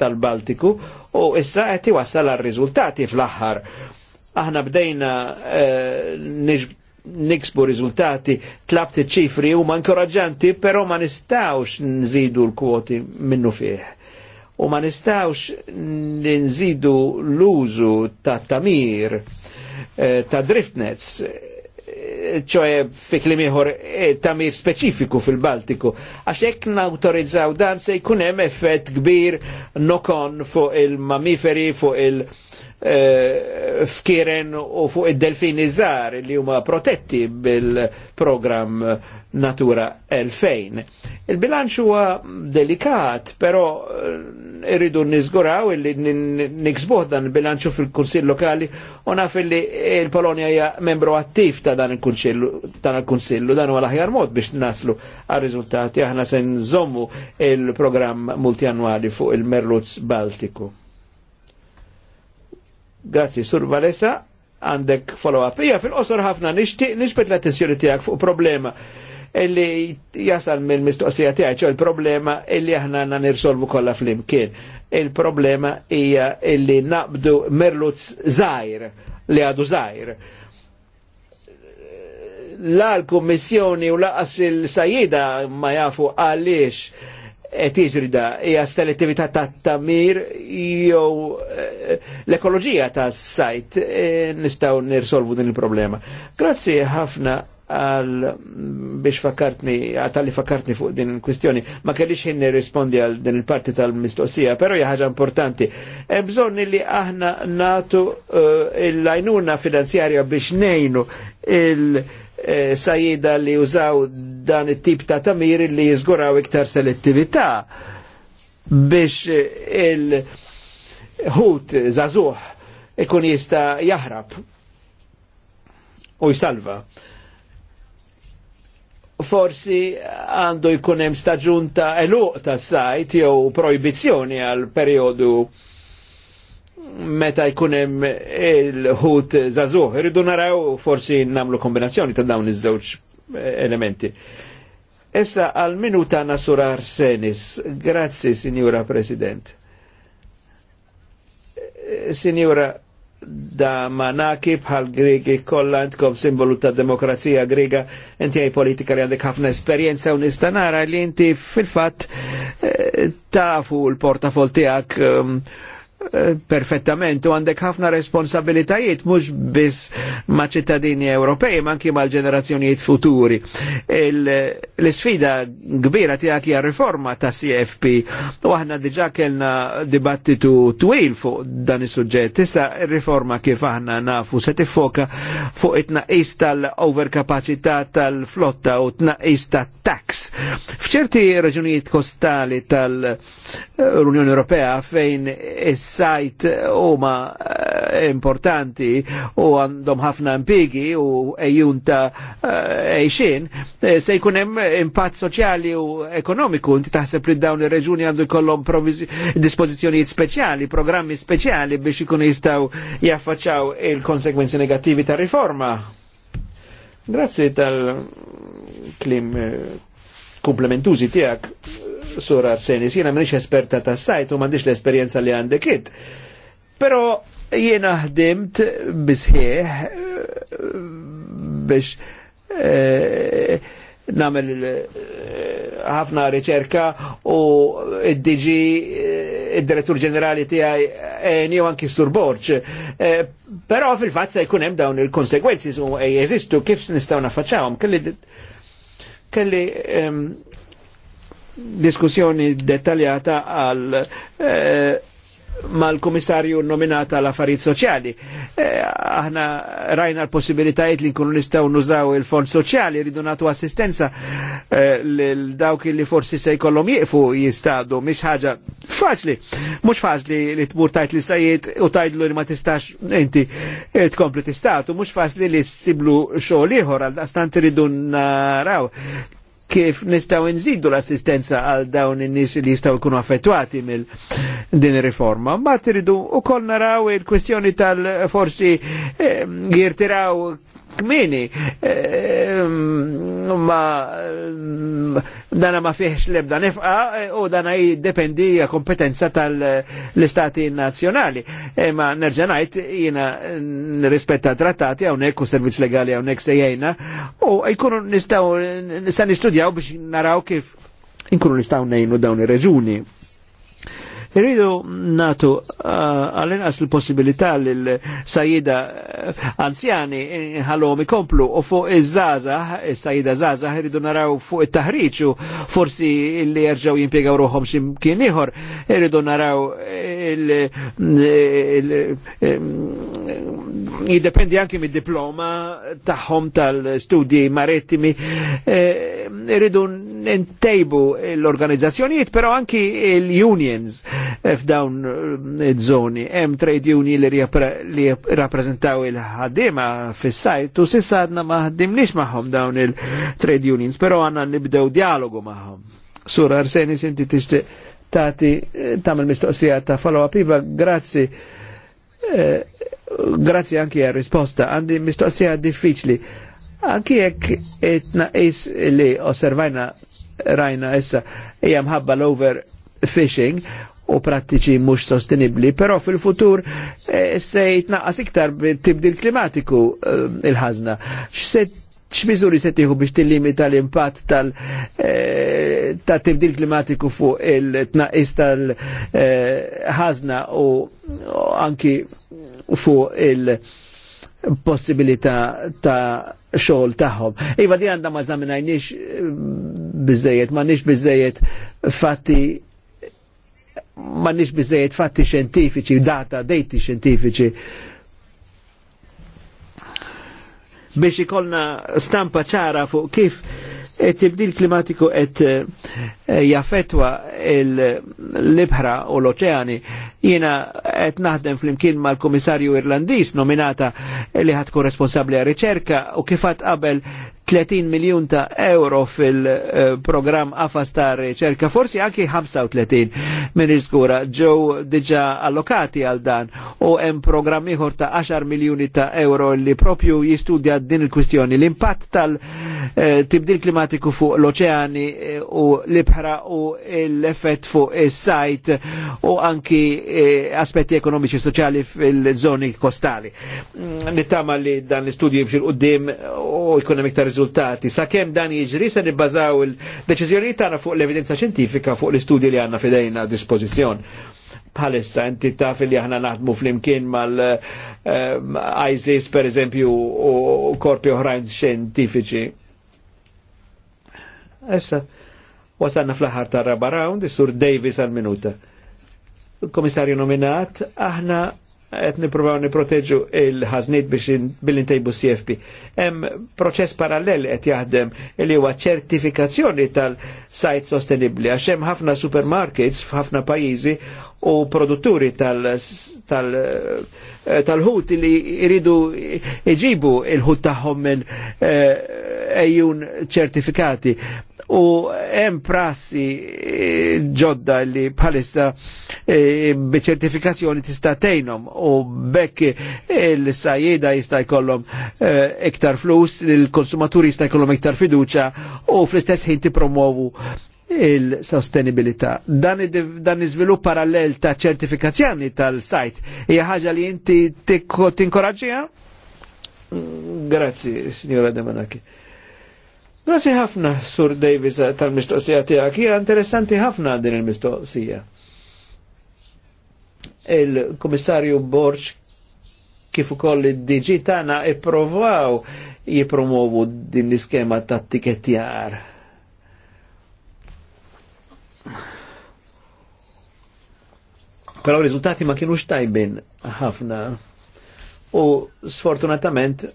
tal-Baltiku u issa għetti wassal għal-rizultati fl-axħar. Aħna bdejna eh, niksbu rizultati tlabti ċifri u ma nkoraġanti, pero ma nistawx nżidu l-kwoti minnu fieħ. U ma nistawx nżidu l-użu ta' tamir Eh, ta' driftnets ċoħe fi klimiħor eh, tamir specifiku fil-Baltiku. Għax jekk nautorizzaw dan se jkun hemm effett kbir nokon fuq il-mammiferi, fuq il-, Eh, fkiren u fuq id-delfini żgħar li huma protetti bil program Natura 2000. Il-bilanċ huwa delikat, però eh, irridu nizguraw illi niksbuħ dan il-bilanċu fil-Kunsill Lokali u naf illi il polonia hija membru attiv ta' dan il-Kunsillu, dan huwa l-aħjar mod biex naslu għal-riżultati aħna se nżommu il-programm multianwali fuq il-Merluz Baltiku. Grazzi, Sur Valesa, għandek follow-up. Ija fil-qosor ħafna nixtieq nixbet l tessjoni tiegħek fuq problema illi jasal mill mistoqsija tijak, ċo il-problema illi aħna għanna nirsolvu kollha flimkien. Il-problema hija illi naqbdu merluz zaħir, li għadu zaħir. la l-Kommissjoni u laqas il sajida ma jafu għaliex tiġri da, hija selettività ta' tamir jew eh, l-ekoloġija ta' sajt eh, nistgħu nirsolvu din il-problema. Grazzi ħafna għal mm, biex fakkartni, għatalli fakkartni fuq din il-kwistjoni, ma kellix ħin rispondi għal din il-parti tal-mistoqsija, pero ħaġa importanti. Ebżon li aħna natu uh, il-lajnuna finanzjarja biex nejnu il- E, sajida li użaw dan it-tip ta' tamir li jizguraw iktar selettività biex e, il-ħut zazuħ ikun jista jahrab u jisalva. Forsi għandu jkun hemm staġun ta' eluq ta' sajt jew projbizzjoni għal periodu meta jkunem il-ħut zazuħ, irridu naraw forsi namlu kombinazzjoni ta' dawn iż-żewġ eh, elementi. Essa għal minu ta' nasura Arsenis, grazzi Sinjura President. Eh, Sinjura da manaki bħal Gregi kollha kom simbolu ta' demokrazija Grega, inti għaj politika li għandek ħafna esperienza u nistanara li inti fil fat eh, tafu l-portafol um, perfettament u għandek ħafna responsabilitajiet mhux biss ma' ċittadini Ewropej ma' anki mal ġenerazzjonijiet futuri. L-sfida kbira tiegħek hija riforma ta' CFP u aħna diġà kellna dibattitu twil fuq dan is-suġġett. Issa riforma kif aħna nafu se tifoka fuq it-tnaqqis tal-overkapacità tal-flotta u tnaqqis ta' tax F'ċerti reġunijiet kostali tal-Unjoni Ewropea fejn is sajt huma eh, importanti u għandhom ħafna impigi u ejjun ta' eh, ejxin, eh, se jkun hemm impatt soċjali u ekonomiku, inti taħseb li dawn ir-reġuni għandu jkollhom dispożizzjonijiet speċjali, programmi speċjali biex ikun jistgħu jaffaċċaw il-konsekwenzi negattivi ta' riforma. Grazzi tal-klim komplementużi tiegħek sur Arsenis, jiena minix esperta ta' sajt u mandiġ l-esperienza li għandek it. Pero jiena ħdimt bisħieħ biex eh, namel eh, ħafna riċerka u id-DG eh, id-direttur ġenerali tijaj eni u anki Sur Borċ. Pero Però fil fat se jkunem hemm dawn il-konsegwenzi u jesistu kif s nafaċċawhom kelli kelli ehm, diskussjoni dettaljata għal eh, mal-komissarju nominata għal affarijiet soċjali. Eh, aħna rajna l-possibilitajiet li nkunu nistgħu nużaw il-fond soċjali rridu nagħtu assistenza eh, lil dawk li forsi se jkollhom jieqfu jistadu mhix ħaġa faċli. Mhux faċli li tmur tajt li sajiet u tajdlu li ma tistax inti tkompli tistatu, mhux faċli li ssiblu xogħol ieħor għal daqstant iridu naraw kif nistaw nżidu l-assistenza għal dawn in-nies li jistaw ikunu affettwati mill din riforma. Ma tridu u koll naraw il-kwestjoni tal-forsi eh, jirtiraw kmini ehm, ma dana ma fiex lebda nefqa u dana jiddependi ja kompetenza tal-istati nazjonali. Ma nerġanajt jina rispetta trattati għaw nek u servizz legali għaw nek sejjajna u jkunu nistaw nistaw nistudjaw biex naraw kif jkunu nistaw nejnu dawn ir-reġuni. Irridu natu uh, għal-inqas l-possibilità l sajida uh, anzjani ħalom ikomplu u fuq iż-żaza, is-sajjida żaza irridu naraw fuq it taħriċu forsi forsi li jerġgħu jimpjegaw ruħhom x'imkien ieħor, irridu naraw jiddependi anke mid-diploma tagħhom tal studi marittimi, eh, irridu ntejbu l-organizzazzjonijiet, però anki l-unions eh, f'dawn id eh, żoni Hemm trade union li, li rappresentaw il-ħaddiema fis-sajt u sissa għadna ma ħaddimniex magħhom dawn il-trade unions, però għandna nibdew dialogu magħhom. Sur Arsenis inti tixtieq tagħti eh, tagħmel mistoqsija ta' follow-up iva, grazzi. Eh, grazzi anki għal risposta, għandi mistoqsija diffiċli Anki jek it-naqis li osservajna rajna essa hija mħabba l-over fishing u prattiċi mhux sostenibbli, però fil-futur e, se jitnaqqas iktar tibdil klimatiku eh, il-ħażna. X'miżuri se tieħu biex tillimita l-impatt tal eh, ta' tibdil klimatiku fuq il-tnaqqis tal-ħażna u, anki fuq il- possibilità ta' xogħol tagħhom. Iva di għandha ma żaminajniex eh, biżejjed, m'għandniex biżejjed fatti m'għandniex biżejjed fatti xjentifiċi, data, dejti xjentifiċi biex ikollna stampa ċara fuq kif tibdil klimatiku et eh, eh, jaffetwa l-libħra u l-oċeani jina et naħdem fl-imkien mal komissarju irlandis nominata li ħatku responsabli għal riċerka u kifat qabel 30 miljun ta' euro fil-programm eh, AFAS ta' riċerka, forsi anki 35 minn iskura ġew diġa allokati għal dan u hemm programm ieħor ta' 10 miljuni ta' euro li propju jistudja din il-kwistjoni. L-impatt tal-tibdil eh, klimatiku fuq l-oċeani eh, u l-ibħra u l-effett fuq is-sajt u anki aspetti ekonomiċi soċjali fil-żoni kostali. Mm, nittama li dan l-istudju jimxil qudiem u jkun hemm iktar riżultati. Sakemm dan jiġri se nibbażaw il-deċiżjonijiet tagħna fuq l-evidenza xjentifika fuq l-istudji li għandna fidejna dispożizzjon bħalissa inti taf li aħna naħdmu flimkien mal-ISIS eh, per eżempju u korpi oħrajn xjentifiċi. Issa, wasanna fl aħħar ta' raba round, sur Davis għal-minuta. Komissarju nominat, aħna għet niprofaw niproteġu il ħaznit biex bil-intejbu CFP. Hemm proċess parallel qed jaħdem li huwa ċertifikazzjoni tal-sajt sostenibbli Għaxem hemm ħafna supermarkets f'ħafna pajjiżi u produtturi eh, tal-ħut tal, li jridu iġibu il-ħut taħħom minn eh, ejjun ċertifikati u hemm prassi eh, ġodda li bħalissa e, eh, b'ċertifikazzjoni tista' tgħinhom u bekk il-sajjeda eh, jista' jkollhom iktar flus, il-konsumaturi jista' jkollhom iktar fiduċa u fl-istess ħin tippromuovu il-sostenibilità. Dan iżvilupp parallel ta' ċertifikazzjoni tal-sajt hija ħaġa li inti tinkoraġġiha? Grazzi, signora Demanaki. Grazie ħafna, Sur Davis, tal-mistoqsija tiegħek. Hija interessanti ħafna din il-mistoqsija. Il-Kummissarju Borġ kif ukoll id-DG tagħna ipprovaw jipromovu din l-iskema ta' tikettjar. Però riżultati ma kienux tajbin ħafna u sfortunatament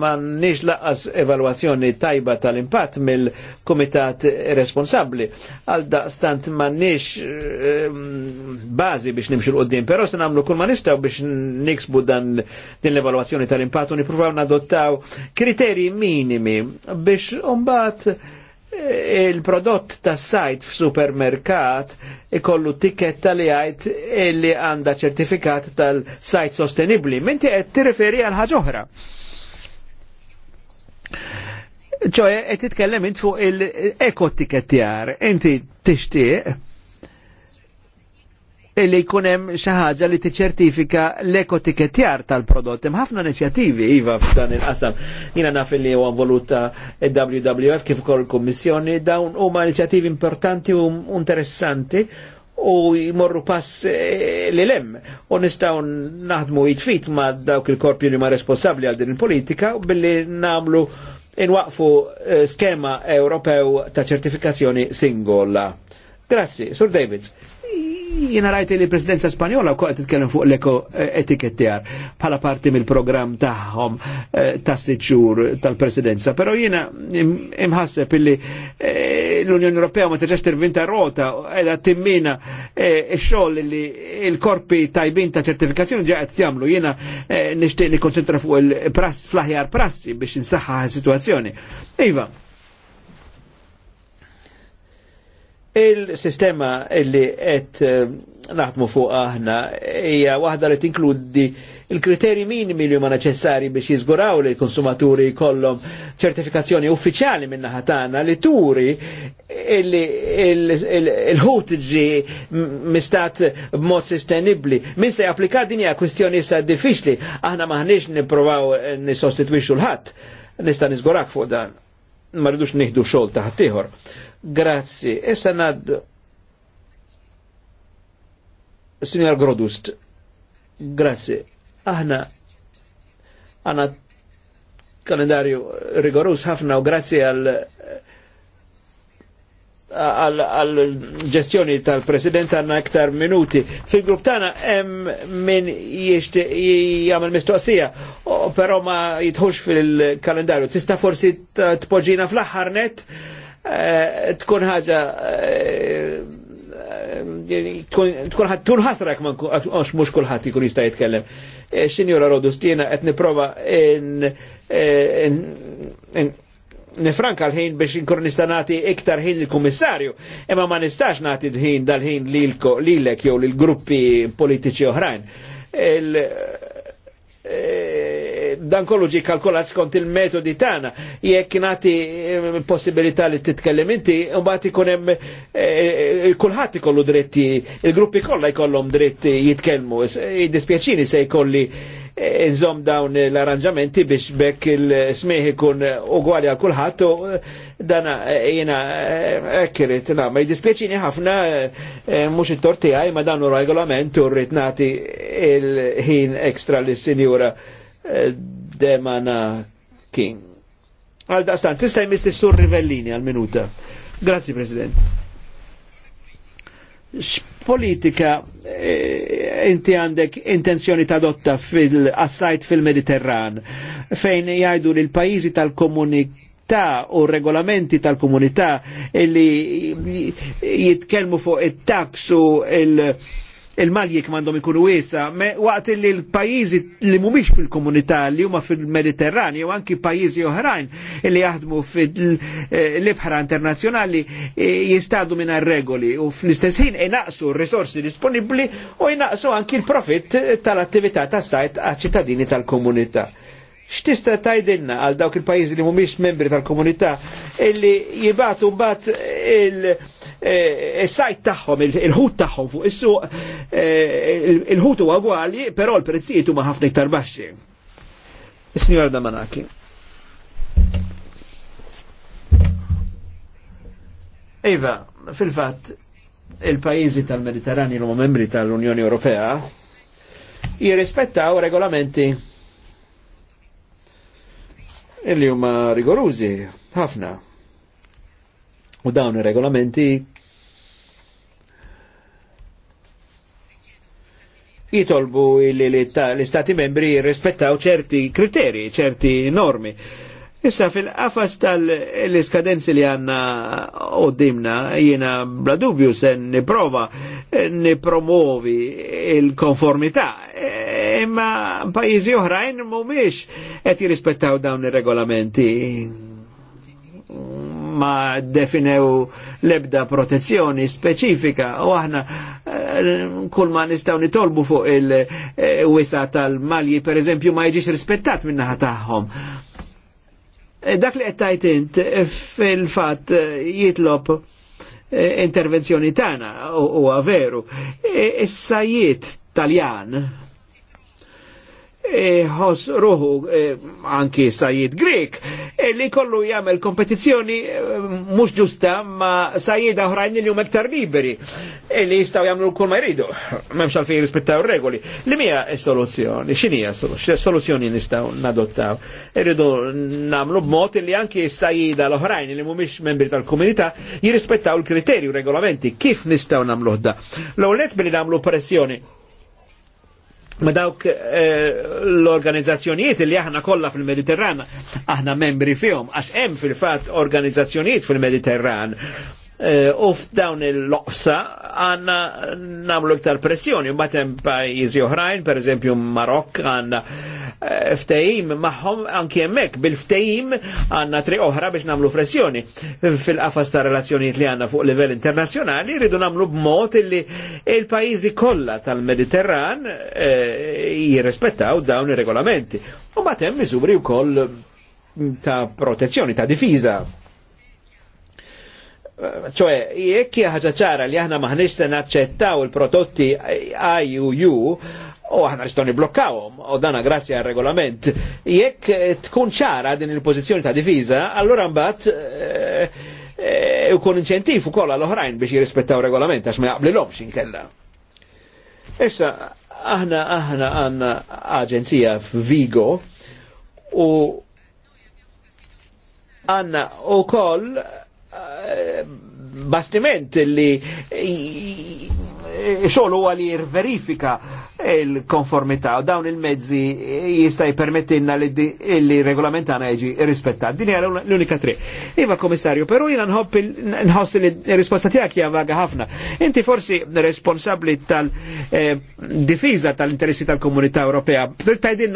ma nix laqas evalwazzjoni tajba tal-impatt mill-komitat responsabli. Għal daqstant ma nix ehm, bazi biex nimxu l-qoddim, pero se namlu kull ma nistaw biex niksbu dan din l-evalwazzjoni tal-impatt u nipruvaw nadottaw kriteri minimi biex umbat eh, il-prodott tas sajt f'supermerkat ikollu tiketta li għajt illi għanda ċertifikat tal-sajt sostenibli. Minti għed tirreferi għal ħagħoħra. oħra ċoħe, et titkellem int fuq il-eko tikettjar, inti tixtieq illi kunem xaħġa li t-ċertifika l-eko tikettjar tal-prodott. ħafna inizjattivi iva f'dan il-qasam. Jina naf li huwa voluta WWF kif ukoll kommissjoni. dawn u huma inizjattivi importanti u interessanti u jmorru pass eh, li lem u nistaw naħdmu jitfit ma dawk il-korpi li ma responsabli għal din il-politika u billi namlu inwaqfu eh, skema Ewropew ta' ċertifikazzjoni singola. Grazzi, Sur Davids jina rajt li presidenza spanjola u koqet t-tkellem fuq l-eko eh, etikettijar pala parti mill program taħħom eh, ta' siċur tal-presidenza. Pero jina imħasseb illi eh, l-Unjoni Ewropea ma t tiġax tirvinta rota edha timmina x-xogħol li il korpi tajbin ta' ċertifikazzjoni ġaqet t-jamlu. Jina nishtiq li nikkonċentra fuq il-prassi fl prassi biex insaħħaħ is-sitwazzjoni. Iva, Il-sistema illi qed eh, naħdmu fuq aħna hija waħda li tinkludi il-kriteri minimi li huma neċessari biex jiżguraw li l-konsumaturi jkollhom ċertifikazzjoni uffiċjali minn naħa tagħna li turi il-ħut ġi mistat b'mod sostenibbli. Min se japplika din hija kwistjoni issa diffiċli, aħna maħniex nipprovaw nissostitwixxu l-ħadd. Nista' niżgurak fuq dan ma nihdu xol xogħol taħt ieħor. Grazzi. Issa nad Signor Grodust. Grazzi. Aħna għana kalendarju rigorus ħafna u grazzi għal għal ġestjoni tal-President għanna iktar minuti. Fil-grupp tana hemm min jgħamil mistoqsija, però ma jitħux fil-kalendarju. Tista forsi t-poġina fl-aħħar net eh, tkun ħaġa eh, eh, tkun ħadd tkun ħasra jekk mhux mhux kulħadd ikun jista' jitkellem. Xinjura Rodustina qed nipprova nifranka l-ħin biex nkun nistanati iktar ħin il-kummissarju, imma ma nistax nati d-ħin dal-ħin lilek jew lill-gruppi politiċi oħrajn. E, dan kollu ġi kalkulat skont il-metodi tana jekk nati eh, possibilità li t-tkellem inti, u bat ikunem eh, eh, kullħat ikollu dritti, il-gruppi kollha jkollhom dritti jitkellmu. Jiddispjaċini se jkolli nżom dawn l-arranġamenti biex bekk il-smieħ ikun ugwali għal kulħadd u eh, dana eh, jena eh, ekkirit, na, ma jidispieċini ħafna mux it-torti għaj ma dan u regolament u rritnati il-ħin ekstra li sinjura demana king. Għal daqstan, tista jmissi sur Rivellini għal minuta. Grazie, President politika eh, inti għandek intenzjoni ta' dotta fil-assajt fil-Mediterran fejn jajdu li l-pajizi tal-komunità u regolamenti tal-komunità li jitkelmu fuq it-taks u il- il-maljek mandom ikunu wiesa, waqt li l-pajizi li mumiex fil-komunità li huma fil-Mediterranju u anki pajizi oħrajn li jaħdmu fil-libħra internazjonali e, jistadu minn regoli u fl-istess ħin inaqsu r-risorsi disponibli u inaqsu anki l-profit tal-attività ta' sajt għal-ċittadini tal-komunità x'tista tajdilna għal dawk il-pajjiżi li mhumiex membri tal-komunità illi jibatu mbagħad il- il-sajt eh, eh, taħħom, il-ħut taħħom fuq is-suq, eh, il-ħut u għagwali, però l-prezzijiet huma ħafna iktar baxxi. is Damanaki. Iva, fil-fatt, il-pajizi tal-Mediterranju huma membri tal-Unjoni Ewropea jirrispettaw regolamenti illi huma rigorużi ħafna U dawn ir-regolamenti jitolbu l-istati membri rispettaw ċerti kriteri, ċerti normi. Issa fil-qafas tal-iskadenzi li għanna u dimna, jina bla dubju sen niprova eh, nipromovi il-konformità. Eh, imma pajizi oħrajn mumiex et jirispettaw dawn ir-regolamenti ma definew lebda protezzjoni speċifika u aħna eh, kull ma nistaw nitolbu fuq il-wisa eh, tal-malji per eżempju ma jġiġ rispettat minnaħa tagħhom. Eh, dak li qed int fil-fatt jitlob intervenzjoni tana u għaveru. Issa sajjiet Taljan ħos e, ruħu e, anki sajid Grek e, li kollu jagħmel kompetizzjoni eh, mhux ġusta ma Sajid oħrajn li hum iktar liberi li jistgħu jagħmlu kull ma jridu m'hemmx għalfejn jirrispettaw regoli. Li mija soluzzjoni, x'inhi soluzzjoni nistgħu nadottaw. Irridu nagħmlu b'mod li anki Sajid l-oħrajn li mhumiex membri tal-komunità jirrispettaw il-kriterju regolamenti kif nistgħu nagħmluh da. l għolet billi nagħmlu pressjoni ma dawk eh, l-organizzazzjonijiet li aħna kollha fil-Mediterran aħna membri fihom għax hemm fil-fatt organizzazzjonijiet fil-Mediterran Eh, u f'dawn il-loqsa għanna namlu iktar pressjoni, u batem pajizi oħrajn, per eżempju Marok għanna eh, ftejim maħħom anki jemmek, bil-ftejim għanna tri oħra biex namlu pressjoni. Fil-qafas ta' relazzjoniet li għanna fuq livell internazjonali, rridu namlu b'mod li il-pajizi kollha tal-Mediterran eh, jirrespettaw dawn ir-regolamenti. U batem miżuri wkoll ta' protezzjoni, ta' difiża ċoħe, jekk ħaġa ċara li aħna maħnix se naċċettaw il-prodotti IUU, u aħna nistgħu niblokkawhom, u dana grazzi għal regolament, jekk tkun ċara din il-pożizzjoni ta' diviża, u mbagħad eh, eh, ikun inċentiv ukoll għall-oħrajn biex jirrispettaw regolament għax ma jaqblilhomx x'inkella. Issa aħna aħna għandna aġenzija f'Vigo u għanna u koll bastiment li xogħol huwa li verifika il-konformità u dawn il-mezzi jistaj permettinna li regolamentana jiġi rispettat. Din hija l-unika tre. Iva komissarju, pero jina nħobb nħoss li risposta tijak jgħavaga ħafna. Inti forsi responsabli tal eh, difiza tal-interessi tal-Komunità Ewropea.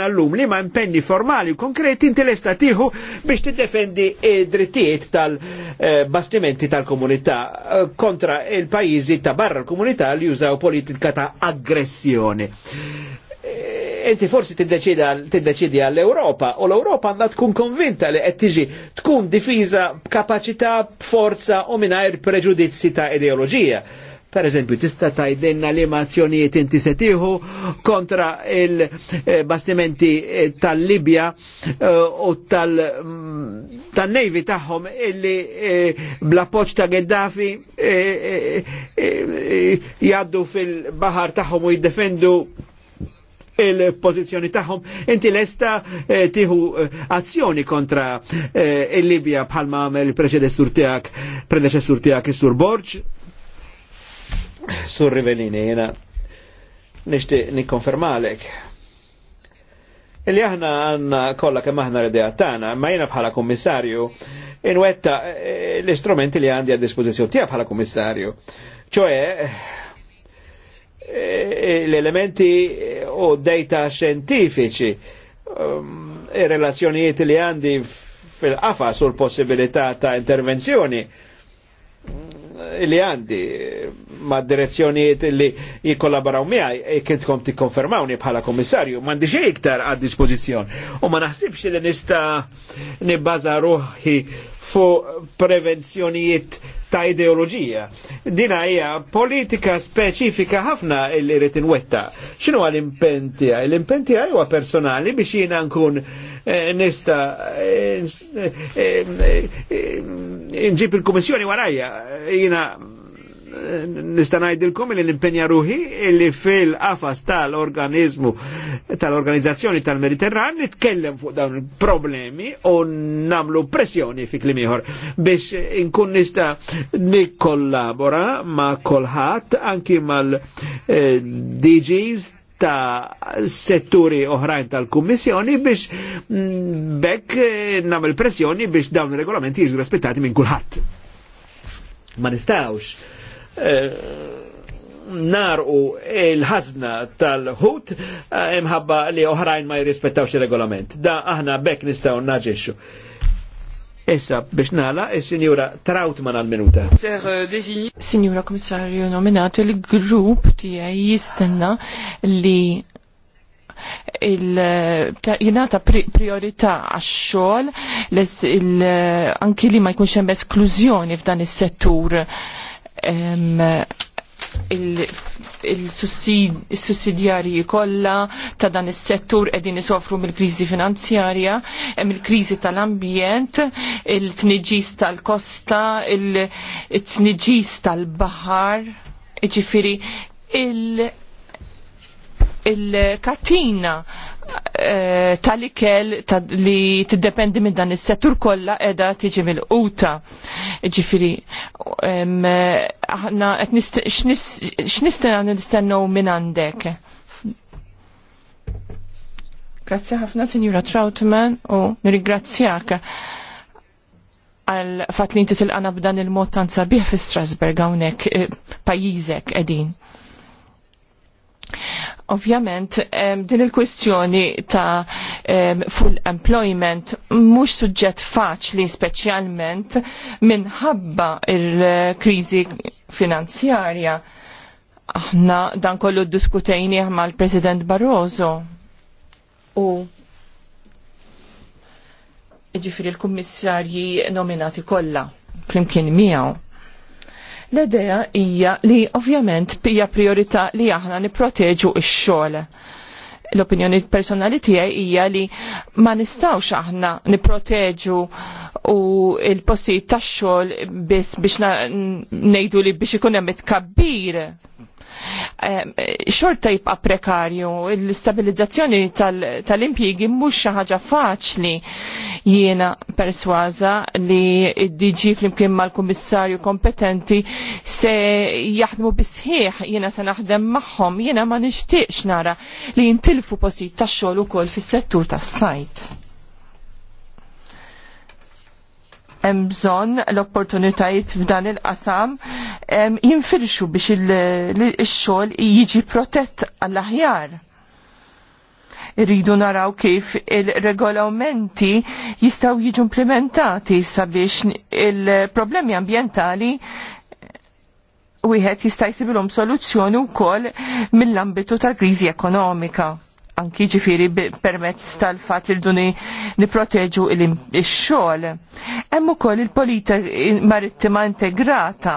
l-lum li ma impenni formali u konkreti inti l-estatiħu biex tiddefendi defendi drittijiet tal-bastimenti eh, tal-komunità eh, kontra il pajizi ta' barra l-komunità li jużaw politika ta' aggressjoni Enti forsi t-deċidi għall-Europa u l-Europa għandha tkun konvinta li qed tiġi tkun difiża b'kapaċità, b'forza u mingħajr preġudizzi ta' ideoloġija Per eżempju, tista tajdenna li mazzjonijiet inti setiħu kontra il-bastimenti eh, tal-Libja eh, u tal-nejvi mm, tagħhom illi eh, bla poċ ta' Gheddafi jaddu fil-bahar tagħhom u jiddefendu il-pozizjoni tagħhom. Inti lesta eh, tiħu azzjoni kontra il-Libja bħalma għamel il-preċedessur tiegħek, predeċessur tiegħek is-Sur Borġ Sur Rivelini, jena nishti nikonfermalek Illi aħna għanna kolla kem aħna l-idea tana, ma jena bħala kommissarju, inwetta eh, eh, l-istrumenti li għandi għad dispożizzjoni tija bħala kommissarju. ċoħe, eh, l-elementi u data xjentifiċi, ir-relazzjonijiet um, e li għandi fil-qafa sul possibilità ta' intervenzjoni li għandi ma' direzzjoniet li jikollaboraw miegħi kintkom tikkonfermawni bħala komissarju, m'għandi xejn iktar għad dispożizzjon. U ma naħsibx li nista' nibbaża ruħi fu prevenzjonijiet ta' ideologija. Dina hija politika speċifika ħafna illi rrit inwetta. X'inhu l-impentija? L-impentija huwa personali biex jiena nkun eh, nista eh, eh, nġib il-Kummissjoni warajja jiena nistanajdilkom li nimpenja ruħi li fil-qafas tal-organizmu tal-organizzazzjoni tal-Mediterran nitkellem fuq dawn il-problemi u namlu pressjoni fi klimiħor biex inkun nista nikkollabora ma kolħat anki mal-DGs eh, ta' setturi oħrajn tal-Kummissjoni biex mm, bekk eh, namel pressjoni biex dawn il-regolamenti jiġu rispettati minn kulħadd. Ma nistawx Eh, narqu il-ħazna tal-ħut eh, imħabba li oħrajn ma jirrispettawx il-regolament. Da aħna bekk nistaw naġeċu. Issa biex nala, il-Sinjura Trautman għal-minuta. Eh, Sinjura Komissarju nominat il-grupp tijaj jistenna li il-jenata priorità għax-xol, anki li ma jkunx hemm esklużjoni f'dan is-settur il-sussidjarji kollha ta' dan is-settur qegħdin isofru mill-kriżi finanzjarja, mill-kriżi tal-ambjent, il-tniġis tal-kosta, il-tniġis tal-baħar, ġifiri il il-katina eh, tal-ikel li li tiddependi minn dan is-settur kollha qiegħda tiġi mill-quta. Ġifieri aħna qed x'nistgħu nistennew minn għandek. Grazzi ħafna Sinjura Trautman u nirigrazzjak għal fat li inti b'dan il-mod tan sabiħ fi Strasberg hawnhekk eh, pajjiżek qegħdin. Ovvjament, din il-kwistjoni ta' full employment mhux suġġett faċli speċjalment minħabba il-kriżi finanzjarja. Aħna dan kollu diskutejni mal-President Barroso. U ġifiri l-kummissarji nominati kollha flimkien miegħu L-idea hija li ovvjament hija priorità li aħna nipproteġu x-xogħol. L-opinjoni personali tiegħi hija li ma nistgħux aħna nipproteġu u l-postijiet tax-xogħol biss biex ngħidu li biex ikun hemm itkabbir Eh, xorta jibqa prekarju, l-istabilizzazzjoni tal-impjigi tal mhux xi ħaġa faċli jiena persważa li d-DG flimkien mal-kummissarju kompetenti se jaħdmu bisħiħ jiena se naħdem magħhom, jiena ma nixtieqx nara li jintilfu posti tax-xogħol ukoll fis-settur tas-sajt. hemm bżonn l-opportunitajiet f'dan il-qasam jinfirxu biex ix-xogħol jiġi protett għall-aħjar. Irridu naraw kif il-regolamenti jistaw jiġu implementati sabiex il-problemi ambientali wieħed jista' jsibilhom soluzzjoni wkoll mill-ambitu tal-kriżi ekonomika anki ġifiri permezz tal-fat li rduni niproteġu il-xol. Hemm ukoll il-polita marittima integrata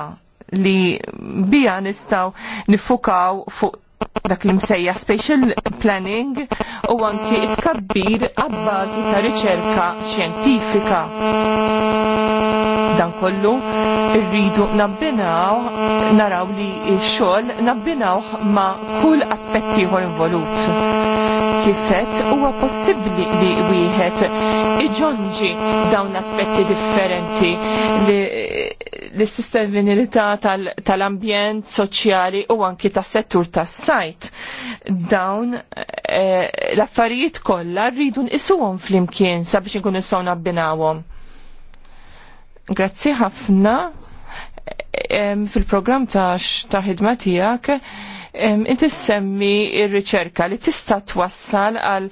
li bija nistaw nifukaw fuq dak li msejja special planning u anki it-kabbir għabbażi ta' riċerka xjentifika dan kollu rridu nabbinaw naraw li x-xogħol nabbinaw ma' kull aspetti ieħor involut. Kifet huwa possibbli li wieħed iġonġi dawn aspetti differenti li l-sistemibilità tal-ambjent tal soċjali u anki tas settur tas sajt dawn eh, l-affarijiet kollha rridu nqisuhom flimkien sabiex inkun nistgħu nabbinawhom. Grazzi ħafna fil-programm ta' ħidma tiegħek inti semmi il riċerka li tista' twassal għal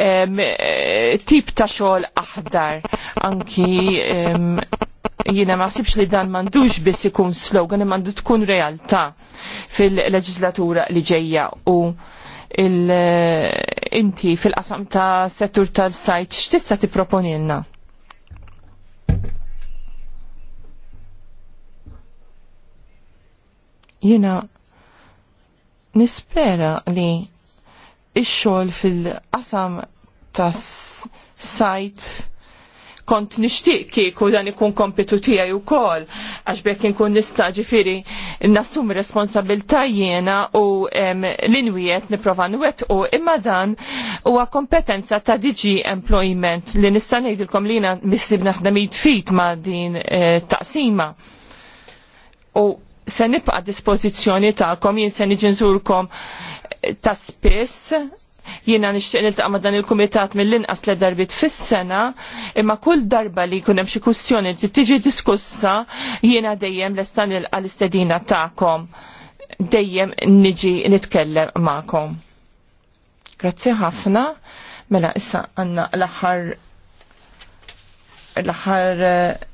e, tip ta' xogħol aħdar anki jiena ma sibx li dan m'għandux biss ikun slogan mandu tkun realtà fil-leġislatura li ġejja u inti fil-qasam ta' settur tal-sajt x'tista' tipproponilna? Jena nispera li ixxol xogħol fil-qasam tas sajt kont nixtieq kieku dan ikun kompitu tiegħi wkoll għax bekk inkun nistaġi ġifieri nassum responsabilta jiena u l-inwiet nipprova nwettqu imma dan huwa kompetenza ta' diġi Employment li nista' ngħidilkom li jiena missib naħdem fit ma' din eh, taqsima. U se nibqa' dispożizzjoni tagħkom jien se niġi nżurkom eh, ta' spiss jiena nixtieq niltaq ma' dan il-kumitat mill-inqas le darbit fis-sena, imma kull darba li jkun hemm xi kwistjoni li tiġi diskussa jiena dejjem lesta nilqa' l-istedina tagħkom dejjem niġi nitkellem magħkom. Grazzi ħafna. Mela issa għandna l-aħħar l-aħħar eh,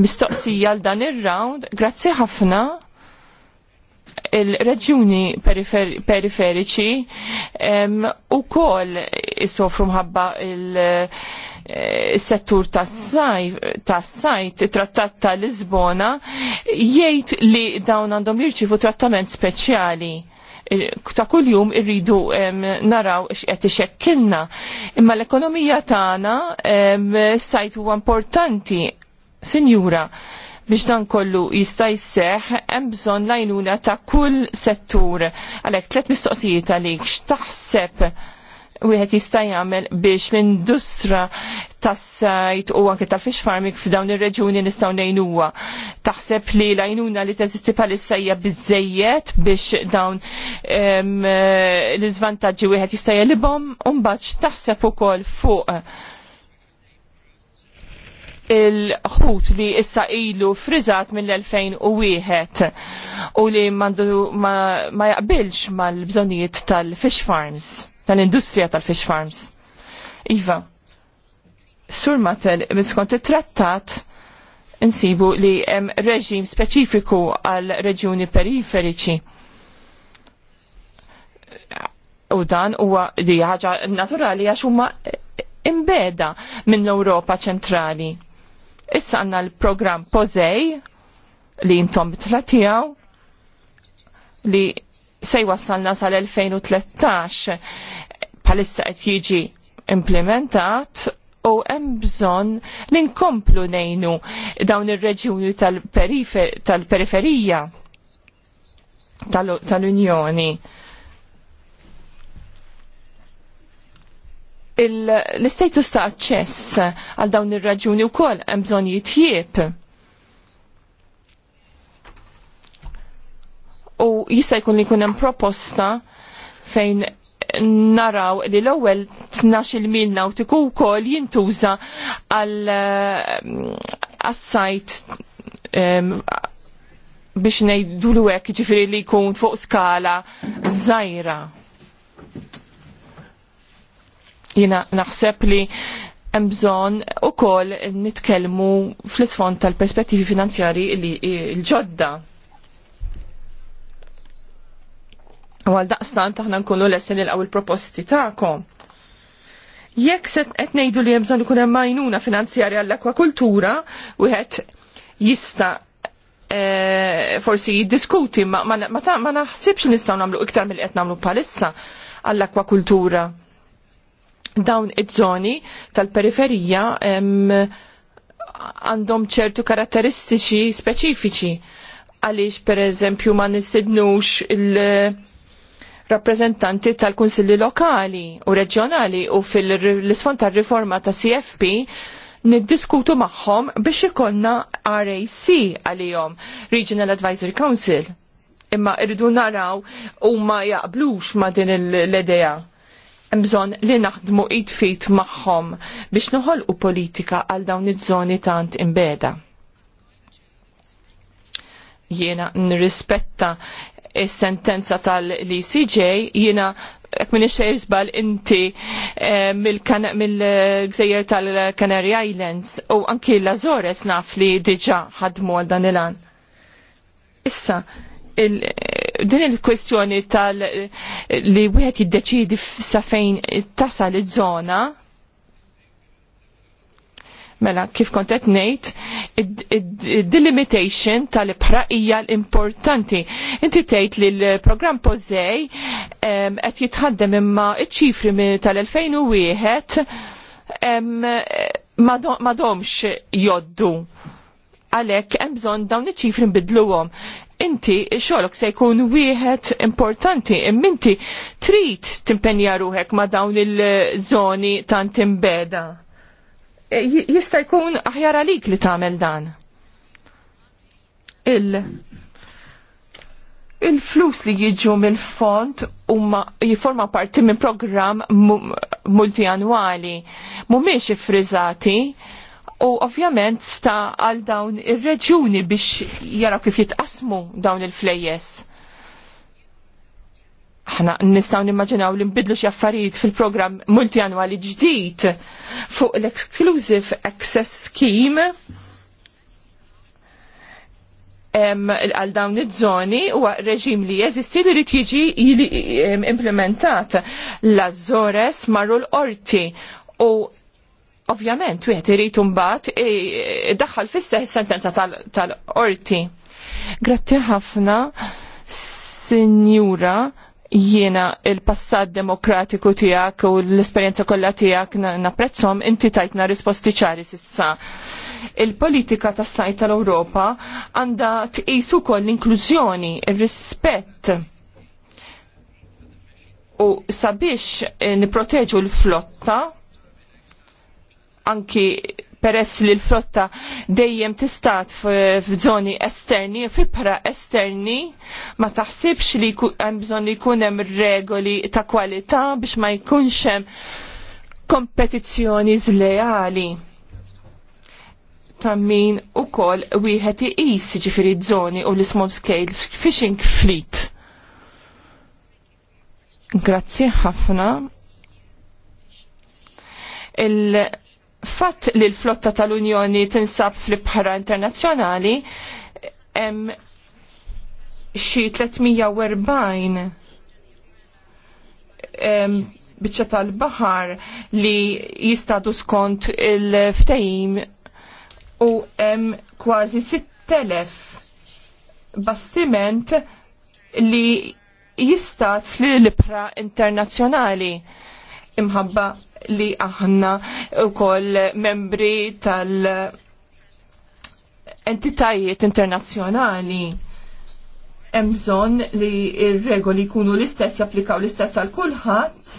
mistoqsija għal dan ir-round, grazzi ħafna il-reġjuni perifer periferiċi um, u kol jisofru mħabba il-settur eh, tas sajt trattat ta' Lisbona, jgħid li dawn għandhom jirċifu trattament speċjali ta' kuljum irridu naraw x'qed ixekkilna. Imma l-ekonomija tagħna sajt huwa importanti Sinjura, biex dan kollu jista' jisseħ hemm bżonn l-għajnuna ta' kull settur. Għalhekk tliet mistoqsijiet għalik x'taħseb wieħed jista' jagħmel biex l-industra tas-sajt u anke tal-fish farming f'dawn ir-reġuni nistgħu ngħinuha. Taħseb li l-għajnuna li teżisti bħalissa hija biżejjed biex dawn l-iżvantaġġi wieħed jista' jelibhom u mbagħad x'taħseb ukoll fuq il-ħut li issa ilu frizat mill-2001 u li mandu ma, ma jaqbilx mal-bżonijiet tal-fish farms, tal-industrija tal-fish farms. Iva, sur matel, skont it-trattat, insibu li hemm reġim speċifiku għal reġjuni periferiċi. U dan huwa li ħaġa naturali għax huma imbeda minn l-Ewropa ċentrali. Issa għanna l-program Pozej li jintom bitlatijaw li sej wassalna sal-2013 palissa qed jiġi implementat u hemm bżonn li nkomplu nejnu dawn ir-reġjuni tal-periferija tal-Unjoni. tal periferija tal unjoni l-istatus ta' aċċess għal dawn ir-raġuni wkoll hemm bżonn jitjieb. U jista' jkun li jkun hemm proposta fejn naraw li l-ewwel tnax il mil nautiku wkoll jintuża għal eh, għas-sajt biex ngħidulu hekk ġifieri li jkun fuq skala żgħira. Jina naħseb li hemm bżonn ukoll nitkellmu fl-isfond tal-perspettivi finanzjari li l-ġodda. U għal daqstan taħna nkunu l-essen il-għaw il-proposti taħkom. Jekk se qed ngħidu li hemm ikun hemm għajnuna finanzjarja għall-akwakultura, wieħed jista' e, forsi jiddiskuti ma, naħsibx nistgħu nagħmlu iktar mill-qed nagħmlu bħalissa għall-akwakultura dawn iż-żoni tal-periferija għandhom ċertu karatteristiċi speċifiċi għaliex per eżempju ma nistidnux il- rappresentanti tal-kunsilli lokali u reġjonali u fil-isfond tal-riforma ta' CFP niddiskutu magħhom biex ikollna RAC għalijom, Regional Advisory Council. Imma irridu naraw u ma jaqblux ma din l-idea bżon li naħdmu id-fit maħħom biex u politika għal dawn id żoni tant imbeda. Jiena nirrispetta il sentenza tal-ECJ jiena jekk minix iżbal inti eh, mill-gżejjer tal-Canary Islands u anki l-Azores naf li diġa ħadmu għal dan il-an. Issa, din il-kwestjoni tal eh, li wieħed jiddeċidi sa fejn tasal iż-żona Mela, kif kont qed ngħid, delimitation tal-ibħra hija l-importanti. Inti tgħid li l-programm Pożej qed jitħaddem imma iċ-ċifri tal-2001 eh, madomx joddu għalhekk hemm bżonn dawn iċ-ċifri nbidluhom. Inti xolok se jkun wieħed importanti imminti inti trid timpenja ruħek ma' dawn il-żoni tant imbeda. E, jista' jkun aħjar għalik li tagħmel dan. Il il-flus li jiġu mill-fond huma jiforma parti minn programm multianwali mhumiex ifriżati u ovvjament sta għal dawn ir-reġuni biex jara kif jitqasmu dawn il-flejjes. Aħna nistgħu nimmaġinaw li nbidlu xi affarijiet fil-programm multianwali ġdid fuq l-Exclusive Access Scheme għal dawn iż-żoni u reġim li jeżisti li rrid jiġi implementat l-Azores marru l-Orti u Ovvjament, wieħed irid imbagħad daħħal fis-seħ sentenza tal-qorti. Grazzi ħafna, Sinjura, jiena il-passat demokratiku tiegħek u l-esperjenza kollha tiegħek napprezzhom inti tajtna risposti ċari sissa. Il-politika tas-sajt tal-Ewropa għandha tqisu wkoll l-inklużjoni, ir-rispett u sabiex eh, niprotegġu l-flotta anki peress li l-flotta dejjem tistat f'żoni esterni, fibra esterni, ma taħsibx li hemm bżonn li jkun hemm regoli ta' kwalità biex ma jkunx hemm kompetizzjoni zlejali ta' min u kol wieħed iqis ġifiri żoni u l-small scale fishing fleet. Grazzi ħafna. Il- fatt li l-flotta tal-Unjoni tinsab fl-ibħra internazzjonali hemm xi 340 biċċa tal-baħar li jistadu skont il-ftehim u hemm kważi 6000 bastiment li jistat fl-libra internazzjonali imħabba li aħna wkoll membri tal- entitajiet internazzjonali hemm bżonn li r-regoli jkunu l-istess japplikaw l-istess għal kulħadd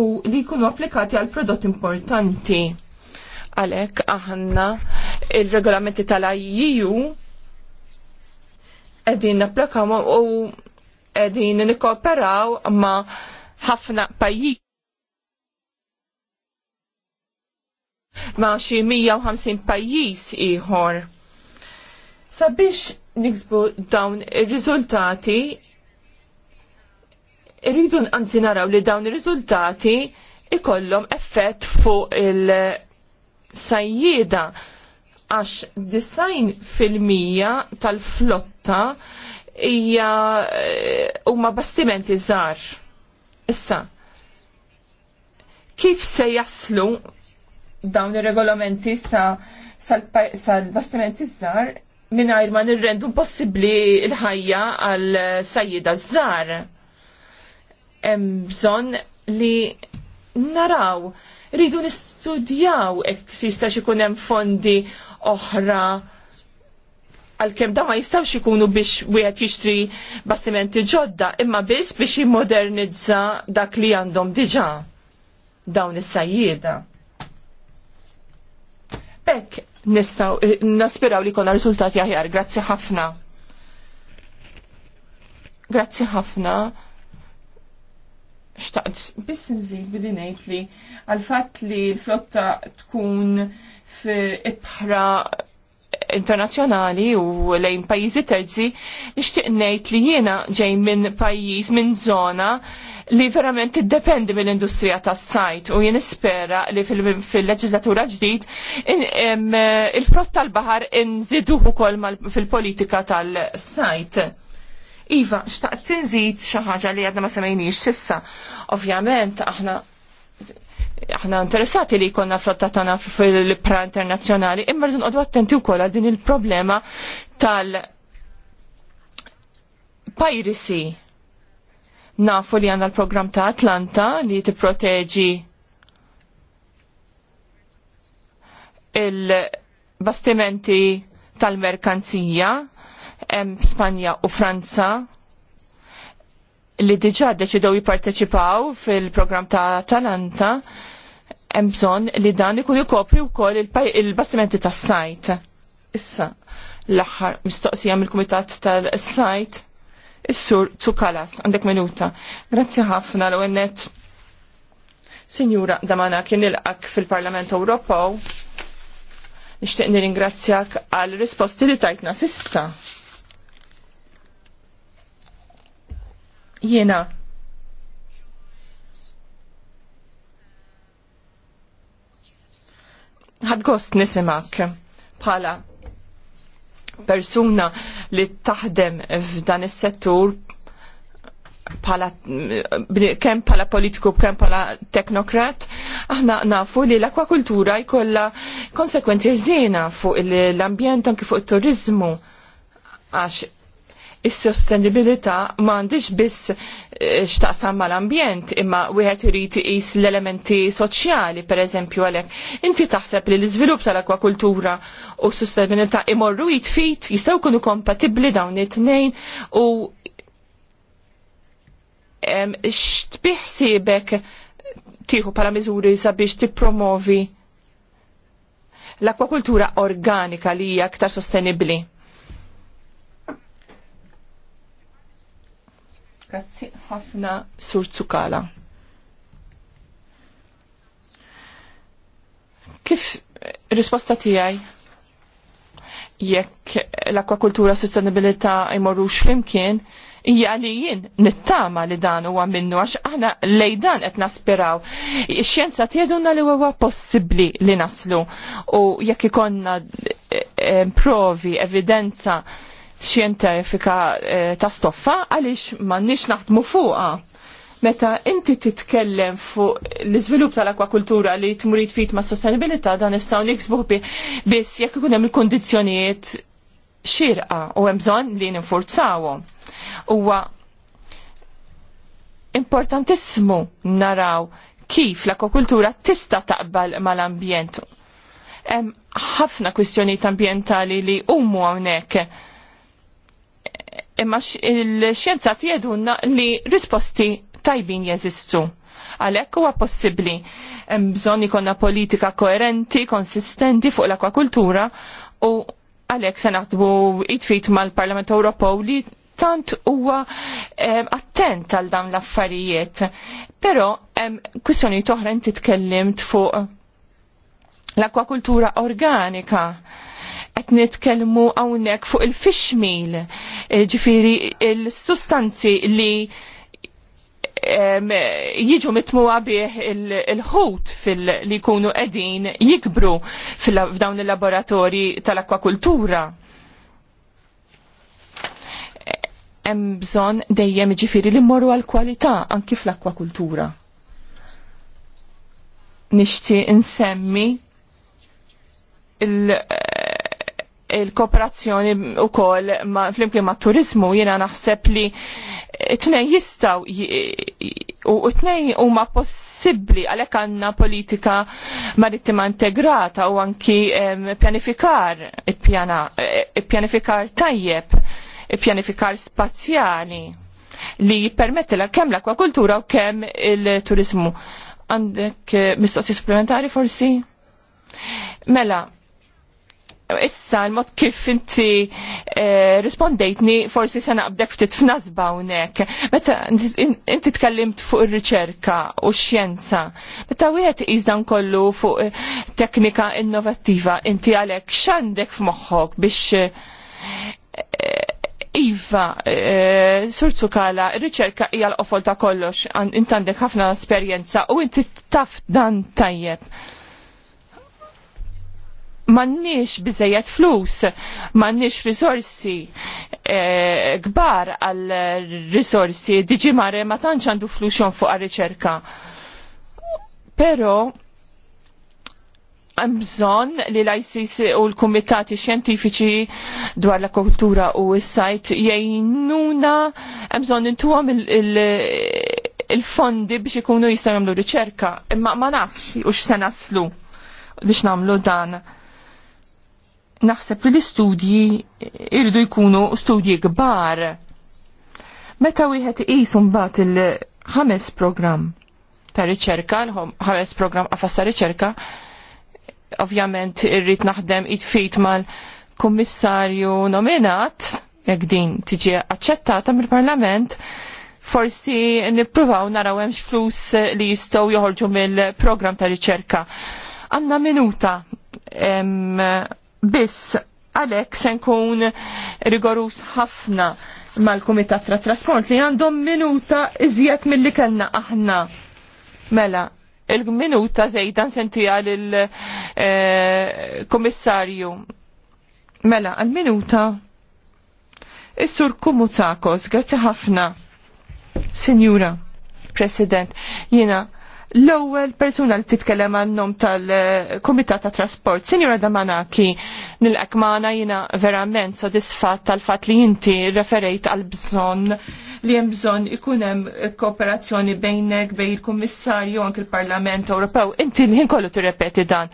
u li jkunu applikati għal prodott importanti. Għalhekk aħna il-regolamenti tal-IU e qegħdin napplikaw u qegħdin nikkooperaw ma' ħafna pajjiż ma' xi 150 pajjiż ieħor. Sabiex niksbu dawn ir-riżultati irridu anzi naraw li dawn ir-riżultati ikollhom effett fuq il-sajjieda għax design fil-mija tal-flotta hija eh, huma bastimenti żgħar. Issa, kif se jaslu dawn ir-regolamenti sa sal-bastimenti żgħar mingħajr ma nirrendu possibbli l-ħajja għal sajjida zzar? Hemm bżonn li naraw, rridu nistudjaw jekk jista' ikun hemm fondi oħra għalkemm da ma jistawx ikunu biex wieħed jixtri bastimenti ġodda, imma biss biex jimmodernizza dak li għandhom diġà dawn is-sajjieda. Bekk nistaw naspiraw li konna riżultati aħjar, grazzi ħafna. Grazzi ħafna xtaqt biss nżid bidi li għal fatt li l-flotta tkun fi ibħra internazzjonali u lejn pajjiżi terzi, nixtieq ngħid li jiena ġej minn pajjiż minn żona li verament tiddependi mill-industrija tas-sajt u jien ispera li fil-leġislatura ġdid il-frott tal-baħar inżiduh ukoll fil-politika tal-sajt. Iva, xtaqt tinżid xi ħaġa li għadna ma semejniex sissa. Ovvjament aħna aħna interessati li jkollna flotta tagħna fil-pra internazzjonali, imma rridu nqogħdu attenti wkoll għal din il-problema tal piracy. Nafu li għandna l-programm ta' Atlanta li tipproteġi il-bastimenti tal-merkanzija Spanja u Franza li diġa deċidew jipparteċipaw fil-programm ta' Atalanta hemm bżonn li dan ikun ikopri wkoll il-bastimenti il bastimenti tas sajt Issa, l-aħħar mistoqsija mill-Kumitat tal-Sajt, is-sur Tsukalas, għandek minuta. Grazzi ħafna l għennet Sinjura Damana kien ilqak fil-Parlament Ewropew. Nixtieq nirringrazzjak għal risposti li tajtna sissa. Jiena, ħadgost nisimak bħala persuna li taħdem f'dan is-settur pala, kem pala politiku, kem pala teknokrat, aħna nafu li l-akwakultura jkolla konsekwenzi żiena fuq l-ambjent anki fuq il-turizmu għax is-sostenibilità m'għandix biss eh, x'taqsam mal-ambjent imma wieħed irid iqis l-elementi soċjali pereżempju għalhekk. Inti taħseb li l-iżvilupp tal-akwakultura u s-sostenibilità imorru jitfit jistgħu jkunu kompatibbli dawn it-tnejn u x'tbiħsibek tieħu bħala miżuri sabiex tippromovi l-akwakultura organika li hija aktar sostenibbli? Grazzi ħafna Sur Tsukala. Kif risposta tiegħi jekk l-akwakultura sostenibilità jmorrux flimkien, hija li jien nittama li dan huwa minnu għax aħna dan qed naspiraw. Ix-xjenza tgħidulna li huwa possibbli li naslu u jekk ikonna eh, eh, provi, evidenza xjentifika eh, ta' stoffa għaliex m'għandniex naħdmu fuqha. Meta inti titkellem fuq l-iżvilupp tal-akwakultura li tmurid fit ma' sostenibilità dan nistgħu niksbuh biss jekk ikun hemm il-kondizzjonijiet xirqa u hemm bżonn li ninfurzawhom. Huwa importantissimu naraw kif l-akwakultura tista' taqbal mal-ambjent. Hemm ħafna kwistjonijiet ambjentali li huma hawnhekk imma il-xjenza tjedunna li risposti tajbin jeżistu. Għalhekk huwa possibbli hemm bżonn politika koerenti, konsistenti fuq l-akwakultura u għalhekk se naħdmu jitfit mal-Parlament Ewropew li tant huwa attent għal dawn l-affarijiet. Però hemm kwistjoni toħra inti tkellimt fuq l-akwakultura organika qed nitkellmu hawnhekk fuq il-fixmil, eh, ġifieri il-sustanzi li jiġu mitmuwa bih il-ħut li jkunu qegħdin jikbru f'dawn il-laboratori tal-akwakultura. Hemm bżonn dejjem ġifiri li mmorru għall kwalità anki fl-akwakultura. Nixtieq insemmi il-kooperazzjoni u kol flimkien ma' turizmu jina naħseb li t-nej jistaw u t-nej u ma' possibli għalek għanna politika marittima integrata u anki um, pjanifikar eh, pjanifikar tajjeb pjanifikar spazjali li jippermetti la kem l-akwakultura u kem il-turizmu. Għandek mistoqsi supplementari forsi? Mela, Issa l-mod kif inti eh, rispondejtni forsi se naqbdek ftit f'nasba hawnhekk. Meta inti tkellimt fuq ir-riċerka u x-xjenza. Meta wieħed dan kollu fuq eh, teknika innovattiva, inti għalhekk x'għandek f'moħħok biex eh, Iva, e, surzu kala, riċerka hija l-qofol ta' kollox, intandek ħafna esperjenza u inti taf dan tajjeb mannix bizzejet flus, mannix risorsi eh, kbar gbar għal risorsi, diġi mare ma tantx għandu flus jon fuq riċerka. Pero, bżon li l-ICC u l-Komitati Xjentifiċi dwar la kultura u s-sajt jgħinuna, bżon għam il-fondi biex ikunu jistaw jagħmlu riċerka, imma ma nafx u x'se naslu biex namlu dan naħseb li l-istudji irridu jkunu studji kbar. Meta wieħed qisum mbagħad il-ħames programm ta' riċerka, l-ħames programm għafas ta' riċerka, ovvjament irrid naħdem id-fit mal-kummissarju nominat, jekk din tiġi aċċettata mill-Parlament, forsi nippruvaw naraw hemmx flus li jistgħu joħorġu mill-programm ta' riċerka. Għandna minuta em, biss għalek se nkun rigorus ħafna mal-Kumitat ta' Trasport li għandhom minuta iżjed mill-li kellna aħna. Mela, il-minuta senti għal lill-Komissarju. Eh, mela, għal-minuta Is-sur Kumu Kumuzakos, grazzi ħafna. Sinjura, President, jiena L-ewwel persuna li titkellem għan-nom tal-Kumitat ta' Trasport, Sinjura Damanaki, nilqek magħna jiena verament sodisfatt tal-fatt li inti referejt għal bżonn li hemm bżonn ikun hemm kooperazzjoni bejnek bejn il-Kummissarju anke il-Parlament Ewropew. Inti l-ħin kollu tirrepeti dan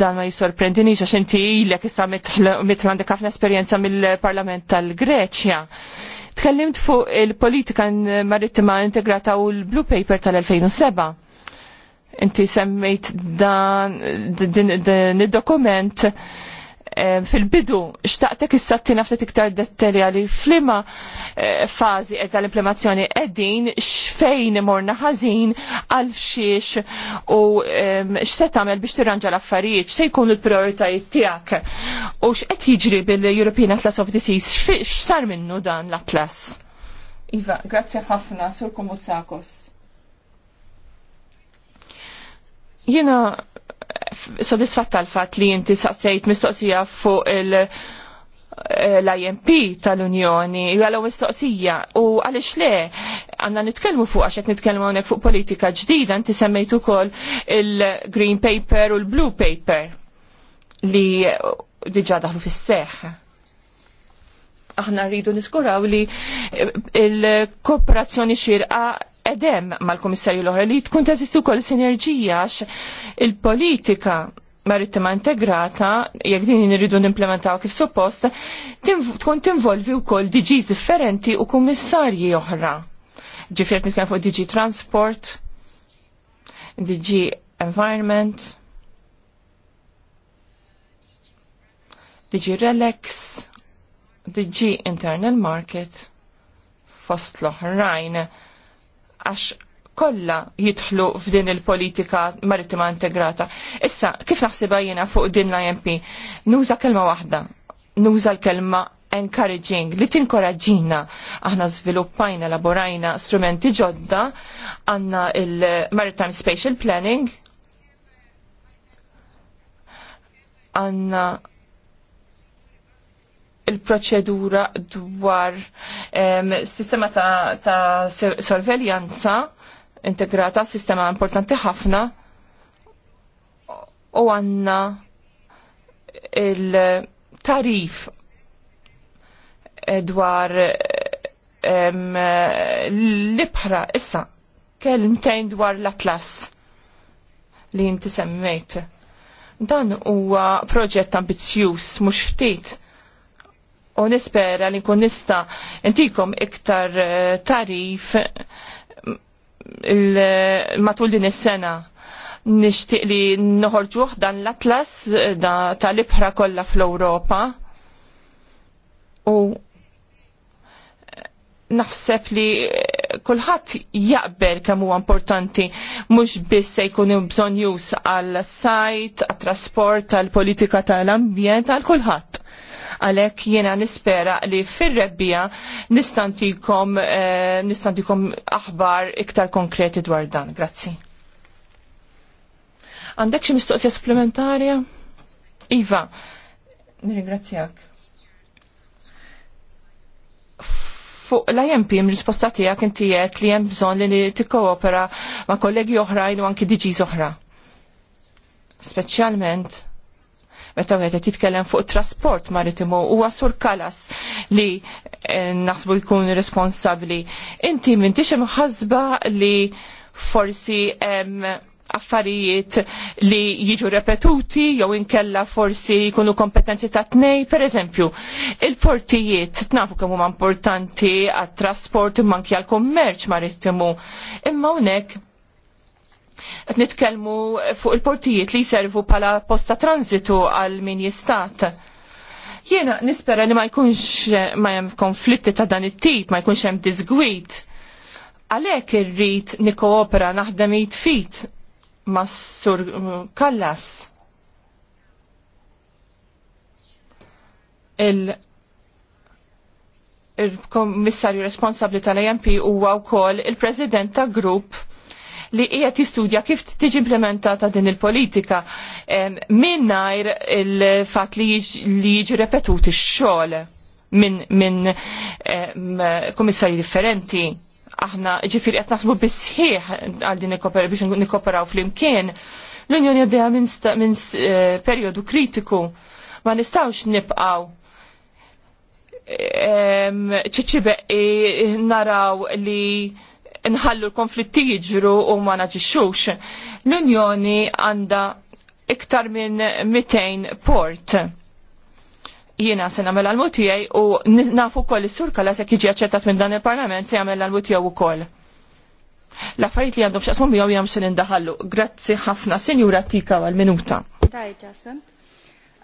dan ma jisorprendini għax inti ilek issa mitlandek ħafna esperjenza mill-Parlament tal-Greċja. Tkellimt fuq il-politika marittima integrata u l-blue paper tal-2007. Inti semmejt dan din id-dokument fil-bidu xtaqtek s-satti naftet iktar dettalja li flima eh, fażi qed tal-implementazzjoni qegħdin x'fejn imorna ħażin għal xiex u x'se tagħmel biex tirranġa l-affarijiet, x'se jkunu l prioritajiet tiegħek u x'qed jiġri bil-European Atlas of Disease, x'sar minnu dan l-atlas? Iva, grazzi ħafna, sur tsakos. Jena sodisfatta l-fat li inti saqsejt mistoqsija fuq il- l-IMP tal-Unjoni, għalaw mistoqsija, u għalix le, għanna nitkelmu fuq, għaxek nitkelmu għonek fuq politika ġdida, nti semmejtu kol il-Green Paper u l-Blue Paper li diġa daħlu fis-seħ aħna rridu niskuraw li eh, il-kooperazzjoni xirqa edem mal-komissarju l-oħra li tkun teżistu kol sinerġija il-politika marittima integrata, jekk din irridu nimplementaw kif suppost, tkun tinvolvi wkoll DGs differenti u kummissarji oħra. Ġifier nitkan fuq DG Transport, DG Environment, DG Relax, G Internal Market fost l-oħrajn għax kollha jidħlu f'din il-politika marittima integrata. Issa, kif naħsibha jiena fuq din l-IMP? Nuża kelma waħda, nuża l-kelma encouraging, li tinkoraġġina. Aħna żviluppajna, laborajna strumenti ġodda, għandna il-Maritime Spatial Planning, għanna il-proċedura dwar um, sistema ta', ta sorveljanza integrata, sistema importanti ħafna u għanna il-tarif eh, dwar um, l-ibħra issa kelmtejn dwar l-atlas li jinti semmejt. Dan huwa proġett ambizzjuż mhux ftit u nispera li nkun nista intikom iktar eh, tarif matul din is-sena. Nixtieq li noħorġuh dan l-atlas eh, tal-ibħra kollha fl-Ewropa u naħseb li eh, kulħadd jaqbel kemm huwa importanti mhux biss se jkun bżonn jus għal sajt, għat trasport, għal politika tal-ambjent, għal kulħadd. Għalhekk jiena nispera li fir-rebbija nistantikom eh, nistantikom aħbar iktar konkreti dwar dan. Grazzi. Għandek xi mistoqsija supplementarja? Iva, nirringrazzjak. fuq l-IMP risposta tiegħek inti qed li hemm bżonn li tikkoopera ma' kollegi oħrajn u anki diġi oħra. Speċjalment meta wieħed qed jitkellem fuq trasport maritimu huwa sur kalas li eh, naħsbu jkun responsabbli. Inti m'intix imħasba li forsi hemm affarijiet li jiġu repetuti jew inkella forsi jkunu kompetenzi ta' tnej, per eżempju, il-portijiet tnafu kemm huma importanti għat-trasport imma anke għall-kummerċ marittimu. Imma hawnhekk Qed nitkellmu fuq il-portijiet li jservu bħala posta transitu għal min jistat. Jiena nispera li ma jkunx ma hemm konflitti ta' dan it-tip, ma jkunx hemm disgwit. Għalhekk irrid nikkoopera naħdem fit ma' sur Kallas. il il-kommissarju responsabli tal-AMP huwa wkoll il-president ta' grupp li qiegħed jistudja kif tiġi implementata din il-politika mingħajr il-fatt li jiġi repetut ix-xogħol minn min, komissarji differenti aħna ġifir qed naħsbu bisħieħ għal din biex nikoperaw flimkien, L-Unjoni għaddeja minn eh, periodu kritiku ma nistawx nibqaw ċiċibeqi naraw li nħallu l-konflitti jiġru u ma naġixxux. L-Unjoni għandha iktar minn 200 port. Jiena se nagħmel għal mutijaj u nafu wkoll is surka la se jiġi aċċettat minn dan il-Parlament se jagħmel għal mutijaj ukoll. L-affarijiet li għandhom x'qasmu miegħu jgħam se nindaħallu. Grazzi ħafna, Sinjura Tika għal-minuta.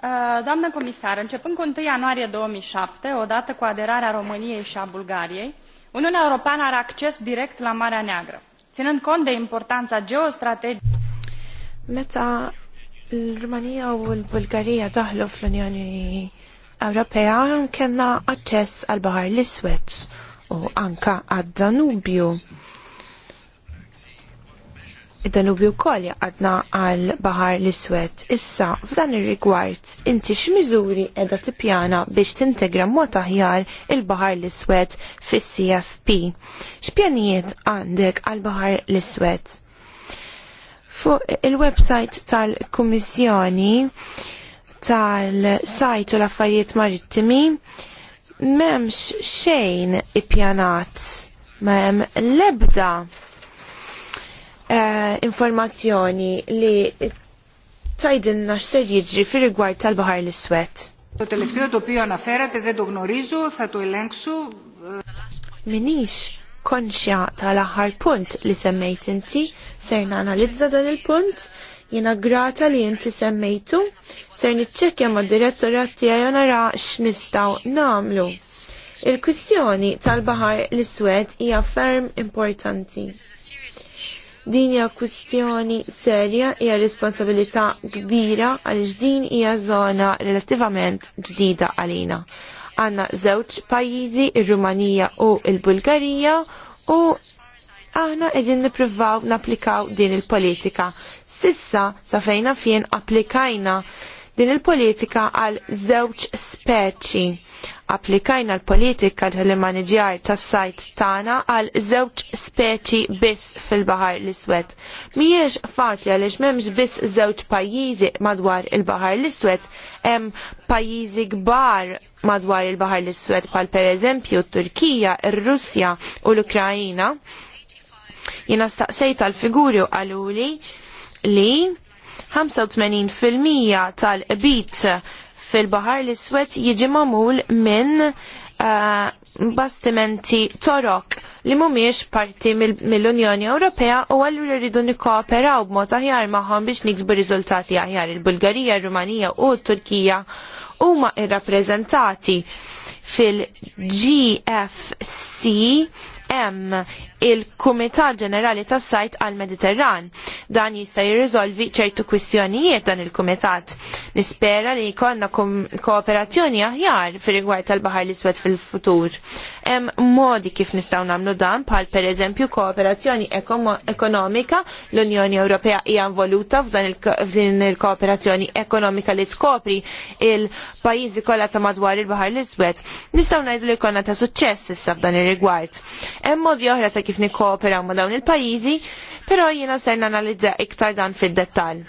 Uh, Doamnă comisar, începând nċepun 1 Januarja 2007, u cu aderarea României și a Bulgariei, Uniunea Europeană are acces direct la Marea Neagră, ținând cont de importanța geostrategică. Meta l-Rumanija u l-Bulgarija daħlu fl-Unjoni Ewropea kellna aċċess għal Bahar l-Iswed u anka għad-Danubju id-Danubju wkoll jaqadna għal Bahar l-Iswed. Issa, f'dan ir-rigward, inti x'miżuri qiegħda tippjana biex tintegra mod aħjar il-Bahar l-Iswed fis-CFP. X'pjanijiet għandek għal Bahar l-Iswed? Fuq il-website tal-Kummissjoni tal-sajt u l-affarijiet marittimi m'hemmx xejn ippjanat, ma hemm l-ebda Eh, informazzjoni li tajdinna x'ser jiġri fir-rigward tal-Baħar l-Iswed. Το τελευταίο το οποίο αναφέρατε δεν το γνωρίζω, θα το ελέγξω. Minix konxja tal-aħħar punt li semmejt inti, serna analizza dan il-punt, jena grata li inti semmejtu, ser nitċekja ma' direttorat tiegħi nara x'nistgħu namlu. Il-kwistjoni tal-Baħar l-Iswed hija ferm importanti. Din hija kwistjoni serja hija responsabilità kbira għaliex din hija żona relattivament ġdida għalina. Għanna żewġ pajjiżi, ir-Rumanija u l-Bulgarija u aħna qegħdin nippruvaw napplikaw din il-politika. Sissa sa fejna fien applikajna din il-politika għal żewġ speċi. Applikajna l-politika tal-maniġjar tas-sajt tagħna għal żewġ speċi biss fil-Baħar l-Iswed. Mhijiex faċli għaliex m'hemmx biss żewġ pajjiżi madwar il-Baħar l-Iswed, hemm pajjiżi kbar madwar il-Baħar l-Iswed bħal pereżempju t-Turkija, ir-Russja u l-Ukrajina. Jina staqsejt għal-figuri u għaluli li 85% tal bit fil-Bahar l-Iswed jiġi mamul minn uh, bastimenti torok li mumiex parti mill-Unjoni Ewropea u għallu rridu nikkooperaw b'mod aħjar magħhom biex niksbu riżultati aħjar il-Bulgarija, il-Rumanija u t-Turkija huma irrappreżentati fil-GFC il-Kumitat Ġenerali tas sajt għal mediterran Dan jista' jirriżolvi ċertu kwistjonijiet dan il-Kumitat. Nispera li jkollna kooperazzjoni aħjar fir rigward tal-Baħar l-Iswed fil-futur. Hemm modi kif nistgħu nagħmlu dan bħal pereżempju kooperazzjoni ekonomika l-Unjoni Ewropea hija involuta f'din il-kooperazzjoni ekonomika li tkopri il-pajjiżi kollha ta' madwar il-Baħar l-Iswed. Nistgħu ngħidu li jkollna ta' suċċess issa f'dan ir-rigward. Hemm modi oħra ta' kif kif nikkooperaw ma' dawn il-pajjiżi, però jiena ser nanalizza iktar dan fid-dettall.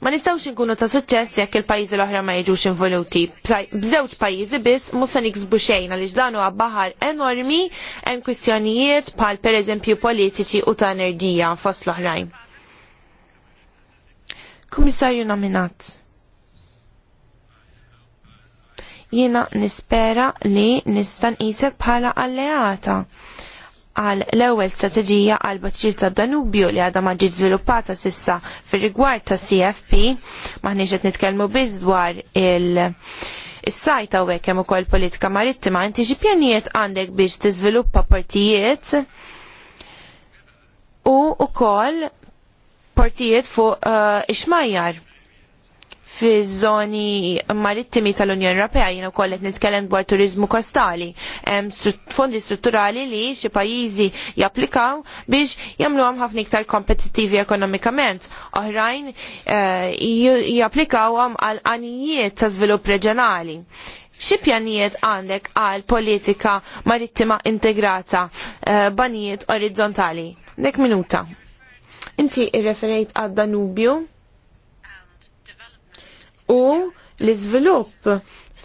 Ma nistawx inkunu ta' suċċess jekk il-pajjiżi l-oħra ma jiġux involuti. B'żewġ pajjiżi biss mhux se niksbu xejn għaliex dan huwa baħar enormi hemm kwistjonijiet bħal pereżempju politiċi u ta' enerġija fost l-oħrajn. Kummissarju nominat. Jiena nispera li nistan isek bħala alleata għal l-ewwel strateġija għal baċċir ta' Danubju li għadha ma ġiet żviluppata sissa fir-rigward ta' CFP, maħniex qed nitkellmu biss dwar il- is u hekk hemm ukoll politika marittima, inti xi pjanijiet għandek biex tiżviluppa partijiet u ukoll partijiet fuq uh, ixmajjar fi zoni marittimi tal-Unjoni Ewropea jiena wkoll qed nitkellem dwar turiżmu kostali. Hemm fondi strutturali li xi pajjiżi japplikaw biex jagħmluhom ħafna iktar kompetittivi ekonomikament. Oħrajn eh, japplikawhom għal anijiet ta' żvilupp reġjonali. Xi pjanijiet għandek għal politika marittima integrata eh, banijiet orizzontali? Dek minuta. Inti irreferejt għad Danubju u l-iżvilupp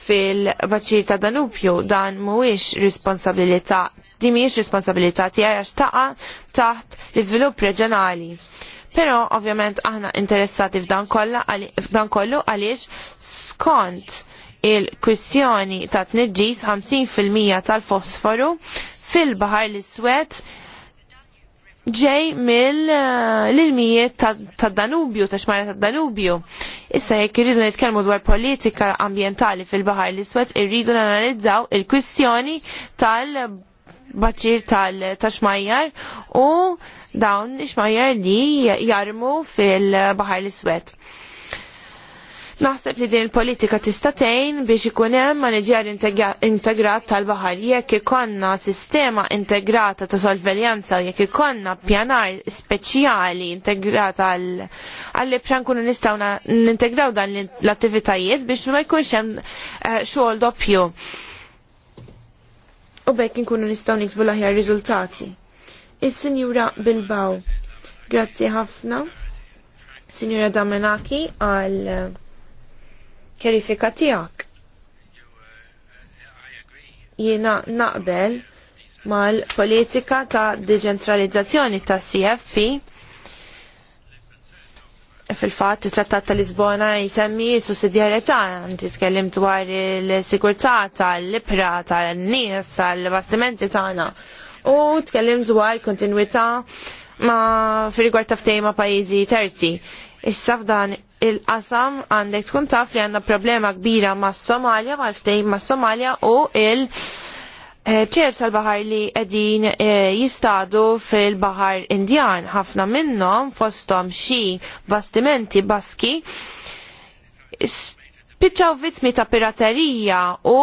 fil-baċir ta' Danupju dan mhuwiex responsabilità di mhijiex responsabilità tiegħi għax taqa' taħt l-iżvilupp reġjonali. Però ovvjament aħna interessati f'dan kollu għaliex skont il-kwistjoni ta' tniġġis 50% tal-fosforu fil-Bahar l-Iswed ġej mill-ilmijiet eh, ta' Danubju, ta' xmara ta' Danubju. Issa jekk irridu nitkellmu dwar politika ambientali fil-Bahar l-Iswed, irridu nanalizzaw il-kwistjoni tal- baċir tal-taxmajjar u dawn xmajjar li jarmu fil-Bahar l-Iswed. Naħseb li din il-politika tista' tgħin biex ikun hemm maniġjar integrat tal-baħar jekk ikonna sistema integrata ta' sorveljanza jekk ikonna pjanar speċjali integrat għall ipra nkunu nistgħu nintegraw dan l-attivitajiet biex ma jkunx hemm eh, xogħol doppju. U bekk inkunu nistgħu niksbu l-aħjar riżultati. Is-Sinjura Bilbaw. Grazzi ħafna. Sinjura Damenaki għal kjerifika tiegħek. Jiena naqbel mal-politika ta' deċentralizzazzjoni ta' CFP fil-fat il-trattat ta' Lisbona jisemmi sussidjarjetà, inti tkellim dwar il-sigurtà tal-libra tal-nies tal-bastimenti tagħna. U tkellim dwar kontinwità ma fil-rigward ta' ma' pajjiżi terzi. Issa f'dan il-qasam għandek tkun taf li għandna problema kbira ma' Somalia, ma' ftejn ma' Somalia u il- eh, ċer tal-bahar li edin eh, jistadu fil-bahar Indjan, ħafna minnom fostom xi bastimenti baski Piċċaw vittmi ta' piraterija u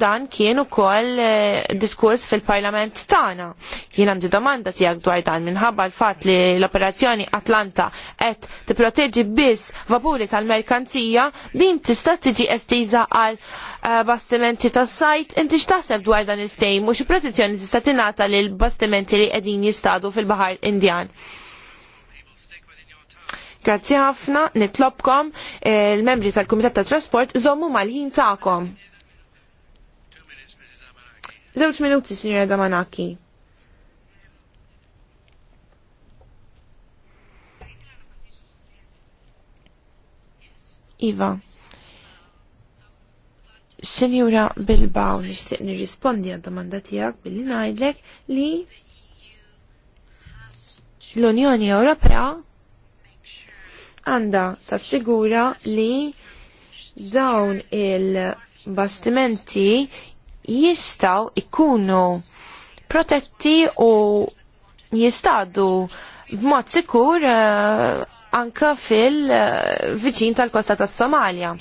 dan kien ukoll eh, diskurs fil-Parlament tagħna. Jien għandi domanda tiegħek dwar dan minħabba l-fatt li l-operazzjoni Atlanta qed tipproteġi biss vapuri tal-merkanzija din tista' tiġi estiża għal eh, bastimenti tas-sajt inti x'taħseb dwar dan il-ftejm u xi protezzjoni tista' tingħata lil bastimenti li qegħdin jistadu fil-Baħar Indjan. Grazzi ħafna, nitlobkom eh, il-membri tal-Kumitat tat Trasport żommu mal-ħin tagħkom. Żewġ minuti, signora Damanaki. Iva. Signora Bilbao, nishtiq nirrispondi għad domanda tijak billi najdlek li l-Unjoni Ewropea għanda tassigura li dawn il-bastimenti jistaw ikunu protetti u jistadu b'mod sikur uh, anka fil-viċin eh, tal-kosta tas-Somalja.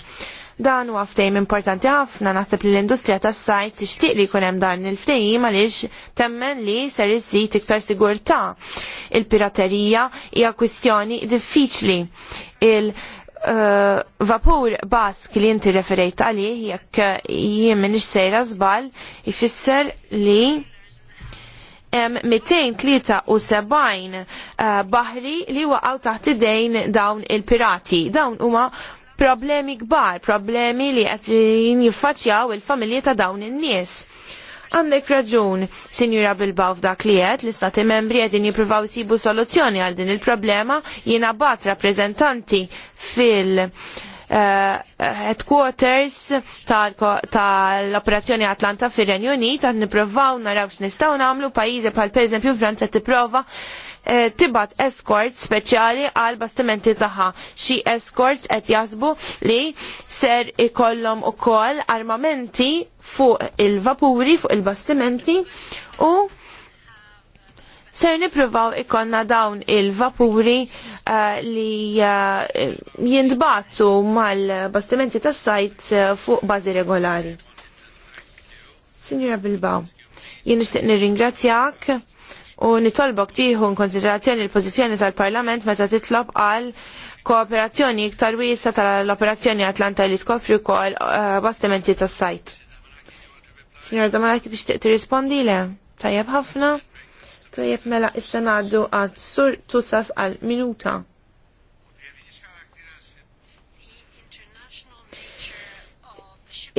Dan huwa ftehim importanti ħafna naħseb li l-industrija tas-sajt tixtieq li jkun hemm dan il-ftehim għaliex temmen li ser iżid iktar sigurtà. Il-piraterija hija kwistjoni diffiċli. Il- Uh, vapur bask li inti referejt għalih jekk jien minix sejra żball ifisser li hemm 273 uh, baħri li waqgħu taħt idejn dawn il-pirati. Dawn huma problemi kbar, problemi li qed jiffaċċjaw il-familji ta' dawn in-nies. Għandek raġun, Sinjura Bilbaw f'dak li għed, l-istati membri qegħdin jippruvaw isibu soluzzjoni għal din il-problema jina bat rappreżentanti fil- Eh, headquarters tal-operazzjoni Atlanta fir-Renju Unit għad niprovaw naraw x'nistgħu nagħmlu pajjiżi bħal pereżempju Franza tipprova eh, tibat escorts speċjali għal bastimenti tagħha. Xi escorts qed jasbu li ser ikollhom ukoll armamenti fuq il-vapuri fuq il-bastimenti u ser nipruvaw ikonna dawn il-vapuri uh, li uh, jintbattu mal-bastimenti tas sajt uh, fuq bażi regolari. Signora Bilbao, jien nixtieq nirringrazzjak u nitolbok tieħu konsiderazzjoni l-pożizzjoni tal-Parlament meta titlob għal kooperazzjoni iktar wiesa tal-operazzjoni Atlanta li skopri wkoll uh, bastimenti tas-sajt. Signor Damalaki tixtieq tirrispondi le? Tajab ħafna. Tajjeb mela issa naddu għad sur tusas għal minuta.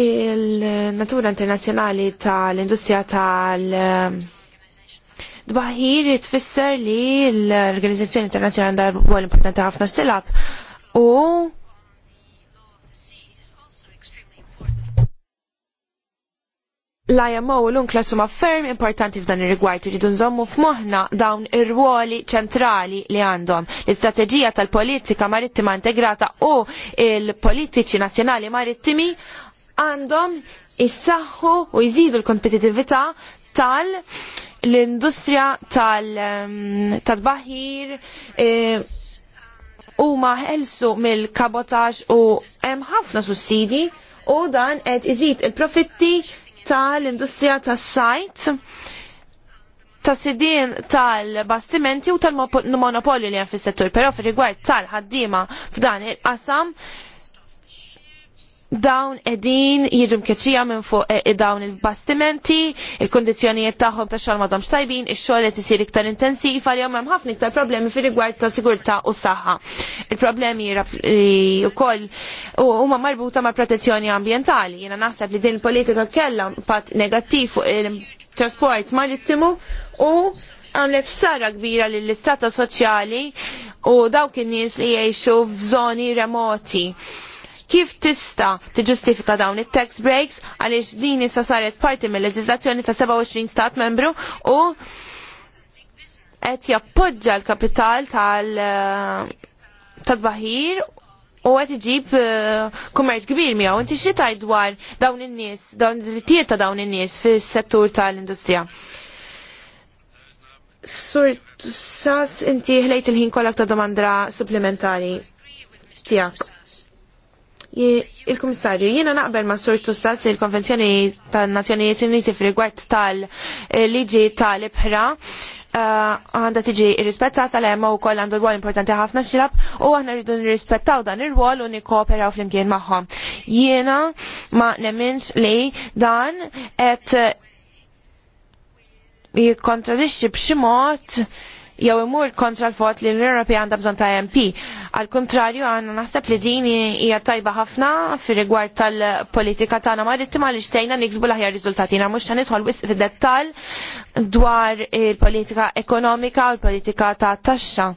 Il-natura internazzjonali tal-industrija tal-, ehm, dbaħir jitfisser li l-Organizzazzjoni Internazzjonali darbu importanti ħafna stilab u L-IMO u l-unkla suma ferm importanti f'dan ir-rigward iridu nżommu f'moħħna dawn ir-ruoli ċentrali li għandhom. L-istrateġija tal-politika marittima integrata u il-politiċi nazzjonali marittimi għandhom issaħħu u jżidu l-kompetitività tal l-industrija ehm, tal-tbaħir e, u maħelsu mill-kabotaġ u hemm ħafna sussidi u dan qed iżid il-profitti tal-industrija tas-sajt ta' sidin tal-bastimenti u tal-monopolju li għan fis settur pero fil rigward tal-ħaddima f'dan il-qasam dawn edin jiġu mkeċija minn fuq e, e dawn il-bastimenti, il-kondizjonijiet tagħhom ta' xogħol madhomx tajbin, ix-xogħol qed isir iktar intensif, għal hemm ħafna iktar problemi fil rigward ta' sigurta u saħħa. Il-problemi wkoll huma marbuta ma' protezzjoni ambjentali. Jiena naħseb li din politika kellha impatt negattiv fuq il-trasport marittimu u għamlet sara kbira lill-istrata soċjali u dawk in-nies li jgħixu f'żoni remoti. Kif tista tiġustifika dawn it-tax breaks għaliex din issa saret parti mill leġislazzjoni ta' 27 stat membru u qed jappoġġa l-kapital tal eh, tad tbaħir u għet iġib eh, kummerċ kbir u Inti xi taj dwar dawn in-nies, dawn il drittijiet ta' dawn in-nies fis-settur tal-industrija. Sur sas inti ħlejt il-ħin kollak ta' domandra supplementari tiegħek. Il-Komissarju, jiena naqbel ma' Sur Tussas il-Konvenzjoni tan-Nazzjonijiet Uniti fil-rigward tal-liġi tal-ibħra eh, għanda tiġi irrispettata l hemm ukoll għandu rwol importanti ħafna xilab u aħna rridu nirrispettaw dan ir-rwol u nikkooperaw flimkien magħhom. Jiena ma nemminx li dan qed jikkontradixxi b'xi mod jew imur kontra l-fot li l europi għanda għandha bżonn ta' MP. Al kontrarju għandna naħseb li din hija tajba ħafna fir rigward tal-politika tagħna marittima li xtejna niksbu l-aħjar riżultati. Na mhux nidħol wisq fid-dettall dwar il-politika ekonomika u l-politika ta' taxxa.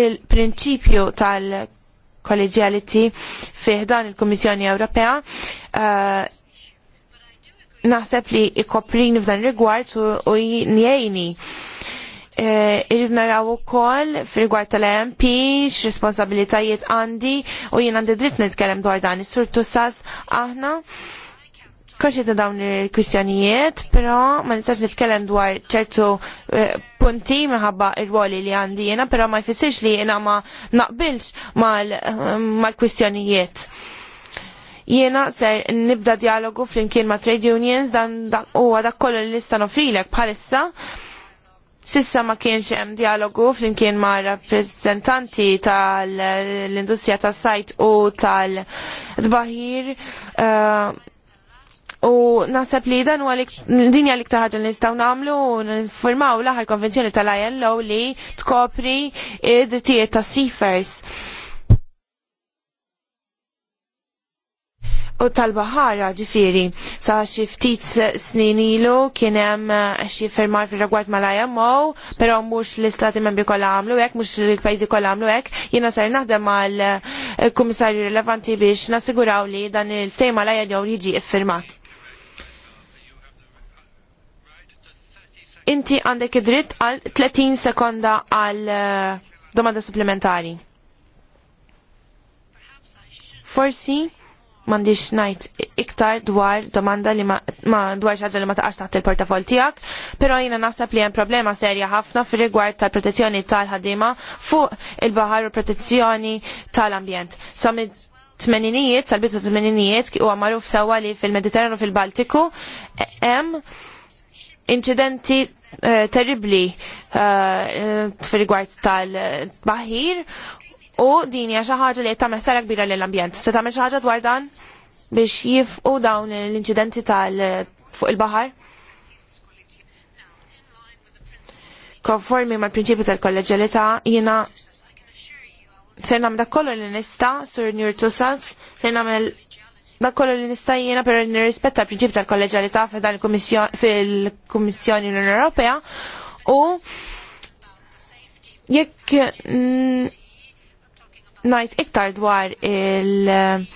Il-prinċipju tal-kollegiality fih dan il-Kummissjoni Ewropea uh, naħseb li ikoprini f'dan rigward u jgħini. E, irrid naraw ukoll f'rigward tal-MP x'responsabilitajiet għandi u jien għandi dritt nitkellem dwar dan is-sur tussas aħna. Kaxi ta' dawn il-kwistjonijiet, però ma nistax nitkellem dwar ċertu e, punti minħabba il woli li għandi jena, pero ma jfissirx li jena ma naqbilx e, mal-kwistjonijiet. mal kwistjonijiet Jiena ser nibda dialogu flimkien ma' trade unions dan huwa dak kollu li nista' nofrilek bħalissa. Sissa ma kienx hemm dialogu flimkien ma' rappreżentanti tal-industrija tas-sajt u tal-dbaħir. Eh, u naħseb li dan huwa dinja li ktar ħaġa li nistgħu nagħmlu u nifformaw l-aħħar konvenzjoni tal-ILO li tkopri id-drittijiet tas-seafers. u tal-bahara ġifiri sa xiftit ftit snin ilu kien hemm eh, xi firmar fir mow, mal-IMO, però mhux l-istati membri kollha għamlu hekk, mhux l-pajzi kollha għamlu hekk, jiena sar naħdem għal eh, kummissarju rilevanti biex nasiguraw li dan il-ftejma l-IMO jiġi iffirmat. Inti għandek id-dritt għal 30 sekonda għal eh, domanda supplementari. Forsi, mandiċ najt iktar dwar domanda li ma, dwar xaġa li ma taqax taħt il-portafol tijak, pero jina naħseb li jen problema serja ħafna fil rigward tal-protezzjoni tal-ħadima fuq il-bahar u protezzjoni tal-ambjent. Samid tmeninijiet, sal-bitu tmeninijiet, u għamaruf sawa li fil-Mediterranu fil-Baltiku, em incidenti eh, terribli eh, eh, fil rigward tal-bahir U din hija xi ħaġa li qed tagħmel sara kbira lill-ambjent. Se tagħmel xi ħaġa dwar dan biex jifqu dawn l-inċidenti tal fuq il-baħar. Konformi mal-prinċipju tal-kolleġjalità jiena se nagħmel dak kollu li nista' sur Njur Tusas, se nagħmel dak kollu li nista' jiena per nirrispetta l-prinċipju tal-kolleġjalità fil-Kummissjoni l-Unjoni Ewropea u jekk najt iktar dwar il-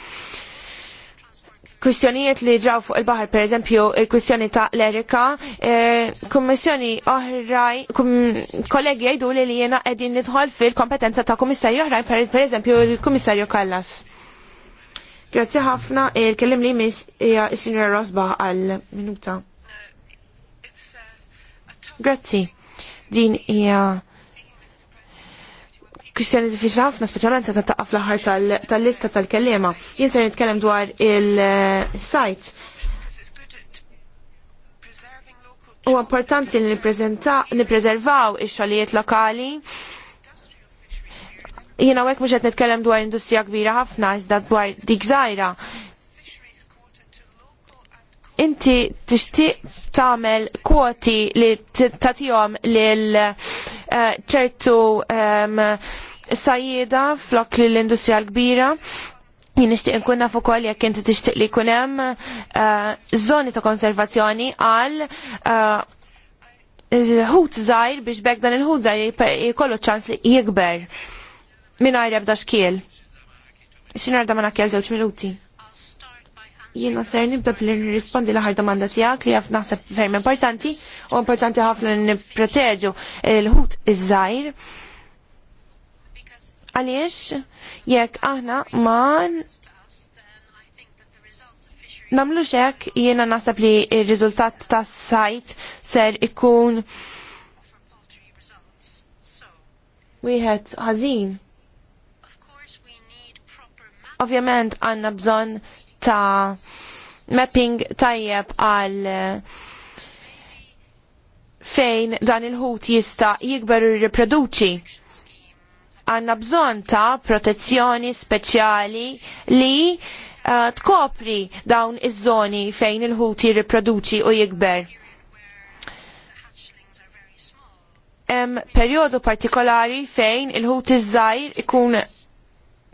kwistjonijiet li ġaw fuq il baħar per eżempju, il-kwistjoni ta' l-Erika, eh, kummissjoni oħraj, kollegi għajdu li li jena edin nidħol fil-kompetenza ta' kummissarju oħraj, per eżempju, il-kummissarju Kallas. Grazzi ħafna, il-kellim li mis hija s-sinjora Rosba għal-minuta. Uh, uh, Grazzi. Din hija kwistjoni diffiċli ħafna speċjalment se taqa' fl-aħħar tal-lista tal-kellima. Jien ser nitkellem dwar il-sajt. U importanti li nippreservaw ix-xogħlijiet lokali. Jiena hekk mhux qed nitkellem dwar industrija kbira ħafna iżda dwar dik żgħira inti tixtieq tagħmel kwoti li tagħtihom lil eh, ċertu sajjida flok li l-industrija l-kbira jien nixtieq nkun naf ukoll jekk inti tixtieq li jkun hemm eh, żoni ta' konservazzjoni għal eh, ħut żgħir biex bekk dan il-ħut żgħir jkollu ċans li jikber mingħajr ebda xkiel. Xinarda ma nakkel żewġ minuti. Jiena ser nibda billi nirrispondi l-aħħar domanda tiegħek li għaf naħseb ferm importanti u importanti ħafna nipproteġu l-ħut iż żajr Għaliex jekk aħna ma namlu xek jiena naħseb li r-riżultat tas sajt ser ikun wieħed ħażin. Ovvjament għandna bżonn ta' mapping tajjeb għal eh, fejn dan il-ħut jista' jikber u jirriproduċi. Għanna bżon ta' protezzjoni speċjali li uh, tkopri dawn iż-żoni fejn il-ħut jirriproduċi u jikber. Hemm perjodu partikolari fejn il-ħut iż-żgħir ikun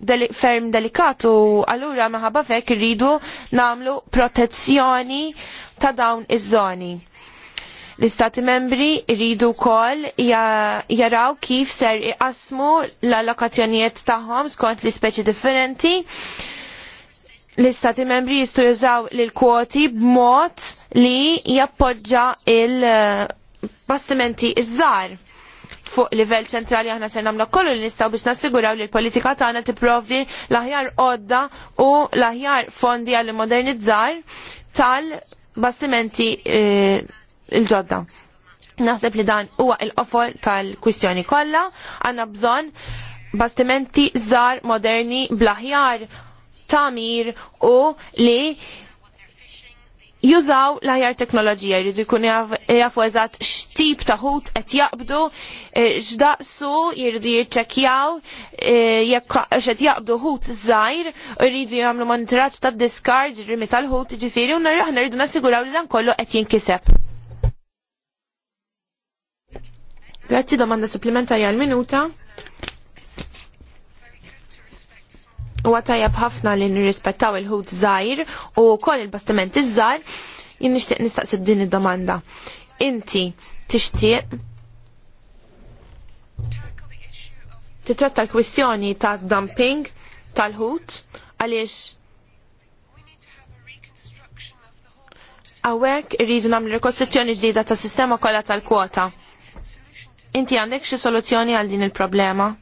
deli ferm delikatu allura maħabba fek rridu namlu protezzjoni ta' dawn iż-żoni. L-istati membri rridu kol jaraw kif ser iqasmu l-allokazzjonijiet tagħhom skont l ispeċi differenti. L-istati membri jistu jużaw l-kwoti b'mod li jappoġġa il-bastimenti iż-żar. il bastimenti iż żar fuq livell ċentrali aħna ser nagħmlu kollu li nistgħu biex nassiguraw li l-politika tagħna tipprovdi l-aħjar għodda u l-aħjar fondi għall modernizzar tal-bastimenti eh, il-ġodda. Naħseb li dan huwa l qofol tal-kwistjoni kollha, għandna bżonn bastimenti żgħar moderni bl-aħjar tamir u li jużaw l ajjar teknoloġija, jridu jkun jafu eżat xtip ta' ħut qed jaqbdu, e, x'daqsu, jridu jiċċekkjaw e, jekk qed jaqbdu ħut żgħir, jridu jagħmlu monitoraġġ tad-diskard, rimi tal-ħut, ġifieri u aħna rridu nassiguraw li dan kollu qed jinkiseb. Grazzi domanda supplementari għal minuta. huwa tajjeb ħafna li nirrispettaw il-ħut żgħir u kol il iż żgħar, jien nixtieq nistaqsi din id-domanda. Inti tixtieq titratta l-kwistjoni ta' dumping tal-ħut għaliex Għawek rridu namlu rekostruzzjoni ġdida ta' sistema kollha tal-kwota. Inti għandek xi soluzzjoni għal din il-problema?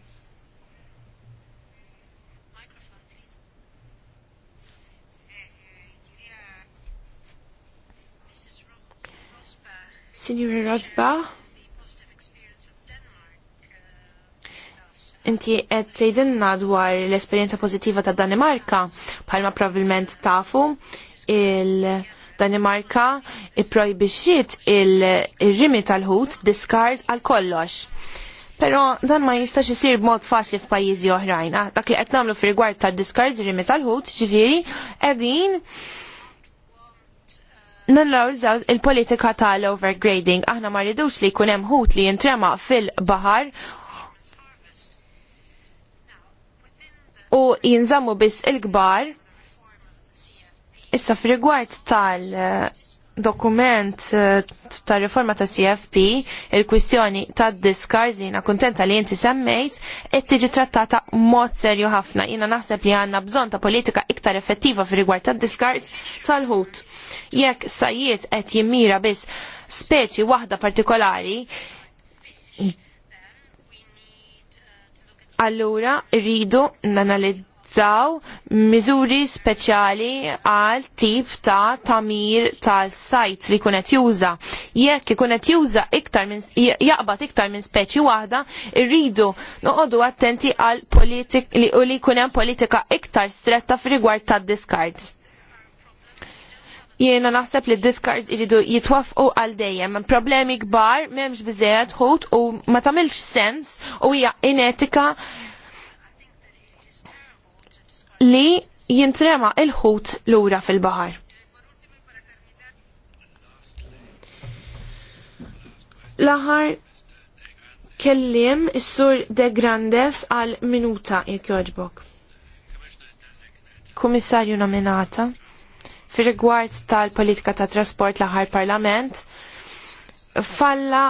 Signora Rosba? inti qed tgħidilna dwar l-esperjenza pożittiva ta' Danimarka bħalma probabbilment tafu il Danimarka ipprojbixxiet il-rimi tal-ħut diskard għal kollox. Però dan ma jistax isir b'mod faċli f'pajjiżi oħrajn. Ah, dak li qed nagħmlu fir-rigward tad-diskards rimi tal-ħut, ġifieri qegħdin Nallawrizzaw il-politika tal-overgrading, aħna ma ridux li jkun hemm li jintrema fil-bahar u jinżammu biss il-kbar. Issa f'rigward tal- dokument eh, ta' riforma ta' CFP, il-kwistjoni ta' diskars li jina kontenta li jinti semmejt, et tiġi trattata mod serju ħafna. Jina naħseb li għanna bżon ta' politika iktar effettiva fi rigward ta' diskards tal-ħut. Jekk sajiet et jimmira biss speċi waħda partikolari, allura rridu nanalizzaw jindirizzaw miżuri speċjali għal tip ta' tamir tal-sajt li kunet juża. Jekk kunet juża iktar minn jaqbad iktar minn speċi waħda, irridu noqogħdu attenti għal politik li, li kunem politika iktar stretta f'rigward tad discard jiena naħseb li d discards iridu jitwafqu għal dejjem. Problemi kbar m'hemmx biżejjed ħut u ma tagħmilx sens u hija inetika li jintrema il-ħut lura fil-bahar. l kellim is-sur De Grandes għal minuta jekk joġbok. Kummissarju nominata fir rigward tal-politika ta' trasport l-aħħar parlament falla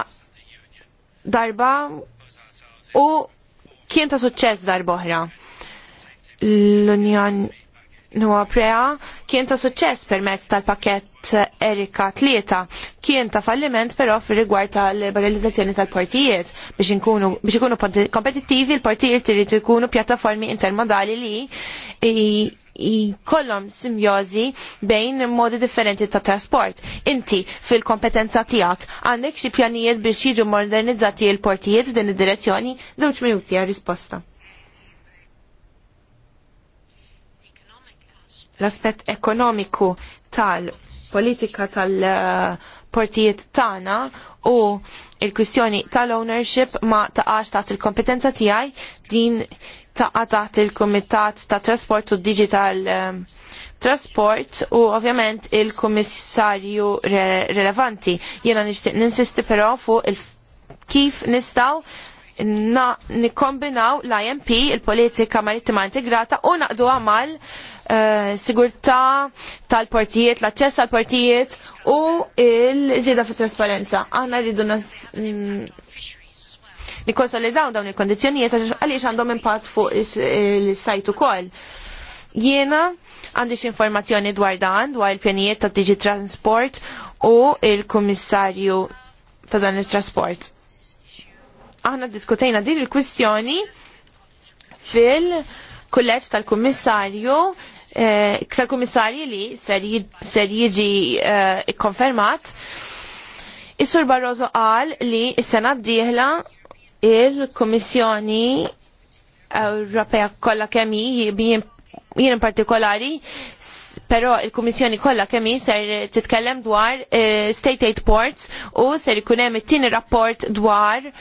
darba u kien ta' suċċess darba oħra l-Unjon Prea kien ta' suċċess permezz tal-pakett Erika Tlieta kien ta' falliment però fir rigward tal-liberalizzazzjoni tal-partijiet biex ikunu biex ikunu kompetittivi l-partijiet irid ikunu pjattaformi intermodali li kollom simbjozi bejn modi differenti ta' trasport. Inti fil-kompetenza tijak għandek xi pjanijiet biex jiġu modernizzati l-portijiet din id-direzzjoni, żewġ minuti għal risposta. l-aspett ekonomiku tal-politika tal-portijiet tagħna u il-kwistjoni tal-ownership ma taqax taħt il-kompetenza tiegħi din taqa taħt il-Kumitat ta' Trasport u Digital um, ehm, Transport u ovvjament il-Kummissarju re relevanti. Jena nixtieq ninsisti però fuq kif nistaw na nikombinaw l-IMP, il-Politika Marittima Integrata, u naqdu għamal Eh, sigurtà tal-portijiet, l-aċċess għall portijiet u l-żieda fit-trasparenza. Aħna rridu nikkonsolidaw dawn il-kondizzjonijiet għaliex għandhom impatt fuq is-sajt eh, ukoll. Jiena għandix informazzjoni dwar dan, dwar il-pjanijiet ta' Digi Transport u il-Kummissarju ta' dan il-trasport. Aħna diskutejna din il-kwistjoni fil- kulleġġ tal-Kummissarju Eh, tal-Kummissarji li ser jiġi eh, konfermat. Is-Sur Barroso qal li s-sena d-dieħla il komissjoni Ewropea kollha kemm jien partikolari però il-Kummissjoni kollha kemm hi ser titkellem dwar eh, State Aid Ports u ser ikunem hemm it-tieni rapport dwar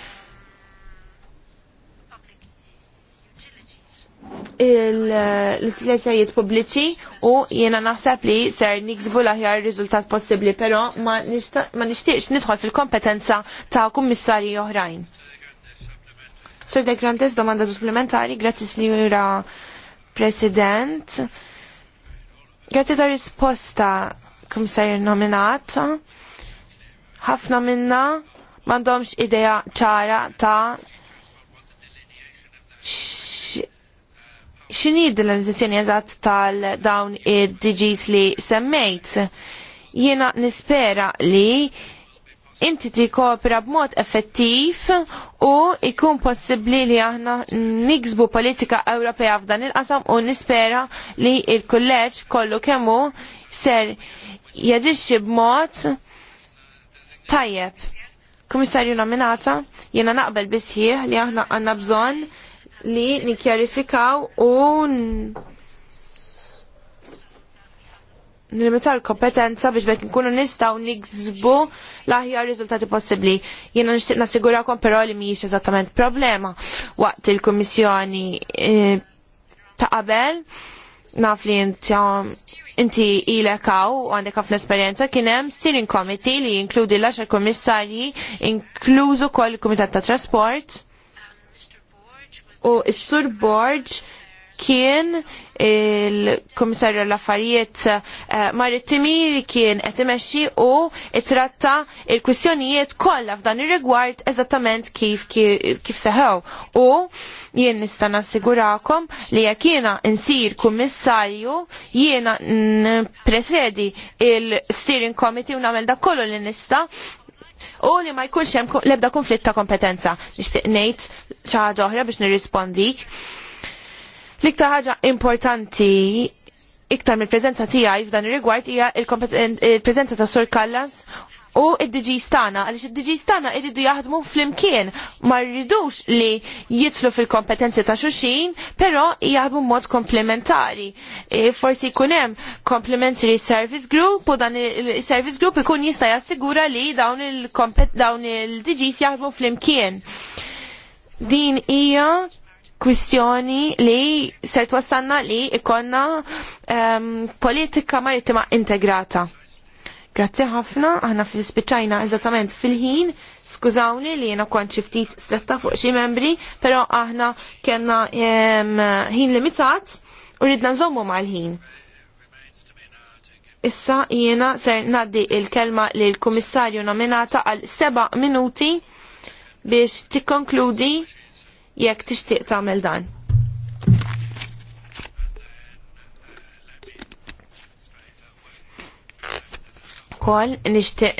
l tletajiet pubbliċi u jiena naħseb li ser niksbu laħjar aħjar riżultat possibbli, però ma nixtieqx nidħol fil-kompetenza ta' kummissarji oħrajn. Sur De Grandes, domanda supplementari, grazie signora President. Grazie ta' risposta kummissarju nominat. Ħafna minna mandomx idea ċara ta' x'inhi l organizzazzjoni eżatt tal-dawn id-DGs li semmejt. Jiena nispera li inti tikkopra b'mod effettiv u jkun possibbli li aħna niksbu politika Ewropea f'dan il-qasam u nispera li l kulleġġ kollu kemmu ser jaġixxi b'mod tajjeb. Kummissarju nominata, jiena naqbel bisħiħ li aħna għandna bżonn li nikjarifikaw u nilimitaw l-kompetenza biex bekk nkunu nistaw nikzbu l-aħjar riżultati possibbli. Jiena nixtieq nassigurakom però li mhijiex eżattament problema waqt il-Kummissjoni eh, ta' qabel naf li inti ilekaw u għandek ħafna esperjenza kien hemm steering committee li jinkludi l axar kummissarji inkluzu kol il-Kumitat ta' Trasport u s-Sur Borg kien il-Komissarju l-Affarijiet Marittimi li kien qed imexxi u tratta il-kwistjonijiet kollha f'dan ir-rigward eżattament kif kif seħew. U jien nista' nassigurakom li jekk jiena insir kummissarju jiena presedi il-Steering Committee u nagħmel dak kollu li nista' u li ma jkunx hemm l-ebda konflitt ta' kompetenza. Nixtieq ngħid xi ħaġa oħra biex nirrispondik. L-iktar ħaġa importanti iktar mill preżenza tiegħi f'dan ir-rigward hija il-preżenza ta' Sur Kallas u id-DG stana, għalix id-DG stana irridu jaħdmu fl-imkien, ma rridux li jitlu fil-kompetenzi ta' xuxin, pero jaħdmu mod komplementari. E, forsi kunem complementary service group u dan il-service group ikun jista' jassigura li dawn il-DGs jaħdmu fl-imkien. Din hija kwistjoni li ser twassanna li ikonna um, politika marittima integrata. Grazzi ħafna, aħna fil-spiċajna eżattament fil-ħin, skużawni li jena kwan ftit stretta fuq xi membri, pero aħna kena ħin limitat u ridna nżommu mal-ħin. Issa jiena ser naddi il-kelma li l-Kummissarju nominata għal seba' minuti biex tikkonkludi jekk tixtieq tagħmel dan. ukoll nixtieq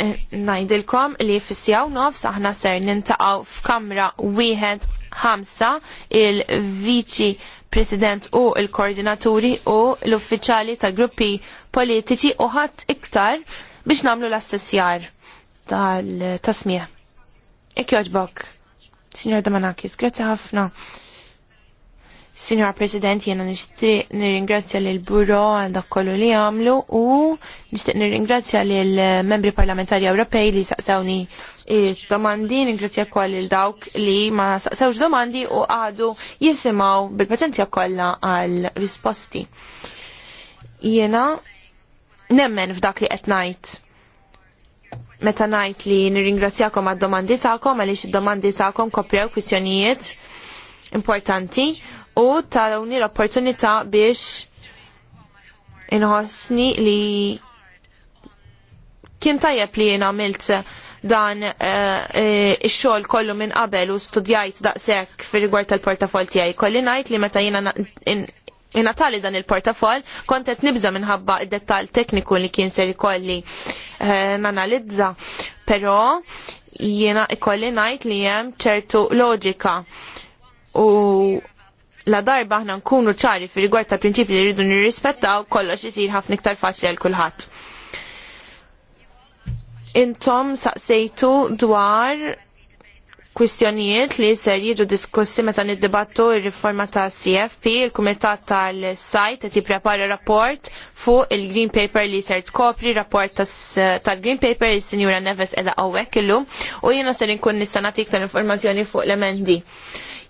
ngħidilkom li fissjaw nofs aħna ser nintaqgħu f'kamra wieħed ħamsa il-viċi president u l koordinaturi u l-uffiċjali ta' gruppi politiċi u ħadd iktar biex nagħmlu l-assessjar tal-tasmija. Ek jogħġbok. Signor Damanakis, grazzi ħafna. Signor President, jena nishtiq nirringrazzja l buro għal dak kollu li għamlu u nishtiq nirringrazzja l membri parlamentari Ewropej li saqsawni domandi, nirringrazzja koll l dawk li ma saqsawx domandi u għadu jisimaw bil-paċenti kollha għal risposti. Jena nemmen f'dak li qed ngħid meta ngħid li nirringrazzjakom għad-domandi tagħkom għaliex id-domandi tagħkom koprew kwistjonijiet importanti u tarawni l-opportunità biex inħossni li kien tajjeb li jien għamilt dan eh, eh, ix-xogħol kollu minn qabel u studjajt daqshekk fir-rigward tal-portafol tiegħi. Kolli ngħid li meta jiena tali dan il-portafol, kontet nibza minħabba id detal tekniku li kien ser ikolli eh, nanalizza, pero jiena ikolli najt li jem ċertu loġika u la darba aħna nkunu ċari fil rigward ta' prinċipji li rridu nirrispettaw kollox isir ħafna iktar faċli għal kulħadd. Intom saqsejtu dwar kwistjonijiet li ser jiġu diskussi meta niddibattu ir-riforma ta' CFP, il-Kumitat tal-Sajt qed jipprepara rapport fuq il-Green Paper li ser tkopri rapport tal-Green Paper il-Sinjura Neves edha hawnhekk illum u jiena ser inkun nista' nagħtik tal-informazzjoni fuq l-emendi.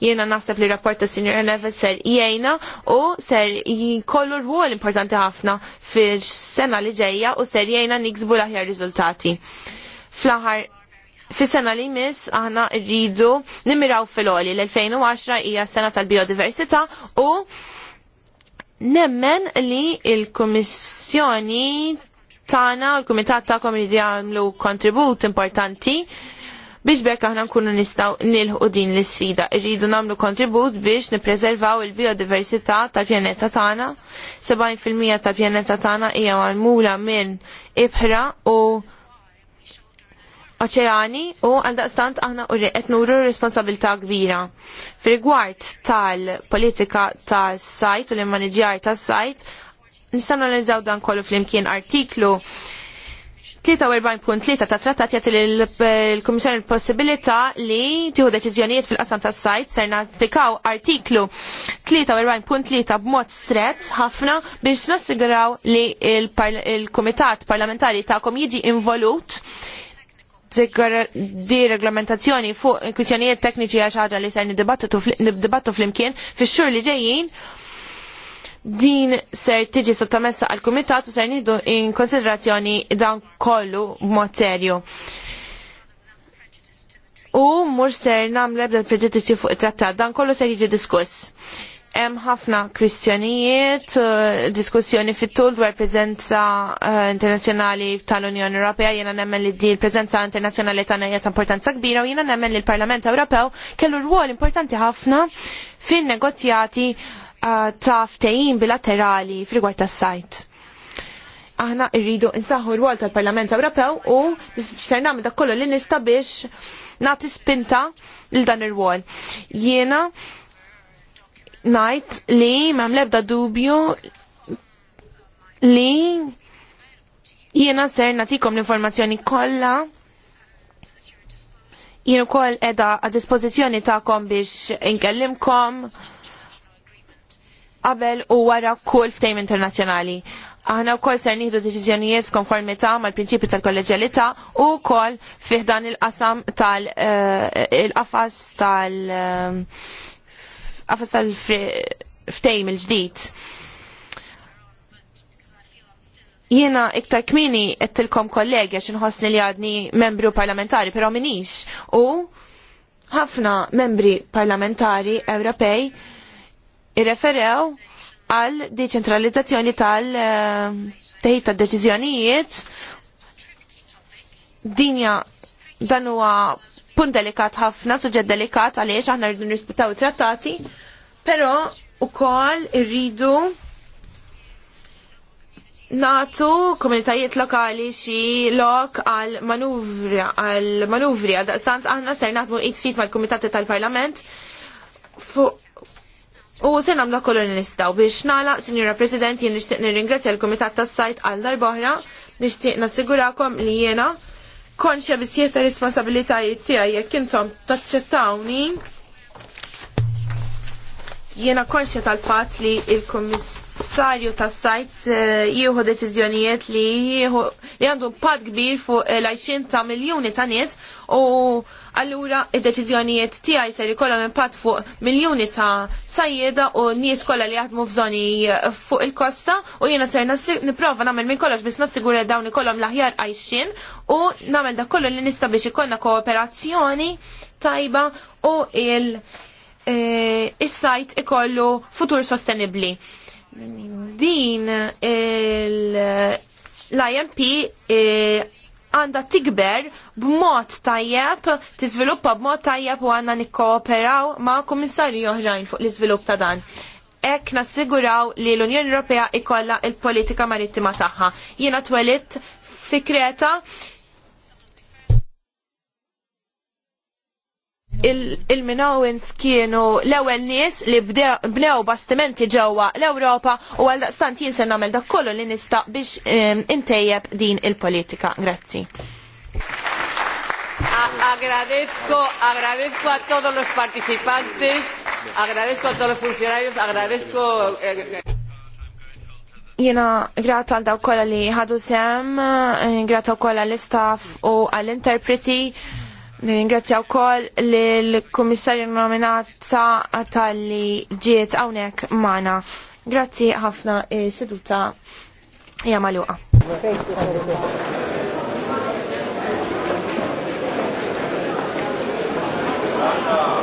Jiena naħseb li rapport ta' Senior Level ser jgħina u ser jkollu rwol importanti ħafna fil-sena li ġejja u ser jgħina niksbu l-aħjar riżultati. Fl-aħar Fi sena li mis aħna rridu nimiraw fil-oli l-2010 hija sena tal-biodiversità u nemmen li il-Komissjoni tana u l-Kumitat ta' kom li għamlu kontribut importanti Biex bekk aħna nkunu nistaw nilħu din l-sfida, irridu namlu kontribut biex nipreservaw il-biodiversità tal-pjaneta tagħna. 70% tal-pjaneta tagħna hija magħmula minn ibħra u oċeani u għaldaqstant aħna u qed nuru responsabilità kbira. fil tal-politika tas-sajt u l-immaniġjar tas-sajt, nistgħu analizzaw dan kollu fl-imkien artiklu 43.3 ta' trattat jagħti l eh, komissjoni l-possibilità li tieħu deċiżjonijiet fil-qasam tas-sajt ser napplikaw artiklu 43.3 b'mod strett ħafna biex nassiguraw li il-Kumitat Parlamentari tagħkom jiġi involut di reglamentazzjoni fuq kwistjonijiet tekniċi għax ħaġa li ser nibdibattu fl-imkien fix-xhur li ġejjin din ser tiġi sottomessa għal kumitatu u ser nidu in konsiderazzjoni dan kollu b'mod serju. U mhux ser nagħmel ebda preġudizzju fuq it-trattat, dan kollu ser jiġi diskuss hemm ħafna kwistjonijiet, uh, diskussjoni fit-tul dwar preżenza uh, internazzjonali tal-Unjoni Ewropea, jiena nemmen li l preżenza internazzjonali tagħna hija ta' importanza kbira u jiena nemmen li l-Parlament Ewropew kellu rwol importanti ħafna fin negozjati ta' ftehim bilaterali f'rigward tas-sajt. Aħna rridu nsaħħu l-wol tal-Parlament Ewropew u ser nagħmel dak kollu li nista' biex nagħti spinta lil dan ir-wol. Jiena ngħid li m'hemm l-ebda dubju li jiena ser natikom l-informazzjoni kollha jien ukoll edha a dispożizzjoni tagħkom biex inkellimkom qabel u wara kull ftejm internazzjonali. Aħna wkoll ser nieħdu deċiżjonijiet f'konformità mal-prinċipju tal-kolleġjalità u wkoll fih dan il-qasam tal-qafas tal- eh, eh, qafas tal-ftejm il-ġdid. Jiena iktar kmini għettilkom kollegja xinħosni li għadni membru parlamentari, pero minix. U ħafna membri parlamentari Ewropej irreferew għal deċentralizzazzjoni tal-teħid eh, tad deċiżjonijiet dinja dan huwa punt delikat ħafna, suġġett delikat għaliex aħna rridu nirrispettaw it-trattati, però wkoll irridu natu komunitajiet lokali xi lok għal manuvri għal manuvri daqstant aħna ser naħdmu it fit mal-Kumitati tal-Parlament fuq U se għamla kollu nistaw biex nala, Signora President, jien nixtieq nirringrazzja l-Kumitat tas-Sajt għal darb'oħra, nixtieq nassigurakom li jiena konxja bisjiet jieta responsabilitajiet tiegħi jekk intom taċċettawni jiena konxja tal-fatt li il-Kummissjoni Sarju kummissarju tas-sajt eh, jieħu deċiżjonijiet li jieħu li għandu pad kbir fuq l-għajxin ta' miljuni ta' nies u allura id-deċiżjonijiet tiegħi ser ikollhom impatt fuq miljuni ta' sajjeda u nies kollha li jaħdmu f'żoni eh, fuq il-kosta u jiena ser nipprova nagħmel minn kollox biex nassigura dawn ikollhom l-aħjar għajxin u nagħmel dak kollu li nista' biex ikollna kooperazzjoni tajba u il- eh, sajt ikollu futur sostenibli din l-IMP eh, għanda tikber b'mod tajjeb, tiżviluppa b'mod tajjeb u għanna nikkooperaw ma' komissarju oħrajn fuq l-iżvilupp ta' dan ek nassiguraw li l-Unjoni Ewropea ikolla il-politika marittima tagħha. Jiena twelit fi Kreta il-Minowins kienu l-ewel nies li bnew bastimenti ġewwa l-Ewropa u għal daqstant jinsen se dak kollu li nista' biex ehm, intejjeb din il-politika. Grazzi. Agradezco, agradezco a todos los participantes, agradezco a todos los funcionarios, agradezco eh, eh. jena grata għal daw kolla li ħadu sem, eh, grata kolla l-istaff u għal interpreti Nirringrazzja wkoll lill-Kummissarju nominata tal-li ġiet hawnhekk magħna. Grazzi ħafna e, seduta hija magħluqa. Thank you.